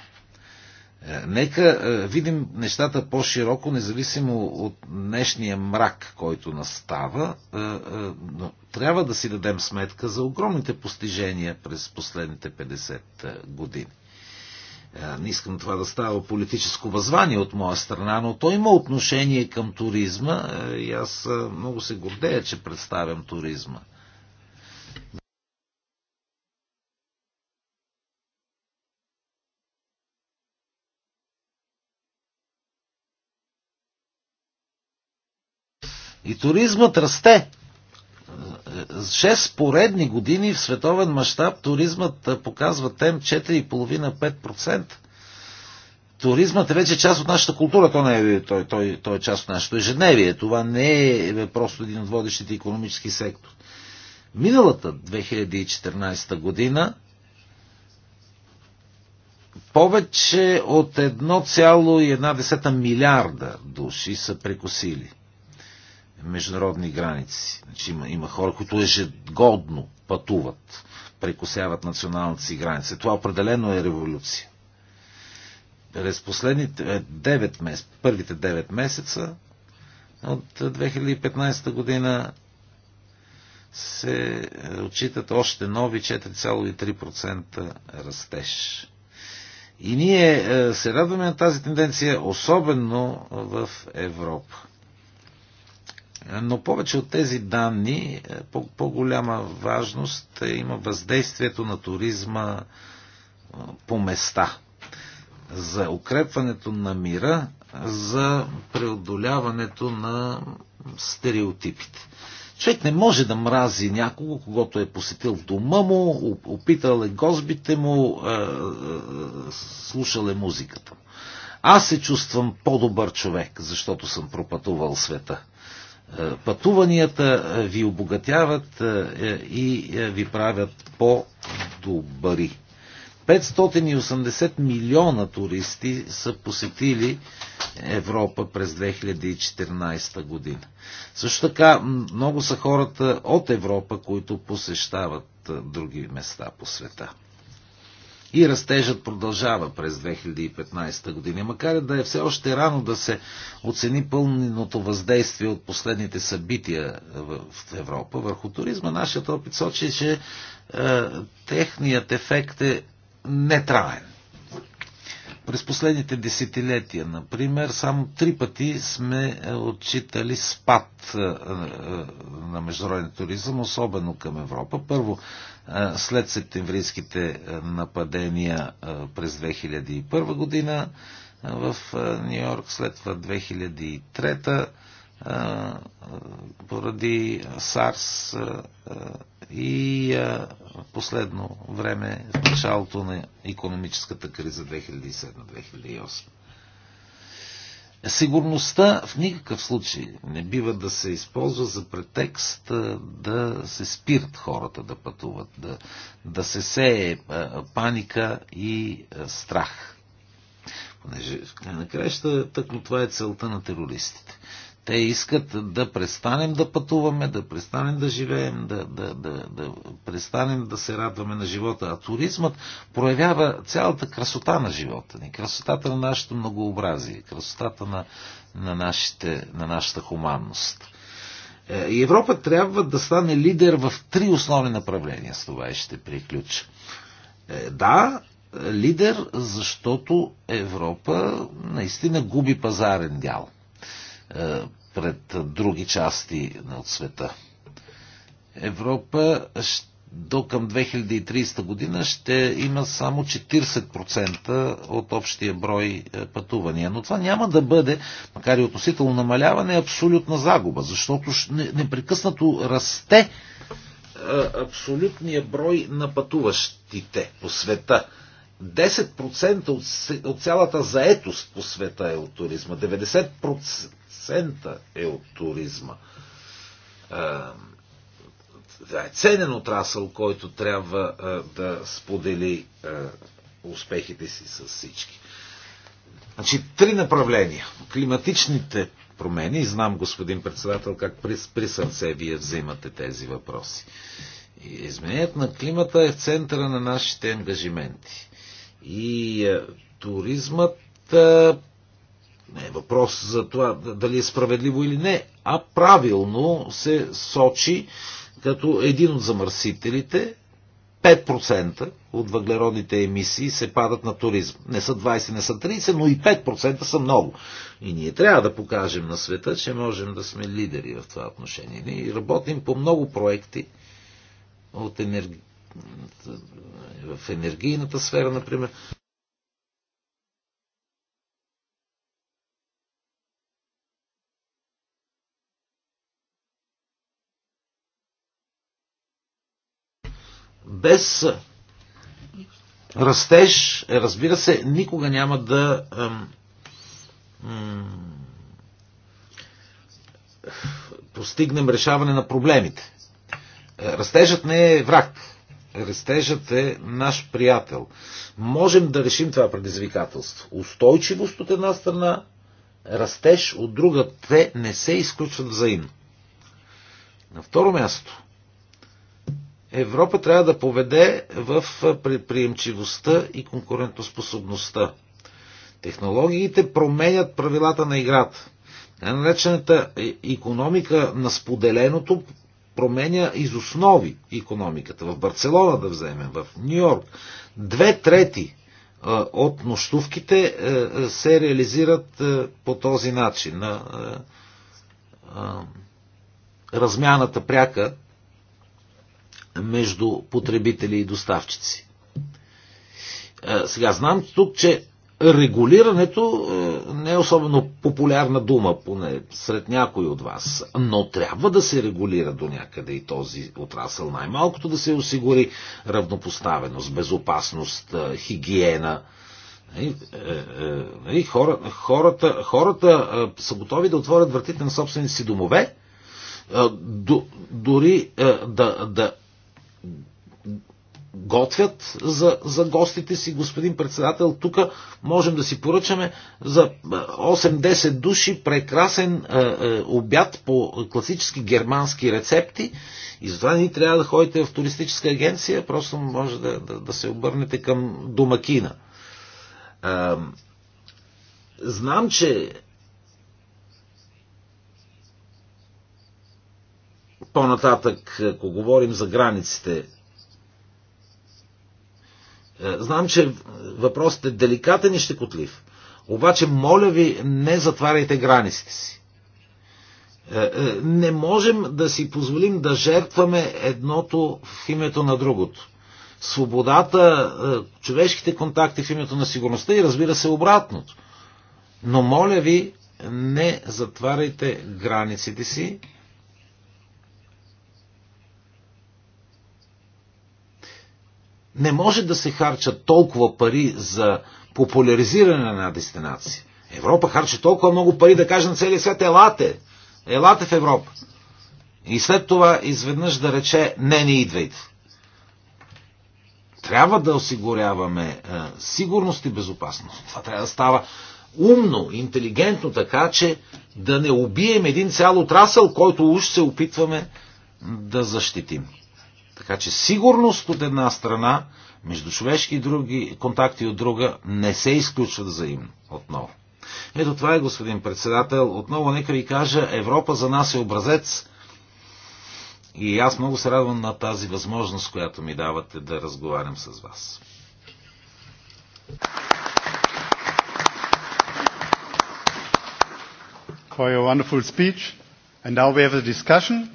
Е, нека е, видим нещата по-широко, независимо от днешния мрак, който настава, но трябва да си дадем сметка за огромните постижения през последните 50 години. Е, не искам това да става политическо възвание от моя страна, но той има отношение към туризма е, и аз е, много се гордея, че представям туризма. И туризмът расте. 6 поредни години в световен мащаб туризмът показва тем 4,5-5%. Туризмът е вече част от нашата култура, то, не е, той, той, той е част от нашето ежедневие. Това не е, е просто един от водещите економически сектор. Миналата 2014 година повече от 1,1 милиарда души са прекосили международни граници. Значи има, има хора, които ежегодно пътуват, прекосяват националната си граница. Това определено е революция. През последните 9 е, месеца, първите 9 месеца от 2015 е, година се е, отчитат още нови 4,3% растеж. И ние се радваме на тази тенденция, особено в Европа. Но повече от тези данни, е, по-голяма по важност е, има въздействието на туризма е, по места за укрепването на мира, за преодоляването на стереотипите. Човек не може да мрази някого, когато е посетил дома му, опитал е гозбите му, слушал е музиката му. Аз се чувствам по-добър човек, защото съм пропътувал света. Е, пътуванията е, ви обогатяват е, и ви правят по-добри. 580 милиона туристи са посетили Европа през 2014 година. Също така много са хората от Европа, които посещават други места по света и растежът продължава през 2015 година. Макар и да е все още рано да се оцени пълното въздействие от последните събития в Европа върху туризма, нашият опит сочи, че е, техният ефект е нетраен. През последните десетилетия, например, само три пъти сме е, отчитали спад е, е, на международен туризъм, особено към Европа. Първо, след септемврийските нападения през 2001 година в Нью Йорк, след това 2003 поради SARS и а, последно време в е началото на економическата криза 2007-2008. Сигурността в никакъв случай не бива да се използва за претекст да се спират хората да пътуват, да, да се сее паника и страх. Понеже накрая, край на тъкмо това е целта на терористите. Те искат да престанем да пътуваме, да престанем да живеем, да, да, да, да престанем да се радваме на живота. А туризмът проявява цялата красота на живота ни, красотата на нашето многообразие, красотата на, на, нашите, на нашата хуманност. Е, и Европа трябва да стане лидер в три основни направления. С това и ще приключа. Е, да, лидер, защото Европа наистина губи пазарен дял е, пред други части от света. Европа до към 2030 година ще има само 40% от общия брой е, пътувания. Но това няма да бъде, макар и относително намаляване, абсолютна загуба, защото непрекъснато расте е, абсолютния брой на пътуващите по света. 10% от, от цялата заетост по света е от туризма. 90%, 10% е от туризма. Това е ценен отрасъл, който трябва да сподели успехите си с всички. Значи, три направления. Климатичните промени, знам, господин председател, как при, при сърце вие взимате тези въпроси. изменят на климата е в центъра на нашите ангажименти. И е, туризмът е, не е въпрос за това дали е справедливо или не, а правилно се сочи като един от замърсителите 5% от въглеродните емисии се падат на туризм. Не са 20, не са 30, но и 5% са много. И ние трябва да покажем на света, че можем да сме лидери в това отношение. Ние работим по много проекти от енерги... в енергийната сфера, например, без растеж, е, разбира се, никога няма да постигнем решаване на проблемите. Е, растежът не е враг. Растежът е наш приятел. Можем да решим това предизвикателство. Устойчивост от една страна, растеж от друга. Те не се изключват взаимно. На второ място, Европа трябва да поведе в предприемчивостта и конкурентоспособността. Технологиите променят правилата на играта. Наречената е, економика на споделеното променя из основи економиката. В Барселона да вземем, в Нью Йорк. Две трети е, от нощувките е, се реализират по този начин. На размяната пряка между потребители и доставчици. Е, сега знам тук, че регулирането е, не е особено популярна дума, поне сред някои от вас, но трябва да се регулира до някъде и този отрасъл. Най-малкото да се осигури равнопоставеност, безопасност, е, хигиена. хората, хората, хората са готови да отворят вратите на собствените си домове, дори да, да готвят за, за гостите си, господин председател. Тук можем да си поръчаме за 8-10 души прекрасен е, е, обяд по класически германски рецепти. И затова ни трябва да ходите в туристическа агенция, просто може да, да, да се обърнете към домакина. Е, знам, че по-нататък, ако говорим за границите, е, знам, че въпросът е деликатен и щекотлив. Обаче, моля ви, не затваряйте границите си. Е, е, не можем да си позволим да жертваме едното в името на другото. Свободата, човешките контакти в името на сигурността и разбира се обратното. Но моля ви, не затваряйте границите си Не може да се харчат толкова пари за популяризиране на една дестинация. Европа харчи толкова много пари да каже на целия свят, елате, елате в Европа. И след това изведнъж да рече, не, не идвайте. Трябва да осигуряваме е, сигурност и безопасност. Това трябва да става умно, интелигентно, така че да не убием един цял отрасъл, който уж се опитваме да защитим. Така че сигурност от една страна, между човешки и други контакти от друга не се изключват взаимно отново. Ето това е, господин председател. Отново нека ви кажа, Европа за нас е образец. И аз много се радвам на тази възможност, която ми давате да разговарям с вас. For your wonderful speech. And now we have a discussion.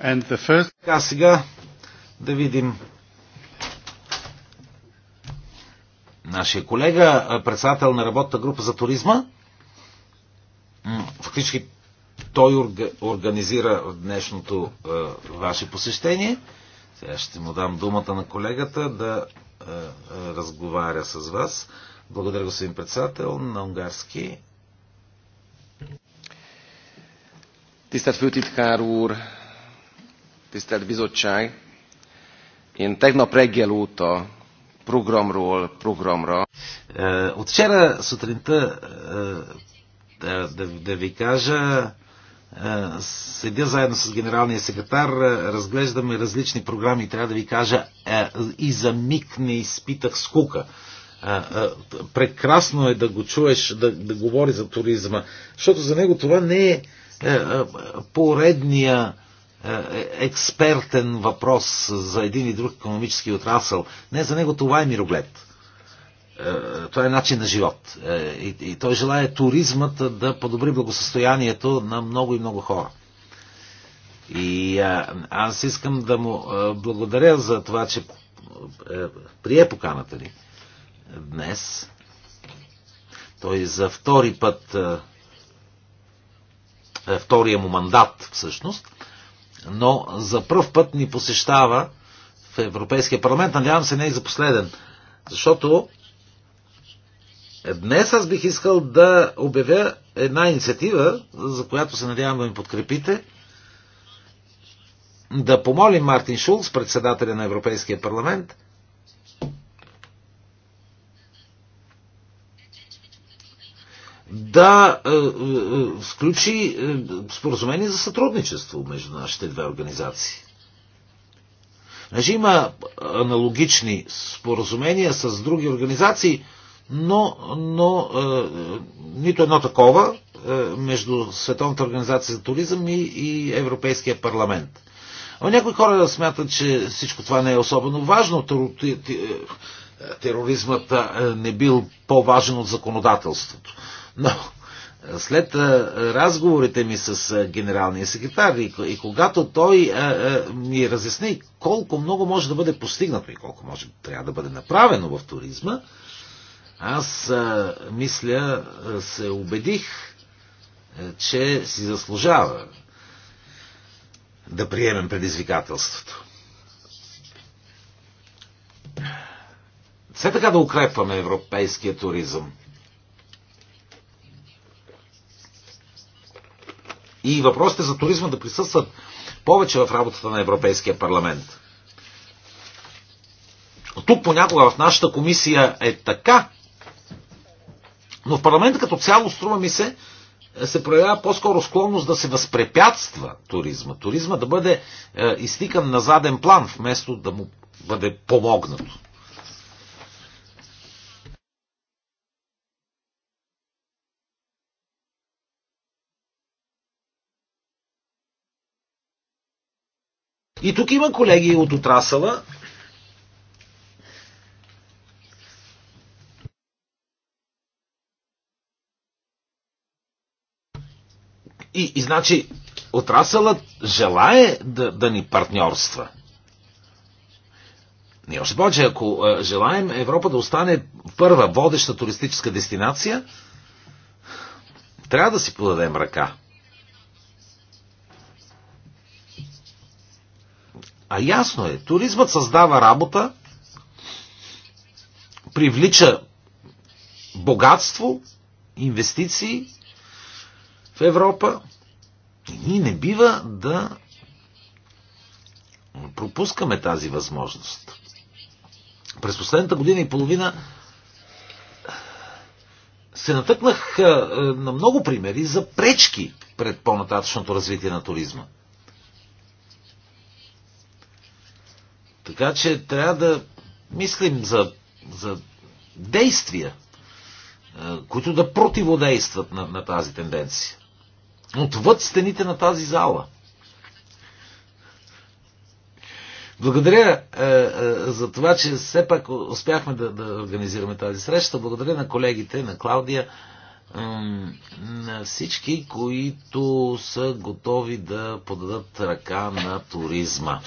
And the first... А сега да видим. Нашия колега, председател на работната група за туризма, фактически той организира днешното е, ваше посещение. Сега ще му дам думата на колегата да е, е, разговаря с вас. Благодаря, господин председател, на унгарски. Tisztelt főtitkár úr, tisztelt bizottság, Én tegnap reggel óta programról programra. Е, от вчера сутринта, да, е, е, да, да ви кажа, седя заедно с генералния секретар, разглеждаме различни програми и трябва да ви кажа, и за миг не изпитах скука. Прекрасно е да го чуеш, да, да говори за туризма, защото за него това не е поредния е, е, експертен въпрос за един и друг економически отрасъл. Не, за него това е мироглед. Е, това е начин на живот. И той желая туризмът да подобри благосъстоянието на много и много хора. И аз искам да му благодаря за това, че прие поканата ни днес. Той за втори път, втория му мандат всъщност, но за първ път ни посещава в Европейския парламент. Надявам се не и за последен. Защото днес аз бих искал да обявя една инициатива, за която се надявам да ми подкрепите. Да помолим Мартин Шулц, председателя на Европейския парламент, да включи е, е, е, е, споразумение за сътрудничество между нашите две организации. Значи има аналогични споразумения с други организации, но, но е, нито едно такова е, между Световната организация за туризъм и, и Европейския парламент. Но някои хора смятат, че всичко това не е особено важно. Тероризмът не бил по-важен от законодателството. Но след разговорите ми с генералния секретар и, и когато той а, а, ми разясни колко много може да бъде постигнато и колко може трябва да бъде направено в туризма, аз а, мисля се убедих, че си заслужава да приемем предизвикателството. Все така да укрепваме европейския туризъм. и въпросите за туризма да присъстват повече в работата на Европейския парламент. Тук понякога в нашата комисия е така, но в парламента като цяло, струва ми се, се проявява по-скоро склонност да се възпрепятства туризма. Туризма да бъде е, изтикан на заден план, вместо да му бъде помогнато. И тук има колеги от отрасъла, И, и значи, отрасълът желае да, да ни партньорства. Ние още повече, ако е, желаем Европа да остане първа водеща туристическа дестинация, трябва да си подадем ръка. А ясно е, туризмът създава работа, привлича богатство, инвестиции в Европа. И ние не бива да пропускаме тази възможност. През последната година и половина се натъкнах на много примери за пречки пред по-нататъчното развитие на туризма. Така че трябва да мислим за, за действия, които да противодействат на, на тази тенденция. Отвъд стените на тази зала. Благодаря е, е, за това, че все пак успяхме да, да организираме тази среща. Благодаря на колегите, на Клаудия, е, на всички, които са готови да подадат ръка на туризма.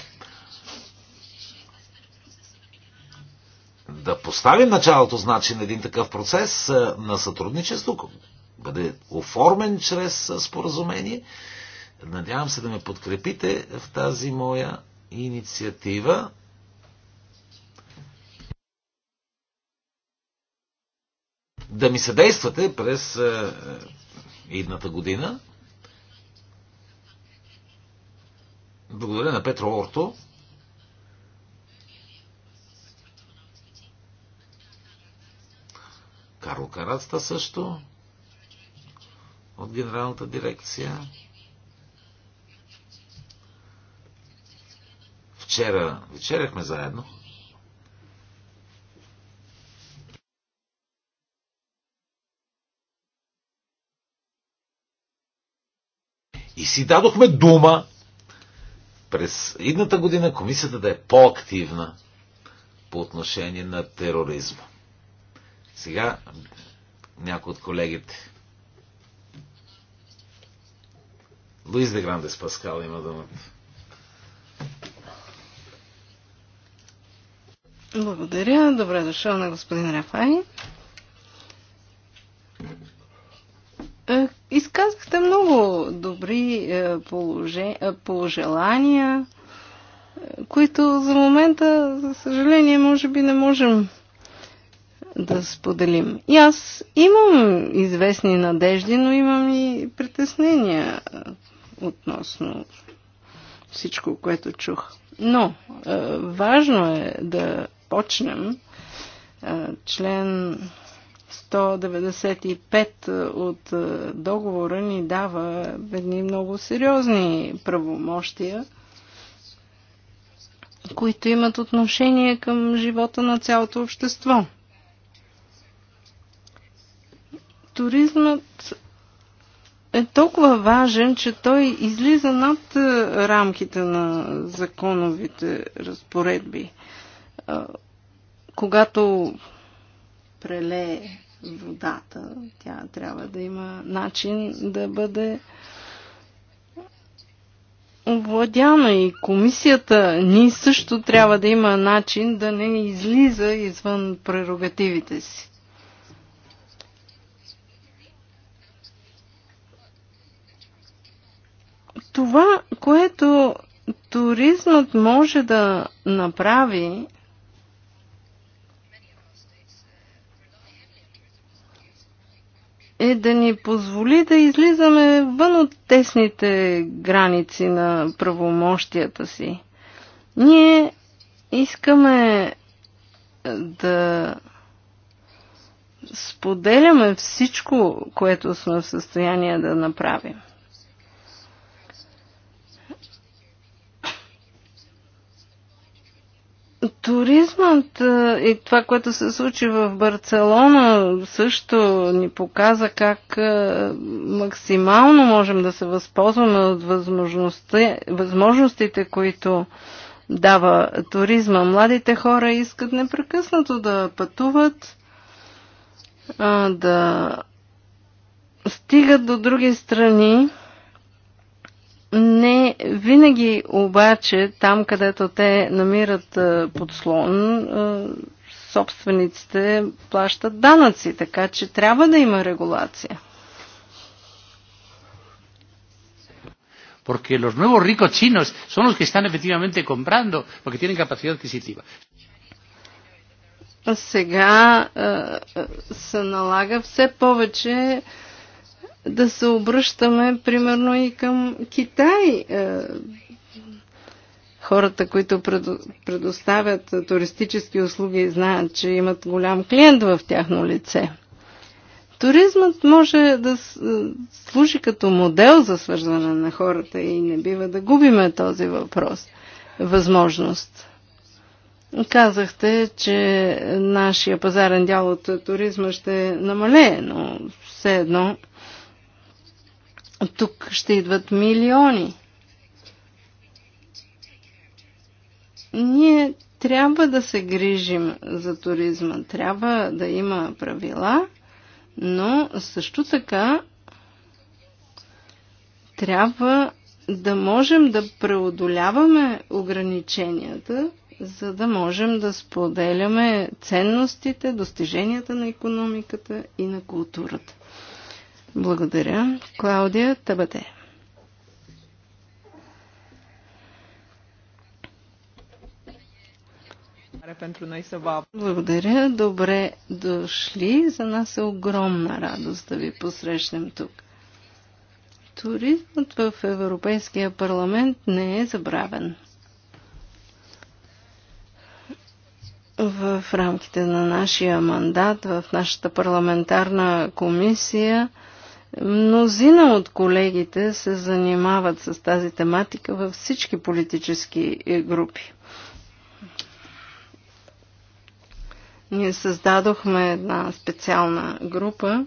да поставим началото, значи, на един такъв процес е, на сътрудничество, бъде оформен чрез е, споразумение. Надявам се да ме подкрепите в тази моя инициатива. Да ми съдействате през е, идната година. Благодаря на Петро Орто Карло Карацта също от генералната дирекция. Вчера вечеряхме заедно. И си дадохме дума през идната година комисията да е по-активна по отношение на тероризма. Сега някои от колегите. Луис де Грандес Паскал има думата. Благодаря. Добре дошъл на господин Рафай. Е, изказахте много добри е, е, пожелания, които за момента, за съжаление, може би не можем да споделим. И аз имам известни надежди, но имам и притеснения относно всичко, което чух. Но е, важно е да почнем. Е, член 195 от е, договора ни дава едни много сериозни правомощия които имат отношение към живота на цялото общество. туризмът е толкова важен, че той излиза над е, рамките на законовите разпоредби. Е, когато прелее водата, тя трябва да има начин да бъде овладяна и комисията ни също трябва да има начин да не излиза извън прерогативите си. Това, което туризмът може да направи, е да ни позволи да излизаме вън от тесните граници на правомощията си. Ние искаме е, да споделяме всичко, което сме в състояние да направим. Туризмът и това, което се случи в Барселона, също ни показа как максимално можем да се възползваме от възможностите, които дава туризма. Младите хора искат непрекъснато да пътуват, да стигат до други страни не винаги обаче там, където те намират е, подслон, е, собствениците плащат данъци, така че трябва да има регулация. Porque los nuevos ricos chinos son los que están efectivamente comprando, porque tienen capacidad adquisitiva. Сега е, се налага все повече да се обръщаме примерно и към Китай. Е, хората, които предоставят туристически услуги, знаят, че имат голям клиент в тяхно лице. Туризмът може да е, служи като модел за свързване на хората и не бива да губиме този въпрос. Възможност. Казахте, че нашия пазарен дял от туризма ще намалее, но все едно тук ще идват милиони. Ние трябва да се грижим за туризма. Трябва да има правила, но също така трябва да можем да преодоляваме ограниченията, за да можем да споделяме ценностите, достиженията на економиката и на културата. Благодаря. Клаудия Табате. Благодаря. Добре дошли. За нас е огромна радост да ви посрещнем тук. Туризмът в Европейския парламент не е забравен. В рамките на нашия мандат, в нашата парламентарна комисия, Мнозина от колегите се занимават с тази тематика във всички политически е, групи. Ние създадохме една специална група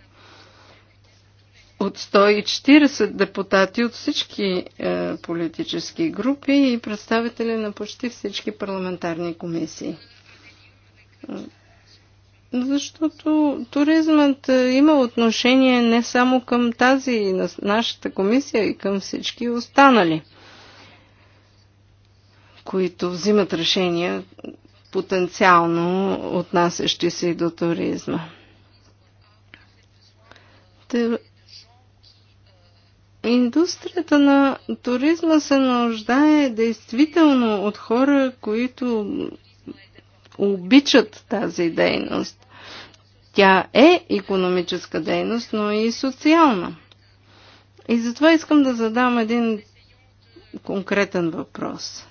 от 140 депутати от всички е, политически групи и представители на почти всички парламентарни комисии. Защото туризмът е, има отношение не само към тази на нашата комисия и към всички останали, които взимат решения потенциално отнасящи се и до туризма. Индустрията на туризма се нуждае действително от хора, които обичат тази дейност. Тя е економическа дейност, но и социална. И затова искам да задам един конкретен въпрос.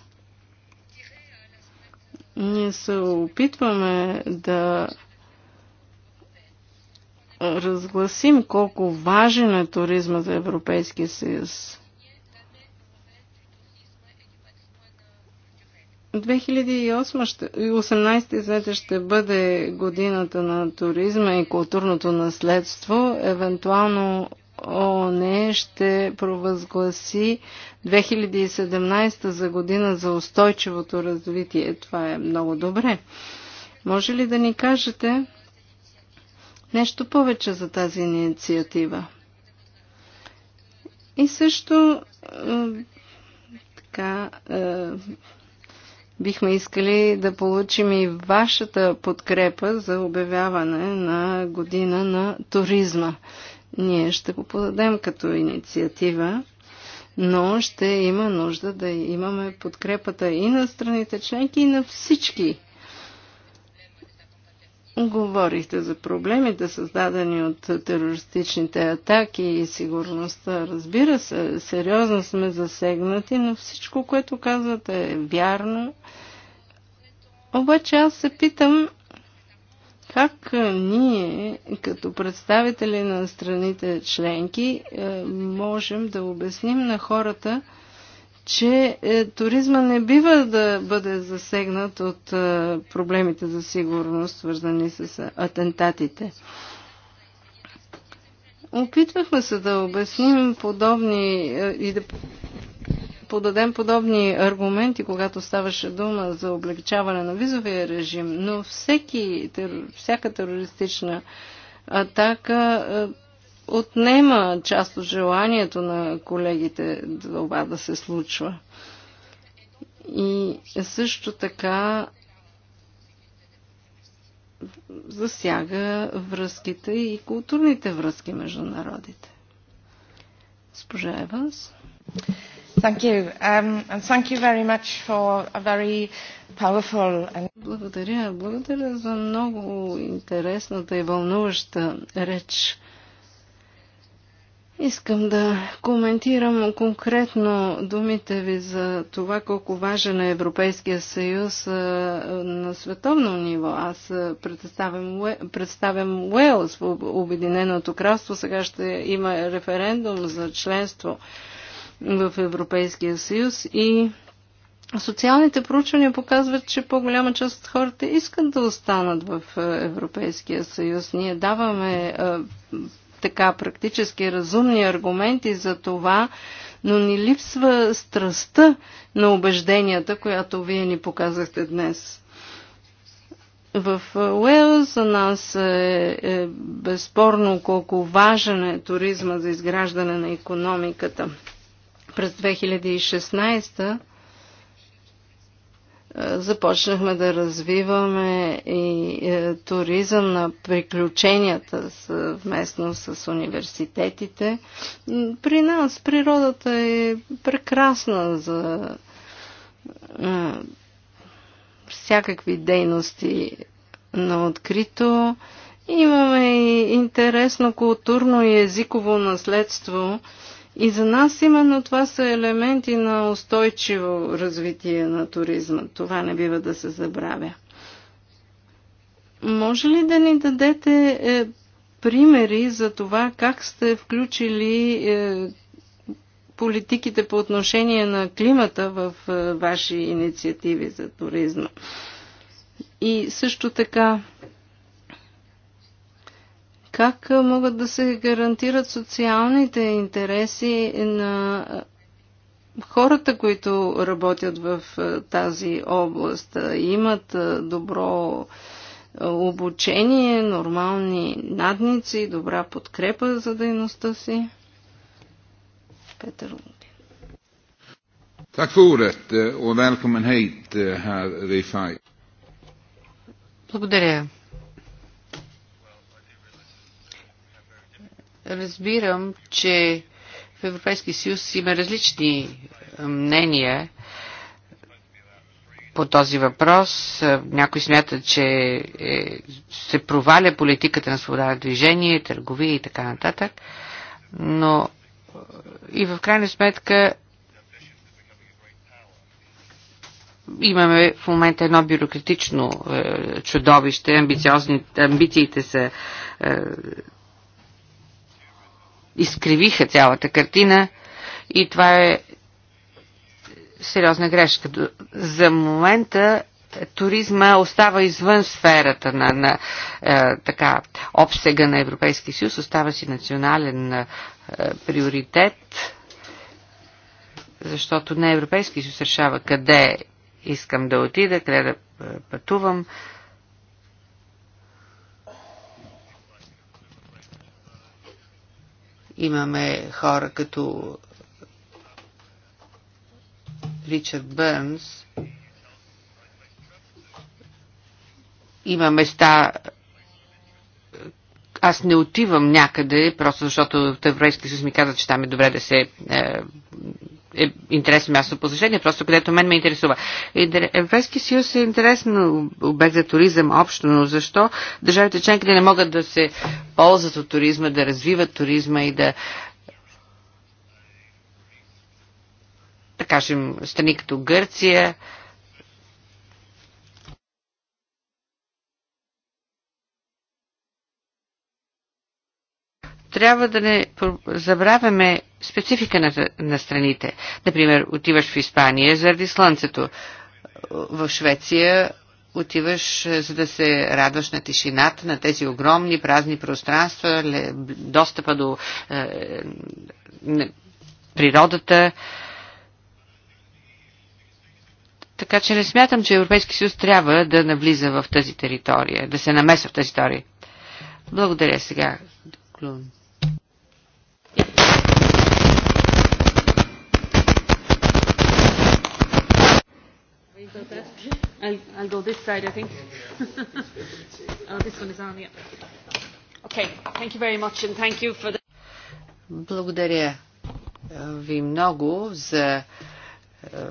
Ние се опитваме да разгласим колко важен е туризма за Европейския съюз. 2018 извинете, ще бъде годината на туризма и културното наследство. Евентуално ООН ще провъзгласи 2017 за година за устойчивото развитие. Това е много добре. Може ли да ни кажете нещо повече за тази инициатива? И също така, е, Бихме искали да получим и вашата подкрепа за обявяване на година на туризма. Ние ще го подадем като инициатива но ще има нужда да имаме подкрепата и на страните членки, и на всички Говорихте за проблемите, създадени от терористичните атаки и сигурността. Разбира се, сериозно сме засегнати, но всичко, което казвате е вярно. Обаче аз се питам как ние, като представители на страните членки, е, можем да обясним на хората, че е, туризма не бива да бъде засегнат от е, проблемите за сигурност, свързани с е, атентатите. Опитвахме се да обясним подобни е, и да подадем подобни аргументи, когато ставаше дума за облегчаване на визовия режим, но всеки, тер, всяка терористична атака е, отнема част от желанието на колегите това да се случва. И също така засяга връзките и културните връзки между народите. Спожа Еванс. Thank you. Um, and thank you very much for a very powerful and... Благодаря. Благодаря за много интересната и вълнуваща реч. Искам да коментирам конкретно думите ви за това колко важен е Европейския съюз на световно ниво. Аз представям, представям Уелс в Обединеното кралство. Сега ще има референдум за членство в Европейския съюз и социалните проучвания показват, че по-голяма част от хората искат да останат в Европейския съюз. Ние даваме така практически разумни аргументи за това, но ни липсва страстта на убежденията, която вие ни показахте днес. В е, Уелс за нас е, е безспорно колко важен е туризма за изграждане на економиката. През 2016 е, започнахме да развиваме и е, туризъм на приключенията съвместно е, с университетите. При нас природата е прекрасна за всякакви дейности на открито. Имаме и интересно културно и езиково наследство. И за нас именно това са елементи на устойчиво развитие на туризма. Това не бива да се забравя. Може ли да ни дадете е, примери за това как сте включили е, политиките по отношение на климата в е, ваши инициативи за туризма? И също така, как могат да се гарантират социалните интереси на хората, които работят в тази област? Имат добро обучение, нормални надници, добра подкрепа за дейността си? Петър Лундин. ordet eh, och välkommen hit, eh, Благодаря, Разбирам, че в Европейския съюз има различни мнения по този въпрос. Някои смятат, че е, се проваля политиката на свобода на движение, търговия и така нататък. Но и в крайна сметка имаме в момента едно бюрократично е, чудовище. Амбициозни, амбициите са е, изкривиха цялата картина и това е сериозна грешка. За момента туризма остава извън сферата на, на е, така, обсега на Европейския съюз, остава си национален е, приоритет, защото не Европейския съюз решава къде искам да отида, къде да е, пътувам. Е, Имаме хора като Ричард Бърнс. Има места, аз не отивам някъде, просто защото в Европейския съюз ми каза, че там е добре да се е, е интересно място по посещение, просто където мен ме интересува. Европейски съюз е интересен обект за туризъм общо, но защо държавите членки не могат да се ползват от туризма, да развиват туризма и да да кажем, страни като Гърция, трябва да не забравяме специфика на, на страните. Например, отиваш в Испания заради слънцето. В Швеция отиваш, е, за да се радваш на тишината, на тези огромни празни пространства, достъпа до е, природата. Така че не смятам, че Европейски съюз трябва да навлиза в тази територия, да се намесва в тази територия. Благодаря сега, Клун. I'll, I'll go this side, I think. oh, this one is on, yeah. Okay, thank you very much and thank you for the... Благодаря ви много за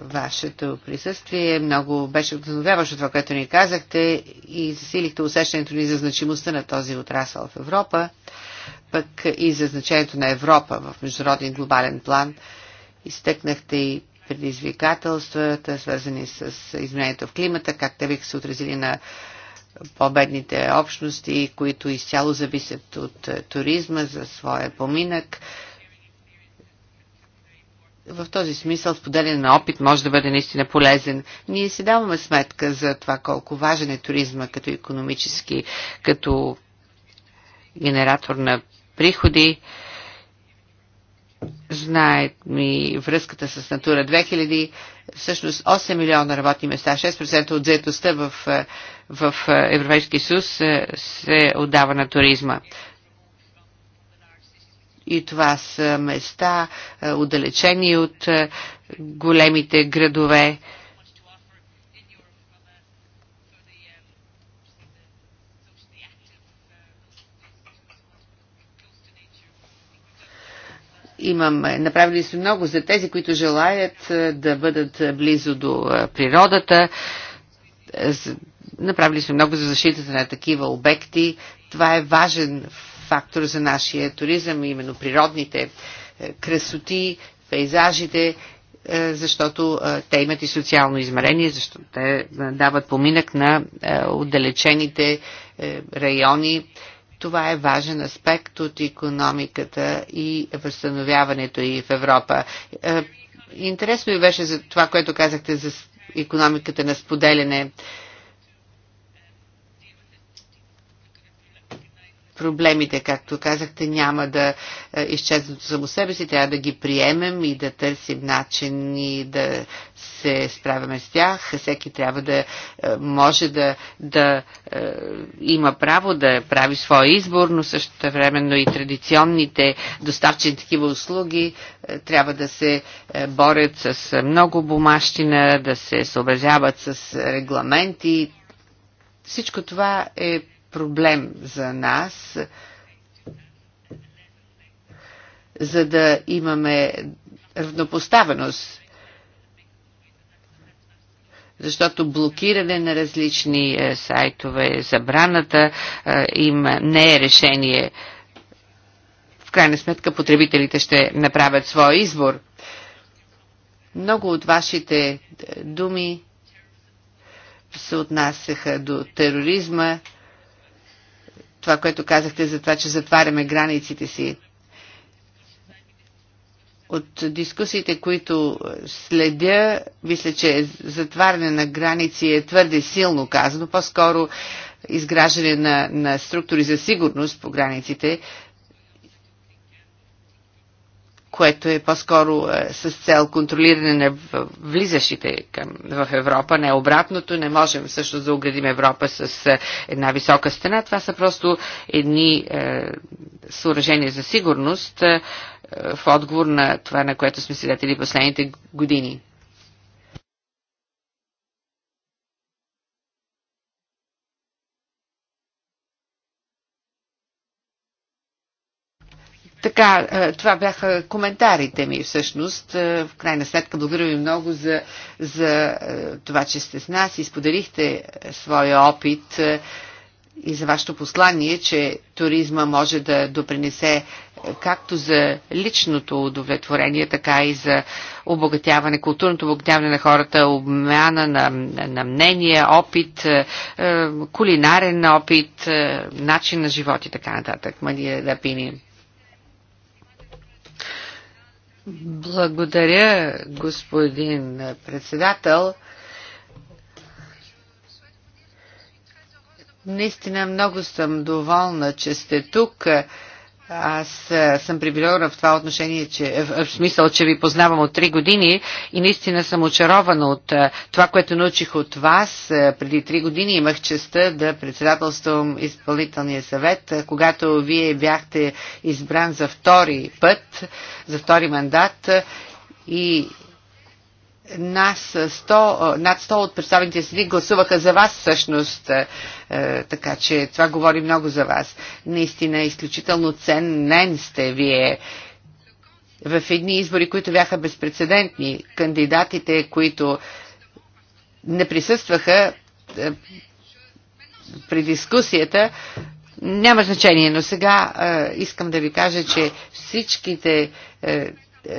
вашето присъствие. Много беше вдъхновяващо това, което ни казахте и засилихте усещането ни за значимостта на този отрасъл в Европа, пък и за значението на Европа в международен глобален план. Изтъкнахте и предизвикателствата, свързани с изменението в климата, как те биха се отразили на по-бедните общности, които изцяло зависят от е, туризма за своя поминък. В този смисъл споделен на опит може да бъде наистина полезен. Ние си даваме сметка за това колко важен е туризма като економически, като генератор на приходи знаят ми връзката с Натура 2000, всъщност 8 милиона работни места, 6% от заетостта в, е, в е, Европейския съюз е, се отдава на туризма. И това са места, отдалечени от големите градове, Имам. направили сме много за тези, които желаят е, да бъдат близо до е, природата. Е, направили сме много за защитата на такива обекти. Това е важен фактор за нашия туризъм, именно природните красоти, пейзажите, защото те имат и социално измерение, защото те дават поминък на отдалечените райони това е важен аспект от економиката и възстановяването и в Европа. Е, интересно ми беше за това, което казахте за економиката на споделяне. проблемите, както казахте, няма да е, изчезнат само себе си, трябва да ги приемем и да търсим начин и да се справяме с тях. Всеки трябва да е, може да, да е, има право да прави своя избор, но също времено и традиционните доставчени такива услуги трябва да се борят с много бумащина, да се съобразяват с регламенти. Всичко това е проблем за нас, за да имаме равнопоставеност. Защото блокиране на различни е, сайтове, забраната е, им не е решение. В крайна сметка потребителите ще направят своя избор. Много от вашите е, думи се отнасяха до тероризма, това, което казахте за това, че затваряме границите си. От дискусиите, които следя, мисля, че затваряне на граници е твърде силно казано, по-скоро изграждане на, на структури за сигурност по границите, което е по-скоро е, с цел контролиране на влизащите към, в Европа, не обратното. Не можем всъщност да оградим Европа с е, една висока стена. Това са просто едни е, съоръжения за сигурност е, в отговор на това, на което сме свидетели последните години. Така, е, това бяха коментарите ми всъщност. Е, в крайна сметка благодаря ви много за, за е, това, че сте с нас и споделихте своя опит и за вашето послание, че туризма може да допринесе както за личното удовлетворение, така и за обогатяване, културното обогатяване на хората, обмяна на, на мнение, опит, кулинарен опит, начин на живот и така нататък. Мария Дапини. Благодаря, господин председател. Наистина много съм доволна, че сте тук. Аз е, съм привилегирована в това отношение, че, е, в смисъл, че ви познавам от 3 години и наистина съм очарована от е, това, което научих от вас. Преди 3 години имах честа да председателствам изпълнителния съвет, когато вие бяхте избран за втори път, за втори мандат и нас 100, над 100 от представените среди гласуваха за вас всъщност, е, е, така че това говори много за вас. Наистина е изключително ценен сте вие в едни избори, които бяха безпредседентни. Кандидатите, които не присъстваха при дискусията, няма значение, но сега искам да ви кажа, че всичките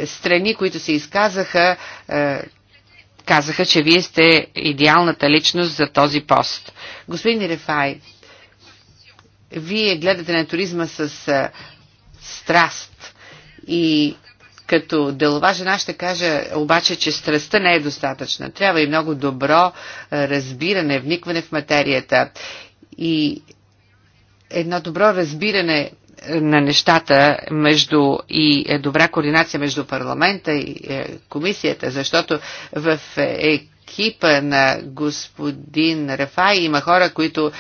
страни, които се изказаха, е, казаха, че вие сте идеалната личност за този пост. Господин Рефай, вие гледате на туризма с а, страст и като делова жена ще кажа обаче, че страстта не е достатъчна. Трябва и много добро разбиране, вникване в материята и едно добро разбиране на нещата между и е, добра координация между парламента и е, комисията, защото в е, екипа на господин Рафай има хора, които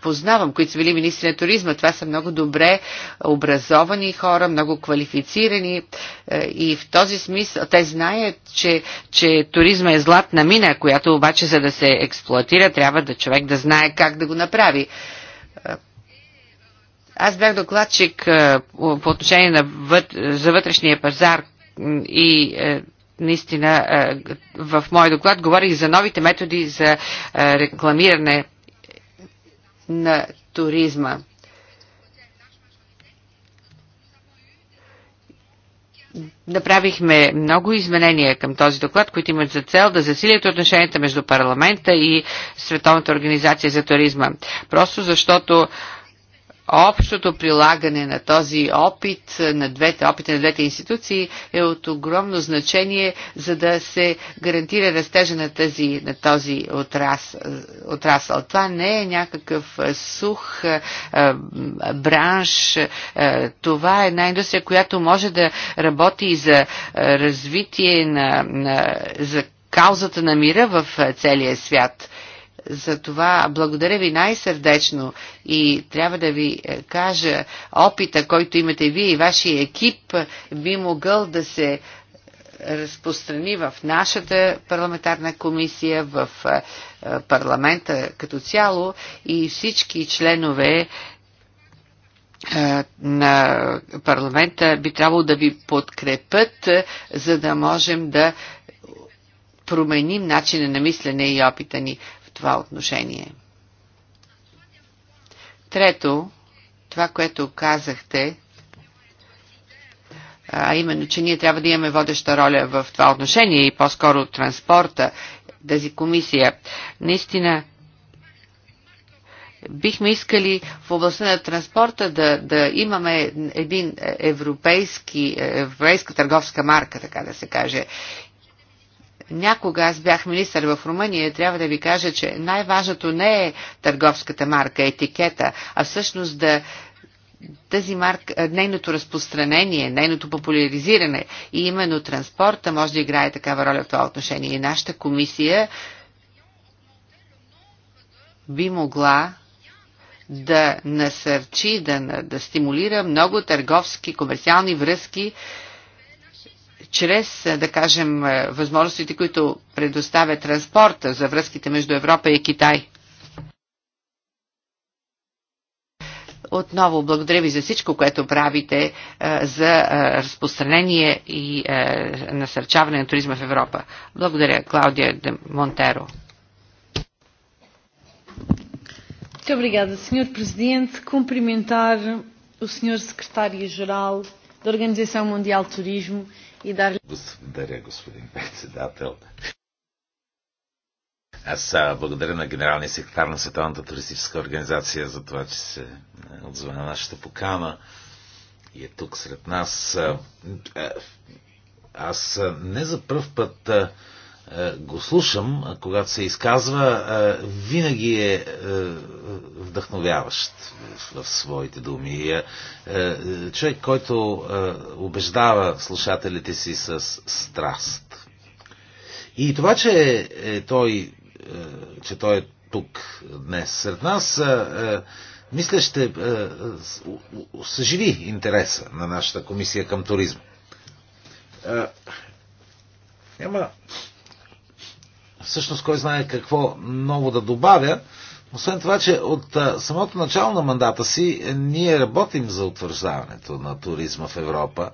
познавам, които са били министри на туризма. Това са много добре образовани хора, много квалифицирани и в този смисъл те знаят, че, че туризма е златна мина, която обаче за да се експлуатира трябва да човек да знае как да го направи аз бях докладчик е, по отношение на вът, за вътрешния пазар и е, наистина е, в мой доклад говорих за новите методи за рекламиране на туризма. Направихме много изменения към този доклад, които имат за цел да засилят отношенията между парламента и Световната организация за туризма. Просто защото общото прилагане на този опит, на двете опити на двете институции е от огромно значение, за да се гарантира растежа на, тази, на този отрас, отрасъл. Това не е някакъв сух а, бранш. А, това е една индустрия, която може да работи и за развитие на, на за каузата на мира в целия свят. Затова благодаря ви най-сърдечно и трябва да ви е, кажа, опита, който имате вие и вашия екип, би могъл да се е, разпространи в нашата парламентарна комисия, в е, парламента като цяло и всички членове на парламента би трябвало да ви подкрепят, за да можем да променим начина на мислене и опита ни това отношение. Трето, това, което казахте, а именно, че ние трябва да имаме водеща роля в това отношение и по-скоро транспорта, тази комисия. Наистина, бихме искали в областта на транспорта да, да имаме един европейски, европейска търговска марка, така да се каже. Някога аз бях министър в Румъния и трябва да ви кажа, че най-важното не е търговската марка, етикета, а всъщност да тази марка, нейното разпространение, нейното популяризиране и именно транспорта може да играе такава роля в това отношение. И нашата комисия би могла да насърчи, да, да стимулира много търговски, комерциални връзки чрез, е, да кажем, е, възможностите, които предоставя транспорта за връзките между Европа и Китай. Отново благодаря ви за всичко, което правите е, за разпространение и насърчаване на туризма в Европа. Благодаря, Клаудия де Монтеро. Muito obrigada, Sr. Presidente. Cumprimentar o Sr. Secretário-Geral da Organização Mundial de Turismo и дали... Благодаря, господин председател. Аз благодаря на генералния секретар на Световната туристическа организация за това, че се отзва на нашата покана и е тук сред нас. Аз не за първ път е, го слушам, когато се изказва, е, винаги е, е вдъхновяващ в своите думи. Човек, който убеждава слушателите си с страст. И това, че той, че той е тук днес сред нас, мисля, ще съживи интереса на нашата комисия към туризма. Няма всъщност кой знае какво ново да добавя. Освен това, че от самото начало на мандата си е, ние работим за утвърждаването на туризма в Европа.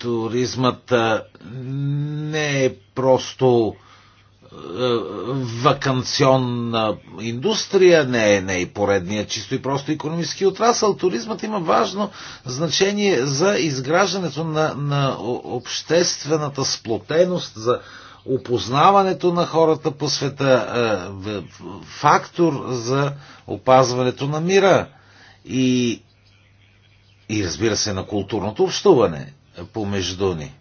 Туризмът не е просто е, е, вакансионна индустрия, не е, не и поредния чисто и просто економически отрасъл. Туризмът има важно значение за изграждането на, на обществената сплотеност, за опознаването на хората по света, е, фактор за опазването на мира и, и разбира се на културното общуване помежду ни.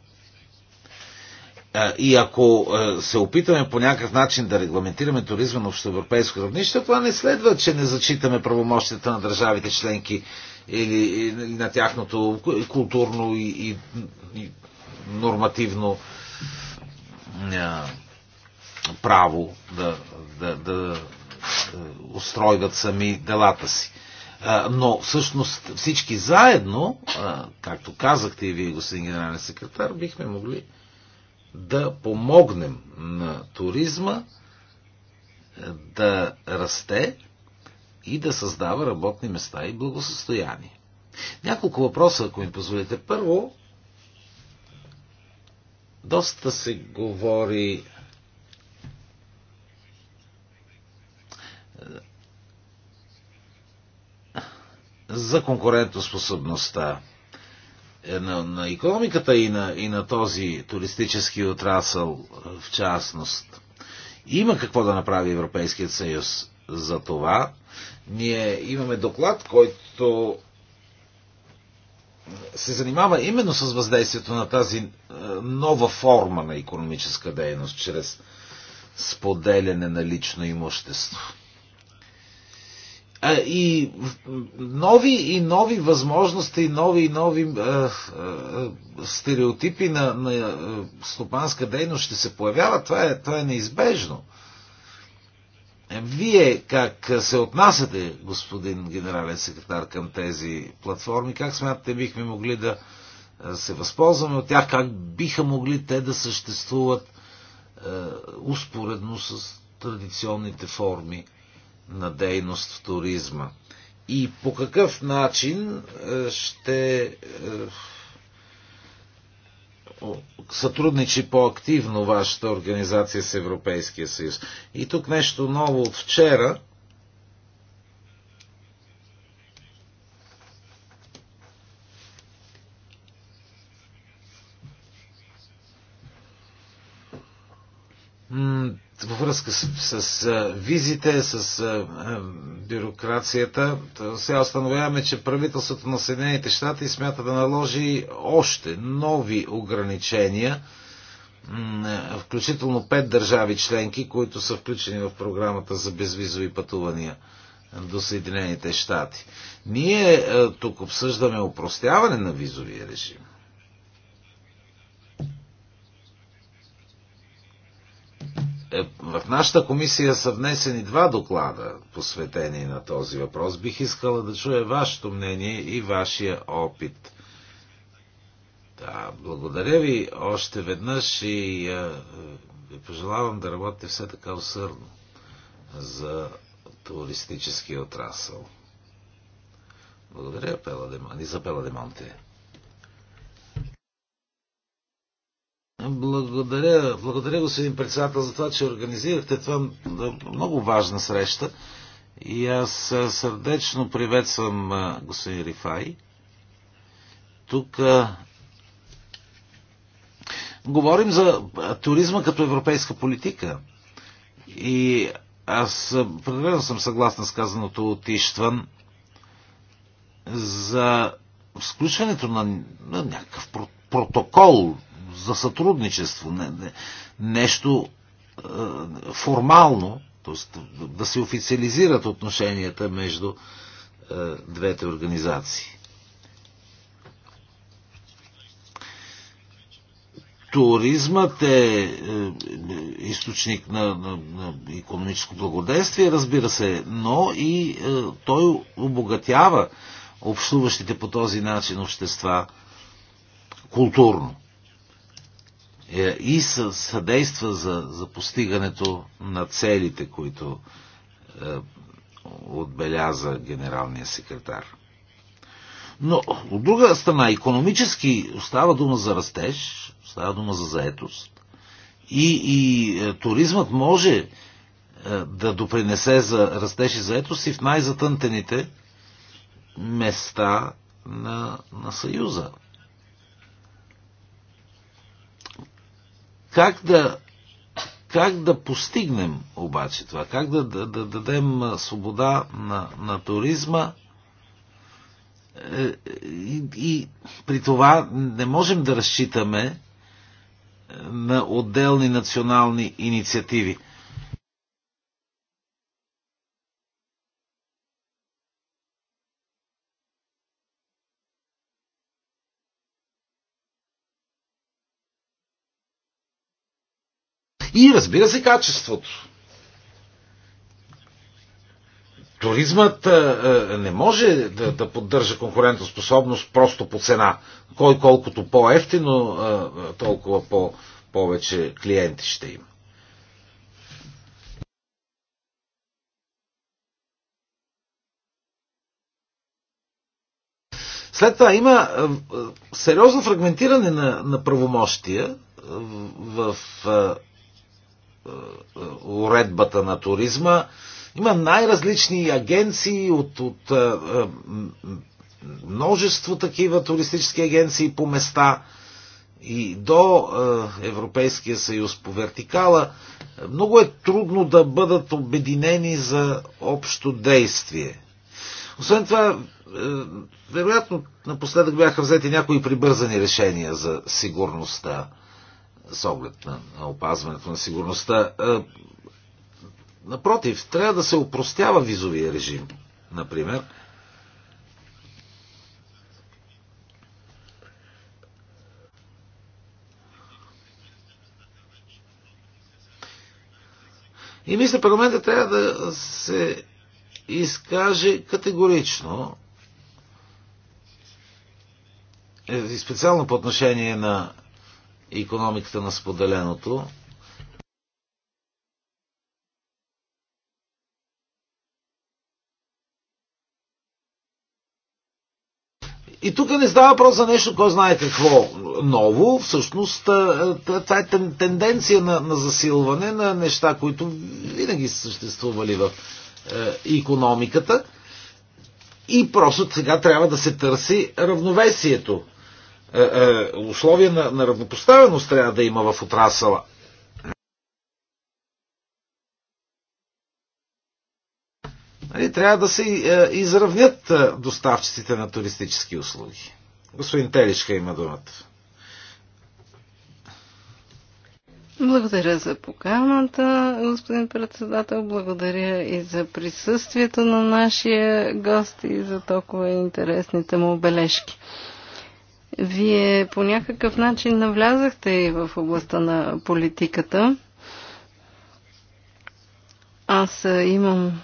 И ако се опитаме по някакъв начин да регламентираме туризма на общоевропейско равнище, това не следва, че не зачитаме правомощията на държавите членки или, или на тяхното културно и, и, и нормативно а, право да, да, да устройват сами делата си. Но всъщност всички заедно, както казахте и вие, господин генерален секретар, бихме могли да помогнем на туризма е, да расте и да създава работни места и благосъстояние. Няколко въпроса, ако ми позволите. Първо, доста се говори е, за конкурентоспособността. Е, на, на економиката и на, и на този туристически отрасъл е, в частност. Има какво да направи Европейският съюз за това. Ние имаме доклад, който се занимава именно с въздействието на тази е, нова форма на економическа дейност чрез споделяне на лично имущество и нови и нови възможности, нови и нови стереотипи на, на стопанска дейност ще се появяват. Това е, това е неизбежно. Е, вие как се отнасяте, господин генерален секретар, към тези платформи? Как смятате, бихме могли да се възползваме от тях? Как биха могли те да съществуват е, успоредно с традиционните форми на дейност в туризма. И по какъв начин е, ще е, сътрудничи по-активно вашата организация с Европейския съюз. И тук нещо ново от вчера – във връзка с, с визите, с а, бюрокрацията. Сега установяваме, че правителството на Съединените щати смята да наложи още нови ограничения, включително пет държави членки, които са включени в програмата за безвизови пътувания до Съединените щати. Ние тук обсъждаме упростяване на визовия режим Е, в нашата комисия са внесени два доклада, посветени на този въпрос. Бих искала да чуя вашето мнение и вашия опит. Да, благодаря ви още веднъж и е, е, ви пожелавам да работите все така усърдно за туристическия отрасъл. Благодаря и за Пела Демонте. Благодаря, благодаря господин председател за това, че организирахте това много важна среща. И аз сърдечно приветствам господин Рифай. Тук а, говорим за туризма като европейска политика. И аз определено съм съгласна с казаното от Иштван за включването на, на някакъв протокол, за сътрудничество, не, не, нещо е, формално, т.е. да се официализират отношенията между е, двете организации. туризмът е, е източник на, на, на економическо благодействие, разбира се, но и е, той обогатява общуващите по този начин общества културно. Е, и съдейства за, за постигането на целите, които е, отбеляза генералния секретар. Но от друга страна, економически остава дума за растеж, остава дума за заетост. И, и е, туризмът може е, да допринесе за растеж и заетост и в най-затънтените места на, на Съюза. Как да, как да постигнем обаче това? Как да, да, да дадем свобода на, на туризма? Е, и, и при това не можем да разчитаме е, на отделни национални инициативи. И разбира се, качеството. Туризмът не може да, да поддържа конкурентоспособност просто по цена. Кой колкото по-ефтино, толкова по- повече клиенти ще има. След това има сериозно фрагментиране на, на правомощия в, в уредбата на туризма. Има най-различни агенции от, от е, е, множество такива туристически агенции по места и до е, Европейския съюз по вертикала. Много е трудно да бъдат обединени за общо действие. Освен това, вероятно напоследък бяха взети някои прибързани решения за сигурността с оглед на, на опазването на сигурността. Напротив, трябва да се упростява визовия режим, например. И мисля, парламента трябва да се изкаже категорично и специално по отношение на економиката на споделеното. И тук не става въпрос за нещо, кой знае какво ново. Всъщност, това е тенденция на, на засилване на неща, които винаги са съществували в е, економиката. И просто сега трябва да се търси равновесието е, е, условия на, на равнопоставеност трябва да има в отрасъла. Нали, трябва да се е, изравнят доставчиците на туристически услуги. Господин Теличка има думата. Благодаря за поканата, господин председател. Благодаря и за присъствието на нашия гост и за толкова интересните му обележки. Вие по някакъв начин навлязахте и в областта на политиката. Аз имам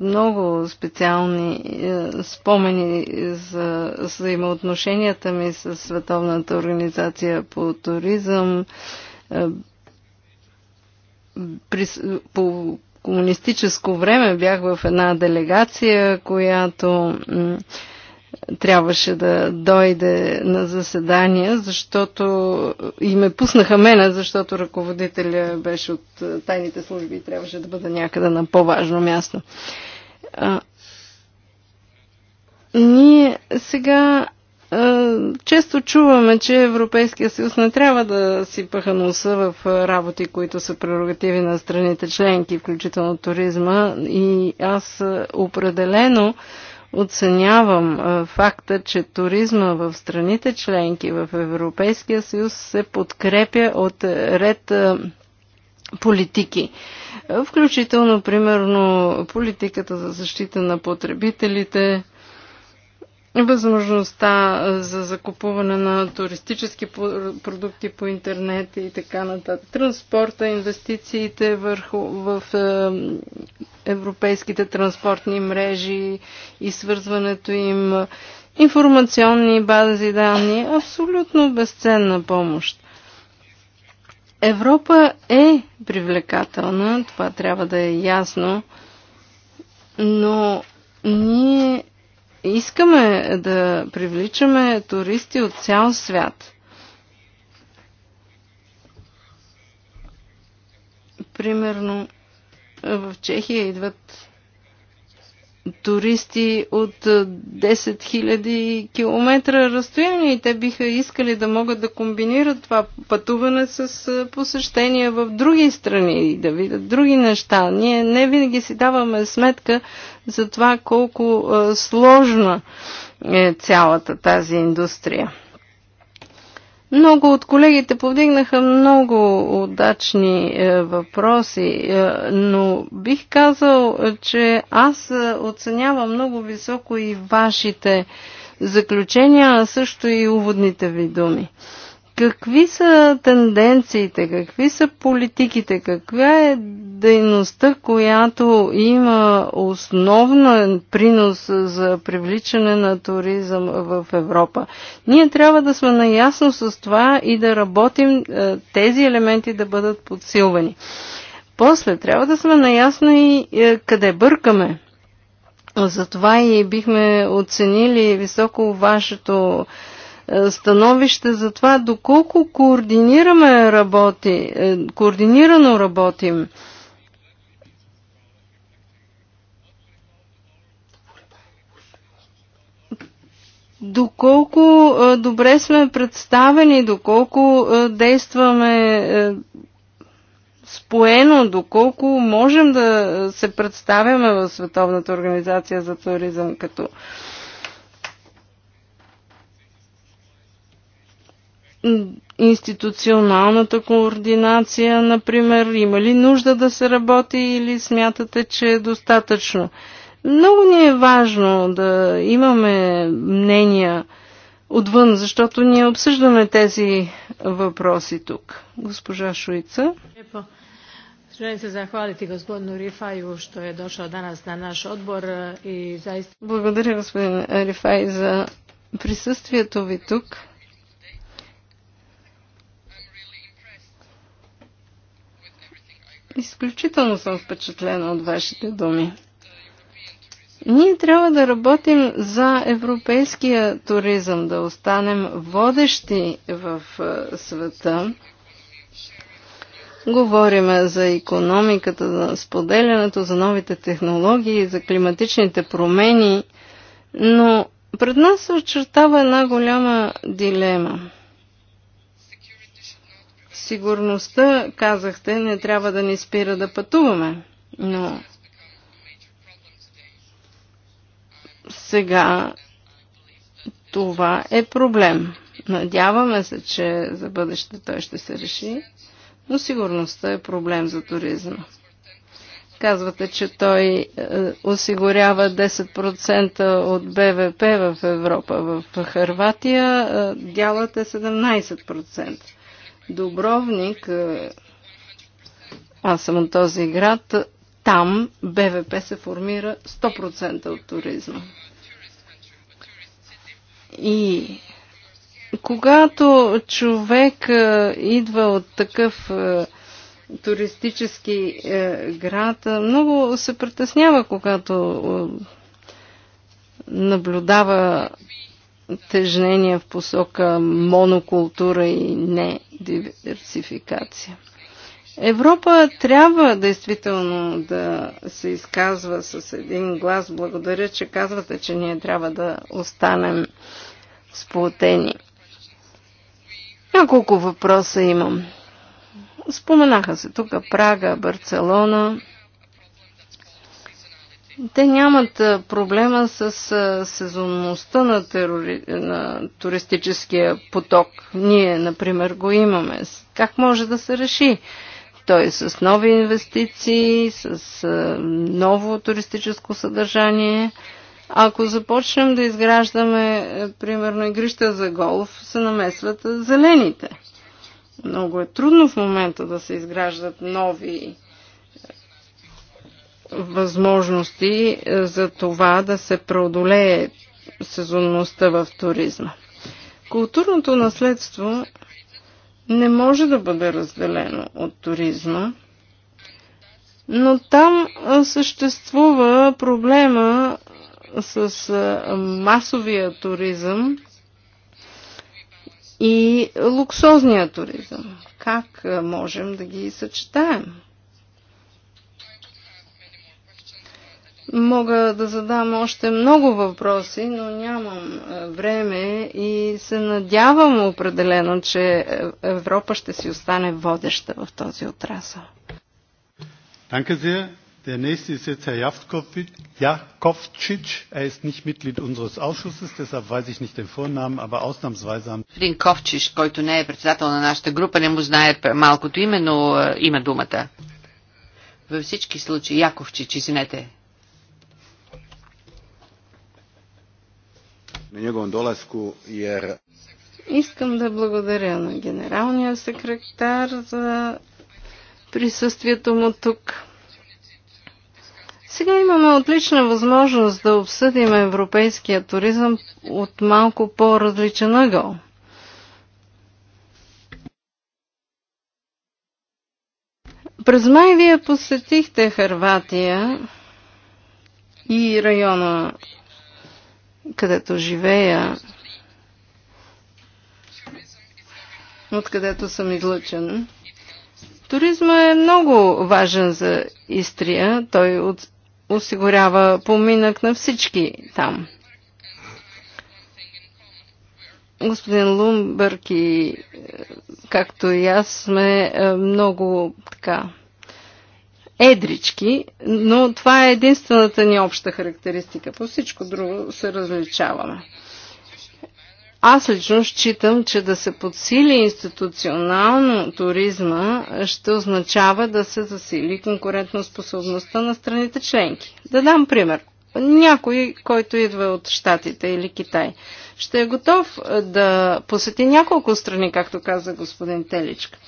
много специални спомени за взаимоотношенията ми с Световната организация по туризъм. по комунистическо време бях в една делегация, която трябваше да дойде на заседание, защото и ме пуснаха мене, защото ръководителя беше от е, тайните служби и трябваше да бъде някъде на по-важно място. А, ние сега често чуваме, че Европейския съюз не трябва да си пъха носа в работи, които са прерогативи на страните членки, включително туризма. И аз определено оценявам факта, че туризма в страните членки, в Европейския съюз се подкрепя от ред политики. Включително, примерно, политиката за защита на потребителите, възможността за закупуване на туристически продукти по интернет и така нататък. Транспорта, инвестициите върху, в европейските транспортни мрежи и свързването им, информационни бази данни, абсолютно безценна помощ. Европа е привлекателна, това трябва да е ясно, но ние искаме да привличаме туристи от цял свят. Примерно в Чехия идват туристи от 10 000 км разстояние и те биха искали да могат да комбинират това пътуване с посещения в други страни и да видят други неща. Ние не винаги си даваме сметка за това колко сложна е цялата тази индустрия. Много от колегите повдигнаха много удачни е, въпроси, е, но бих казал, че аз е, оценявам много високо и вашите заключения, а също и уводните ви думи. Какви са тенденциите, какви са политиките, каква е дейността, която има основна принос за привличане на туризъм в Европа? Ние трябва да сме наясно с това и да работим е, тези елементи да бъдат подсилвани. После трябва да сме наясно и е, къде бъркаме. Затова и бихме оценили високо вашето е, становище за това доколко координираме работи, е, координирано работим. Доколко е, добре сме представени, доколко действаме споено, доколко можем да се представяме в Световната организация за туризъм като институционалната координация, например, има ли нужда да се работи или смятате, че е достатъчно? Много ни е важно да имаме мнения отвън, защото ние обсъждаме тези въпроси тук. Госпожа Шуица. Епо. Želim se zahvaliti gospodinu Rifaju što je došao danas na naš odbor i zaista... Благодаря господин Рифай за присъствието ви тук. Изключително съм впечатлена от вашите думи. Ние трябва да работим за европейския туризъм, да останем водещи в е, света. Говориме за економиката, за споделянето, за новите технологии, за климатичните промени, но пред нас се очертава една голяма дилема – Сигурността, казахте, не трябва да ни спира да пътуваме, но сега това е проблем. Надяваме се, че за бъдеще той ще се реши, но сигурността е проблем за туризма. Казвате, че той е, осигурява 10% от БВП в Европа. В Харватия е, дялът е 17%. Добровник, е, аз съм от този град, там БВП се формира 100% от туризма. И когато човек е, идва от такъв е, туристически град, много се притеснява, когато наблюдава тежнения в посока монокултура и не диверсификация. Европа трябва действително да се изказва с един глас. Благодаря, че казвате, че ние трябва да останем сплотени. Няколко въпроса имам. Споменаха се тук Прага, Барселона. Те нямат проблема с сезонността на, терори... на туристическия поток. Ние, например, го имаме. Как може да се реши? Той с нови инвестиции, с ново туристическо съдържание. Ако започнем да изграждаме, е, примерно, игрища за голф, се намесват зелените. Много е трудно в момента да се изграждат нови възможности е, за това да се преодолее сезонността в туризма. Културното наследство не може да бъде разделено от туризма, но там е, съществува проблема е, с масовия туризъм и луксозния туризъм. Как можем да ги съчетаем? Мога да задам още много въпроси, но нямам е, време и се надявам определено, че е, Европа ще си остане водеща в този отрасъл. Danke sehr. Der nächste ist jetzt Herr Jakovcic. Er ist nicht Mitglied unseres Ausschusses, deshalb weiß ich nicht den Vornamen, aber ausnahmsweise haben... Господин Ковчиш, който не е председател на нашата група, не му знае малкото име, но е, има думата. Във всички случаи, Яковчич, извинете, на неговом доласку, jer... Искам да благодаря на генералния секретар за присъствието му тук. Сега имаме отлична възможност да обсъдим европейския туризъм от малко по-различен ъгъл. През май вие посетихте Харватия и района където живея, откъдето съм излъчен. Туризма е много важен за Истрия. Той от, осигурява поминък на всички там. Господин Лумбърг и е, както и аз сме е, много така едрички, но това е единствената ни обща характеристика. По всичко друго се различаваме. Аз лично считам, че да се подсили институционално туризма ще означава да се засили конкурентоспособността на страните членки. Да дам пример. Някой, който идва от Штатите или Китай, ще е готов да посети няколко страни, както каза господин Теличка.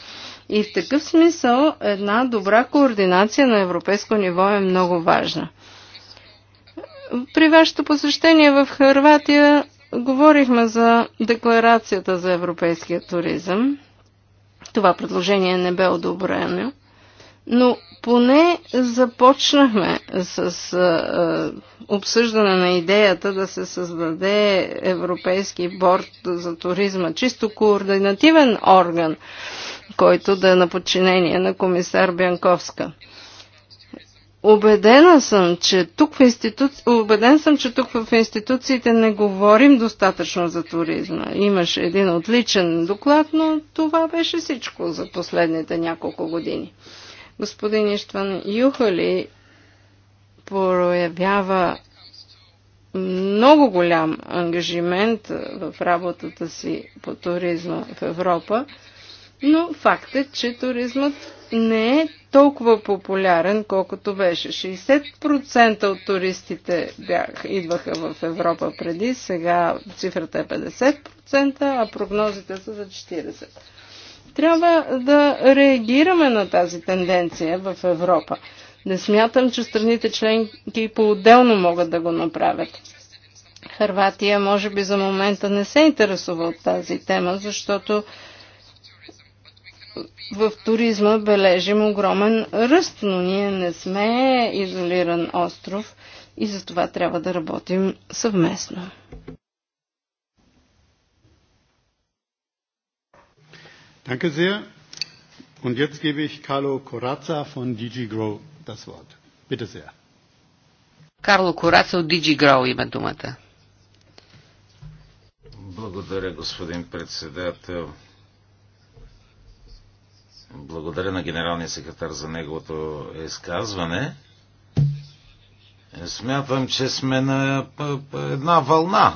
И в такъв смисъл една добра координация на европейско ниво е много важна. При вашето посещение в Харватия говорихме за декларацията за европейския туризъм. Това предложение не бе одобрено, но поне започнахме с а, обсъждане на идеята да се създаде Европейски борт за туризма, чисто координативен орган който да е на подчинение на комисар Бянковска. Убедена съм, че тук в институци... Убеден съм, че тук в институциите не говорим достатъчно за туризма. Имаше един отличен доклад, но това беше всичко за последните няколко години. Господин Иштван Юхали проявява много голям ангажимент в работата си по туризма в Европа но факт е, че туризмът не е толкова популярен, колкото беше. 60% от туристите бях, идваха в Европа преди, сега цифрата е 50%, а прогнозите са за 40%. Трябва да реагираме на тази тенденция в Европа. Не смятам, че страните членки по-отделно могат да го направят. Харватия може би за момента не се интересува от тази тема, защото в туризма бележим огромен ръст, но ние не сме изолиран остров и за това трябва да работим съвместно. Danke sehr. Und jetzt gebe ich Carlo Corazza von DigiGrow das Wort. Bitte sehr. Карло Кораца от DigiGrow има думата. Благодаря, господин председател. Благодаря на генералния секретар за неговото изказване. Смятам, че сме на една вълна.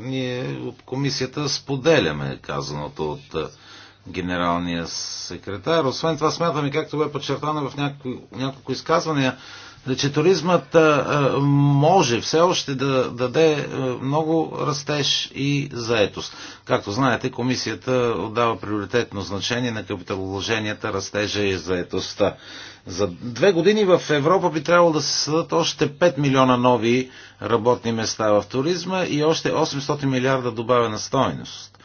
Ние от комисията споделяме казаното от е, генералния секретар. Освен това смятам и както бе подчертано в няколко, няколко изказвания, че туризмът може все още да даде много растеж и заетост. Както знаете, комисията отдава приоритетно значение на капиталовложенията, растежа и заетостта. За две години в Европа би трябвало да се създадат още 5 милиона нови работни места в туризма и още 800 милиарда добавена стойност.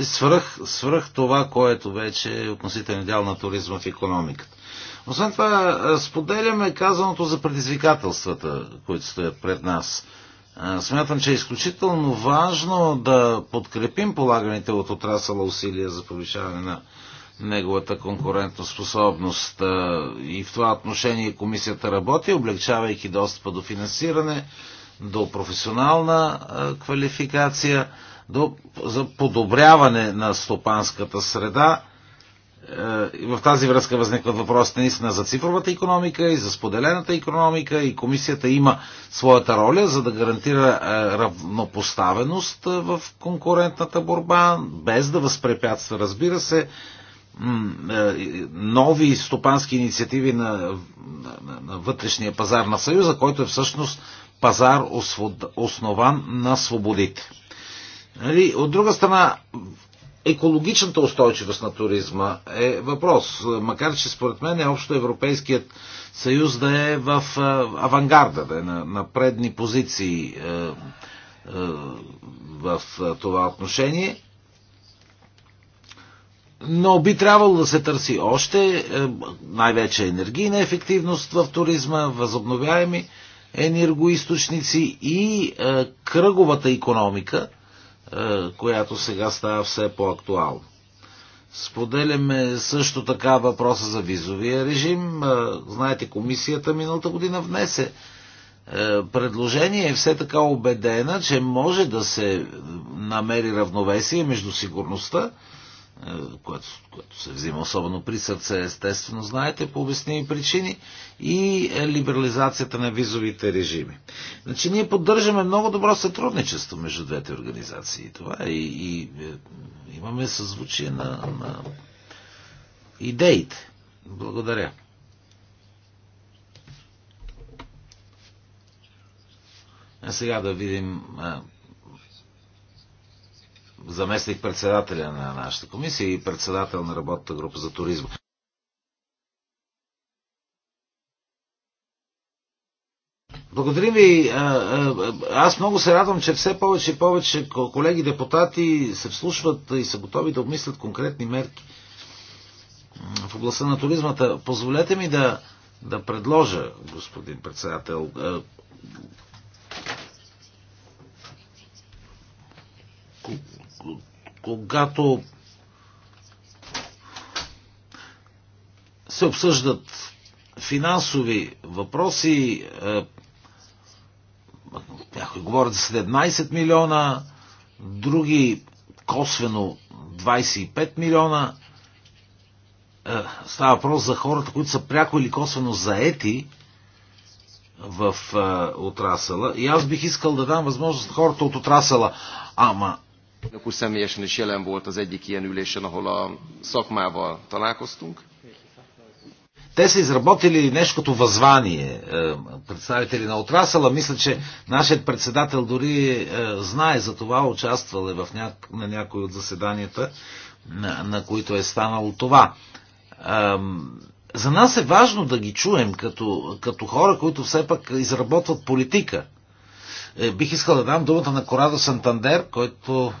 Свръх, свръх това, което вече е относителен дял на туризма в економиката. Освен това, споделяме казаното за предизвикателствата, които стоят пред нас. Смятам, че е изключително важно да подкрепим полаганите от отрасъла усилия за повишаване на неговата конкурентоспособност. И в това отношение комисията работи, облегчавайки достъпа до финансиране, до професионална квалификация, до, за подобряване на стопанската среда е, в тази връзка възникват въпросите наистина за цифровата економика и за споделената економика и комисията има своята роля, за да гарантира е, равнопоставеност е, в конкурентната борба, без да възпрепятства, разбира се, нови стопански инициативи на, на вътрешния пазар на Съюза, който е всъщност пазар основан на свободите. Нали, от друга страна, екологичната устойчивост на туризма е въпрос. Макар, че според мен е общо Европейският съюз да е в авангарда, да е на, на предни позиции е, е, в това отношение. Но би трябвало да се търси още, е, най-вече енергийна ефективност в туризма, възобновяеми енергоисточници и е, кръговата економика – е, която сега става все по-актуална. Споделяме също така въпроса за визовия режим. Е, знаете, комисията миналата година внесе е, предложение е все така убедена, че може да се намери равновесие между сигурността е, което, което се взима особено при сърце, естествено, знаете, по обясними причини, и е либерализацията на визовите режими. Значи ние поддържаме много добро сътрудничество между двете организации. Това е, и, и е, имаме съзвучие на, на идеите. Благодаря. А сега да видим заместник председателя на нашата комисия и председател на работната група за туризма. Благодарим ви. Аз много се радвам, че все повече и повече колеги депутати се вслушват и са готови да обмислят конкретни мерки в областта на туризмата. Позволете ми да, да предложа, господин председател, когато се обсъждат финансови въпроси, е, някои говорят за 17 милиона, други косвено 25 милиона. Е, става въпрос за хората, които са пряко или косвено заети в е, отрасъла. И аз бих искал да дам възможност на хората от отрасъла. Ама, úr személyesen is jelen volt az egyik ilyen ülésen, ahol a szakmával találkoztunk. Те са изработили нещо като възвание, е, представители на отрасъла. Мисля, че нашият председател дори е, знае за това, участвал е в ня... на някои от заседанията, на, на които е станало това. За нас е важно да ги чуем като, като хора, които все пак изработват политика. Е, бих искал да дам думата на Корадо Сантандер, който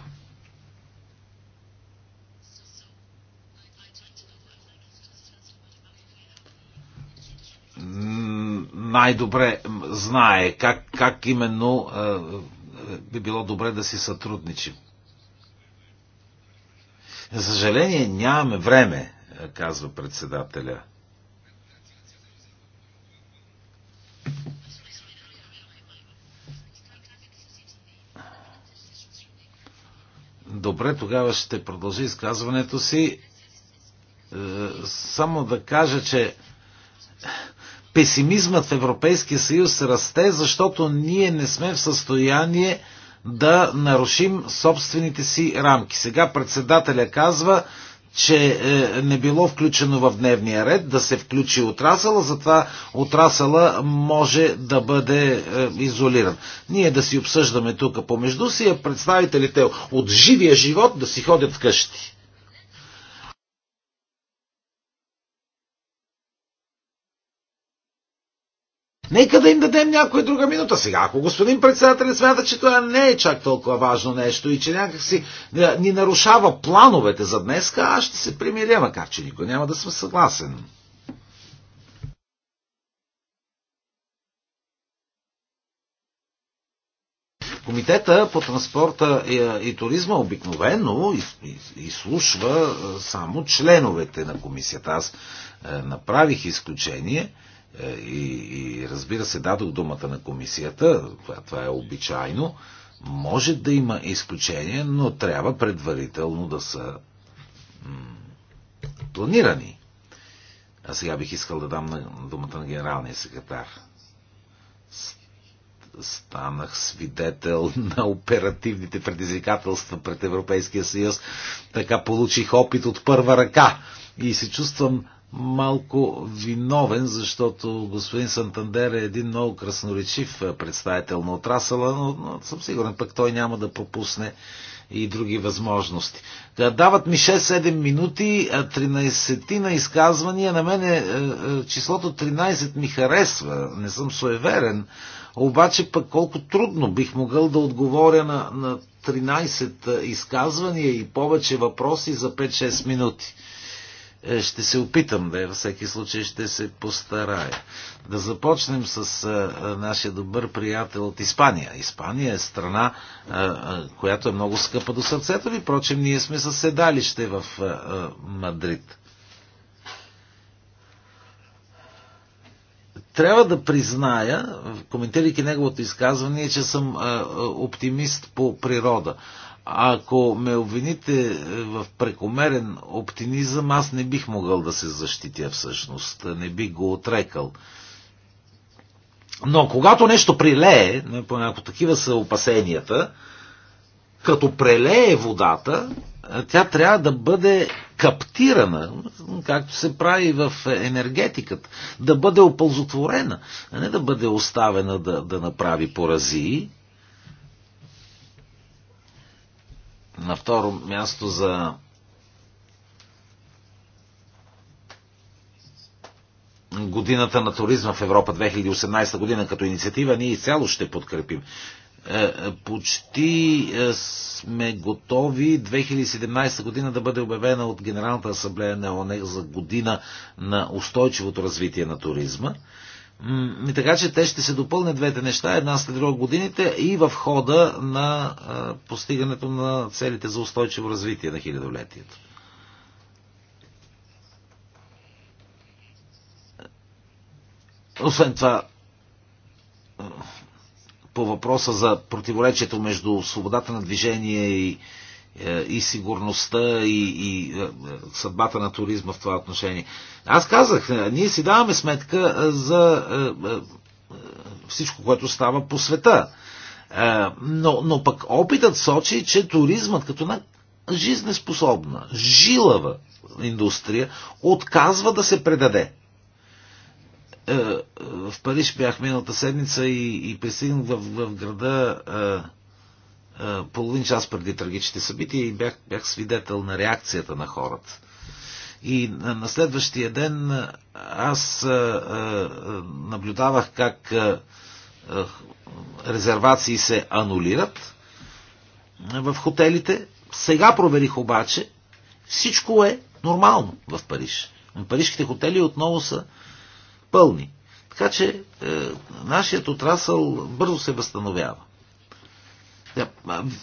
най-добре знае как, как именно е, би било добре да си сътрудничим. За съжаление, нямаме време, е, казва председателя. Добре, тогава ще продължи изказването си. Е, само да кажа, че песимизмът в Европейския съюз расте, защото ние не сме в състояние да нарушим собствените си рамки. Сега председателя казва, че е, не било включено в дневния ред да се включи отрасъла, затова отрасъла може да бъде е, изолиран. Ние да си обсъждаме тук помежду си, а представителите от живия живот да си ходят вкъщи. Нека да им дадем някоя друга минута сега. Ако господин председател смята, че това не е чак толкова важно нещо и че някакси е, ни нарушава плановете за днес, аз ще се примиря, макар че никой няма да съм съгласен. Комитета по транспорта и туризма обикновено изслушва е, само членовете на комисията. Аз е, направих изключение е, и, и разбира се, дадох думата на комисията, това, това е обичайно, може да има изключения, но трябва предварително да са планирани. А сега бих искал да дам на, думата на генералния секретар. Станах свидетел на оперативните предизвикателства пред Европейския съюз. Така получих опит от първа ръка и се чувствам малко виновен, защото господин Сантандер е един много красноречив е, представител на отрасъла, но съм сигурен, пък той няма да пропусне и други възможности. Дават ми 6-7 минути, 13 на изказвания. На мене е, е, числото 13 ми харесва, не съм суеверен, обаче пък колко трудно бих могъл да отговоря на, на 13 изказвания и повече въпроси за 5-6 минути. Е, ще се опитам да е, във всеки случай ще се постарая. Да започнем с е, е, нашия добър приятел от Испания. Испания е страна, която е много скъпа до сърцето ви, прочем ние сме със седалище в Мадрид. трябва да призная, коментирайки неговото изказване, че съм оптимист по природа. Ако ме обвините е, в прекомерен оптимизъм, аз не бих могъл да се защитя всъщност. Не бих го отрекал. Но когато нещо прилее, ако такива са опасенията, като прелее водата, е, тя трябва да бъде каптирана, както се прави в енергетиката, да бъде оползотворена, а не да бъде оставена да, да направи поразии На второ място за годината на туризма в Европа 2018 година като инициатива ние изцяло ще подкрепим. Е, е, почти е, сме готови 2017 година да бъде обявена от Генералната асамблея на ОНЕ за година на устойчивото развитие на туризма. Така че те ще се допълнят двете неща, една след друга годините и в хода на постигането на целите за устойчиво развитие на хилядолетието. Освен това, по въпроса за противоречието между свободата на движение и е, и сигурността и, и е, съдбата на туризма в това отношение. Аз казах, е, ние си даваме сметка за всичко, което става по света. Но, но пък опитът сочи, че туризмът като една жизнеспособна, жилава индустрия отказва да се предаде. В Париж бях миналата седмица и, и пристигнах в, в града половин час преди трагичните събития и бях, бях свидетел на реакцията на хората. И на следващия ден аз наблюдавах как резервации се анулират в хотелите. Сега проверих обаче, всичко е нормално в Париж. Парижките хотели отново са пълни. Така че е, нашият отрасъл бързо се възстановява.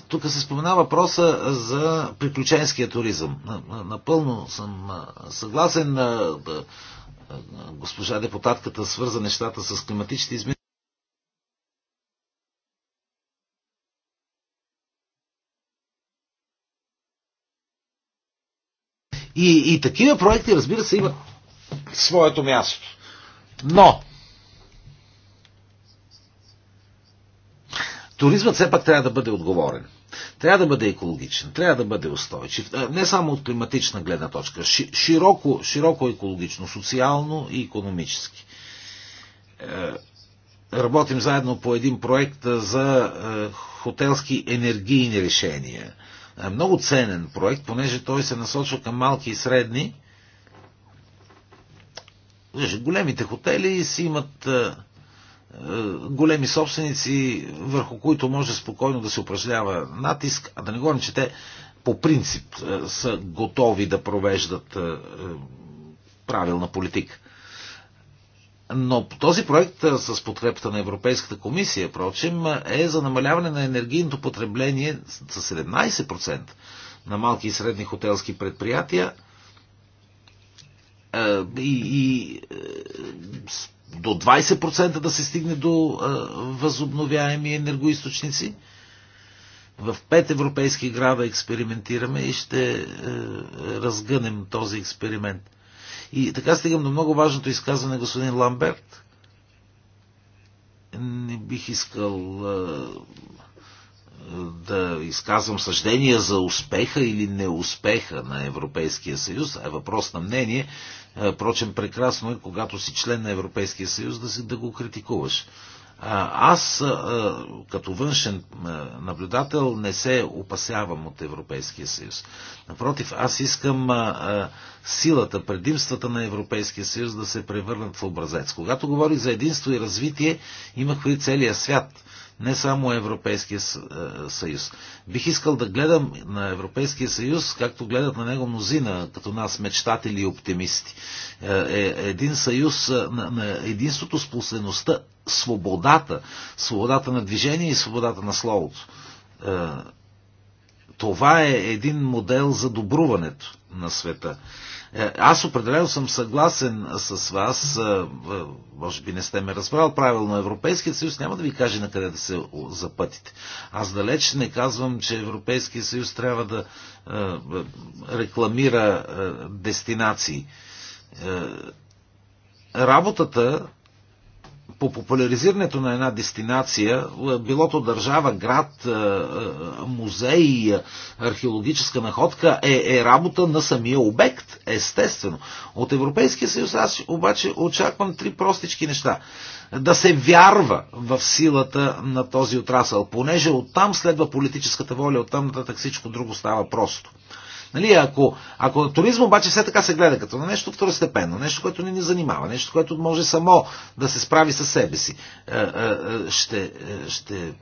Тук се спомена въпроса за приключенския туризъм. Напълно съм съгласен. Госпожа депутатката свърза нещата с климатичните изменения. И, и такива проекти, разбира се, имат своето място. Но, туризмът все пак трябва да бъде отговорен. Трябва да бъде екологичен, трябва да бъде устойчив. Е, не само от климатична гледна точка, широко, широко екологично, социално и економически. Е, работим заедно по един проект за е, хотелски енергийни решения. Много ценен проект, понеже той се насочва към малки и средни. Големите хотели си имат е, големи собственици, върху които може спокойно да се упражнява натиск, а да не говорим, че те по принцип е, са готови да провеждат е, правилна политика. Но този проект с подкрепата на Европейската комисия, прочим, е за намаляване на енергийното потребление с 17% на малки и средни хотелски предприятия – е, и, и е, до 20% да се стигне до е, възобновяеми енергоисточници. В пет европейски града експериментираме и ще разгънем този експеримент. И така стигам до много важното изказване господин Ламберт. Не бих искал да изказвам съждения за успеха или неуспеха на Европейския съюз, а е въпрос на мнение. Е, впрочем, прекрасно е, когато си член на Европейския съюз, да, си, да го критикуваш. Е, аз, е, като външен наблюдател, не се опасявам от Европейския съюз. Напротив, аз искам силата, предимствата на Европейския съюз да се превърнат в образец. Когато говори за единство и развитие, имах и целия свят – не само Европейския е, съюз. Бих искал да гледам на Европейския съюз, както гледат на него мнозина, като нас, мечтатели и оптимисти. Е, е един съюз е, на, единството с сплосеността, свободата, свободата на движение и свободата на словото. това е един модел за добруването на света. Е, аз определено съм съгласен с вас, е, е, може би не сте ме разбрал правилно, Европейският съюз няма да ви каже на къде да се запътите. Аз далеч не казвам, че Европейският съюз трябва да рекламира дестинации. Работата по популяризирането на една дестинация, е, билото държава, град, е, е, музей, археологическа находка, е, е работа на самия обект, естествено. От Европейския съюз аз обаче очаквам три простички неща. Да се вярва в силата на този отрасъл, понеже оттам следва политическата воля, оттам нататък всичко друго става просто. Нали, ако, ако туризм обаче все така се гледа като на нещо второстепенно, нещо, което не ни занимава, нещо, което може само да се справи със себе си, е, е, е, ще, ще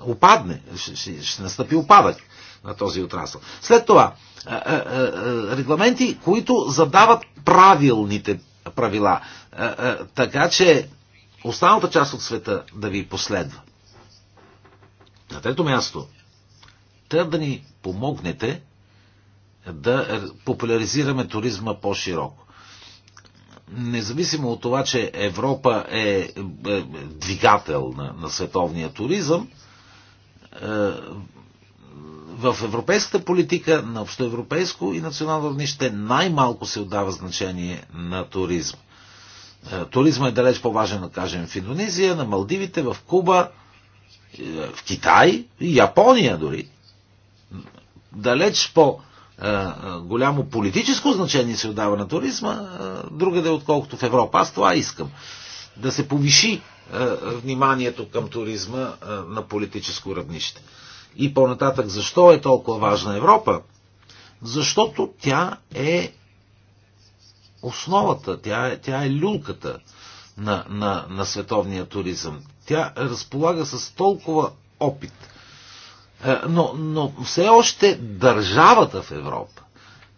опадне, ще, ще настъпи опадък на този отрасъл. След това, регламенти, които задават правилните правила, така че останалата част от света да ви последва. На трето място, трябва да ни помогнете да популяризираме туризма по-широко. Независимо от това, че Европа е, е, е двигател на, на световния туризъм, е, в европейската политика на общоевропейско и национално равнище най-малко се отдава значение на туризм. Туризма е далеч по-важен, да кажем, в Индонезия, на Малдивите, в Куба, в Китай и Япония дори далеч по- е, е, голямо политическо значение се отдава на туризма, е, другаде отколкото в Европа. Аз това искам. Да се повиши вниманието към туризма на политическо равнище. И по-нататък, защо е толкова важна Европа? Защото тя е основата, тя е, тя е люлката на, на, на световния туризъм. Тя разполага с толкова опит – е, но, но все още държавата в Европа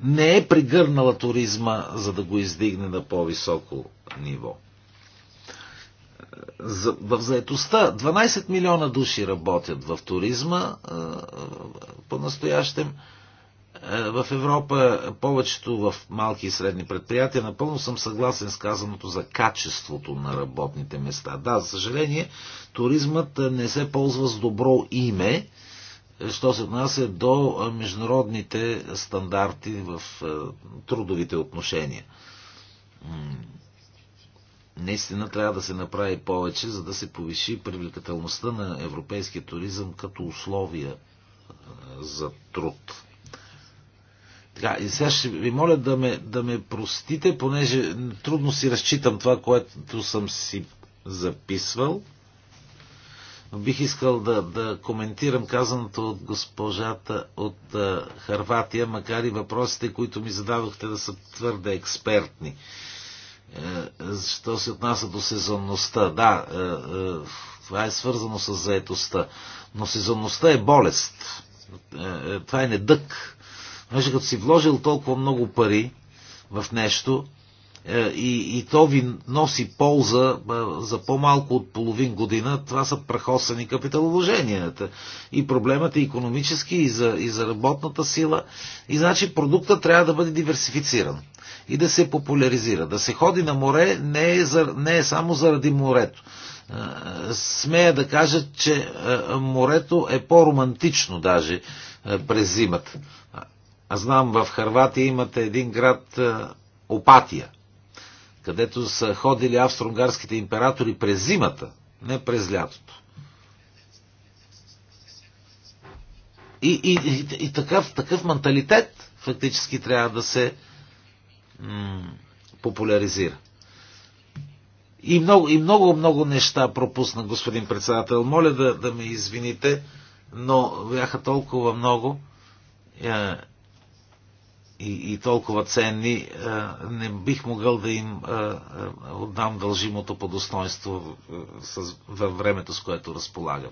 не е пригърнала туризма, за да го издигне на по-високо ниво. Е, в заетостта 12 милиона души работят в туризма е, по-настоящем. В Европа повечето в малки и средни предприятия. Напълно съм съгласен с казаното за качеството на работните места. Да, за съжаление, туризмът не се ползва с добро име що се отнася до международните стандарти в трудовите отношения. Наистина трябва да се направи повече, за да се повиши привлекателността на европейския туризъм като условия за труд. Така, и сега ще ви моля да ме, да ме простите, понеже трудно си разчитам това, което съм си записвал бих искал да, да коментирам казаното от госпожата от а, Харватия, макар и въпросите, които ми зададохте да са твърде експертни. Е, що се отнася до сезонността? Да, е, е, това е свързано с заетостта. Но сезонността е болест. Е, е, това е недък. Понеже като си вложил толкова много пари в нещо, е, и, и то ви носи полза е, за по-малко от половин година, това са прахосани капиталовложенията. И проблемът е економически, и за, и за работната сила. И значи продукта трябва да бъде диверсифициран и да се популяризира. Да се ходи на море не е, за, не е само заради морето. Е, смея да кажа, че морето е по-романтично даже през зимата. Аз знам, в Харватия имате един град Опатия където са ходили австро-унгарските императори през зимата, не през лятото. И, и, и, и такъв, такъв менталитет фактически трябва да се популяризира. И много, и много, много неща пропусна, господин председател. Моля да, да ме извините, но бяха толкова много. Е, и, и толкова ценни, е, не бих могъл да им е, е, отдам дължимото по достоинство във времето, с което разполагам.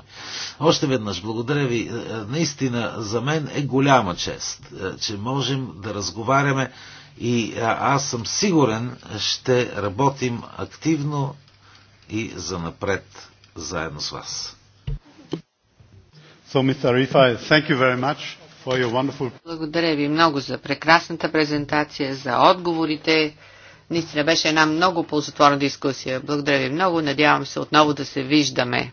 Още веднъж, благодаря ви. Наистина, за мен е голяма чест, че можем да разговаряме и аз съм сигурен, ще работим активно и за напред, заедно с вас. So, Mr. Rifa, thank you very much. Благодаря ви много за прекрасната презентация, за отговорите. Наистина беше една много ползотворна дискусия. Благодаря ви много. Надявам се отново да се виждаме.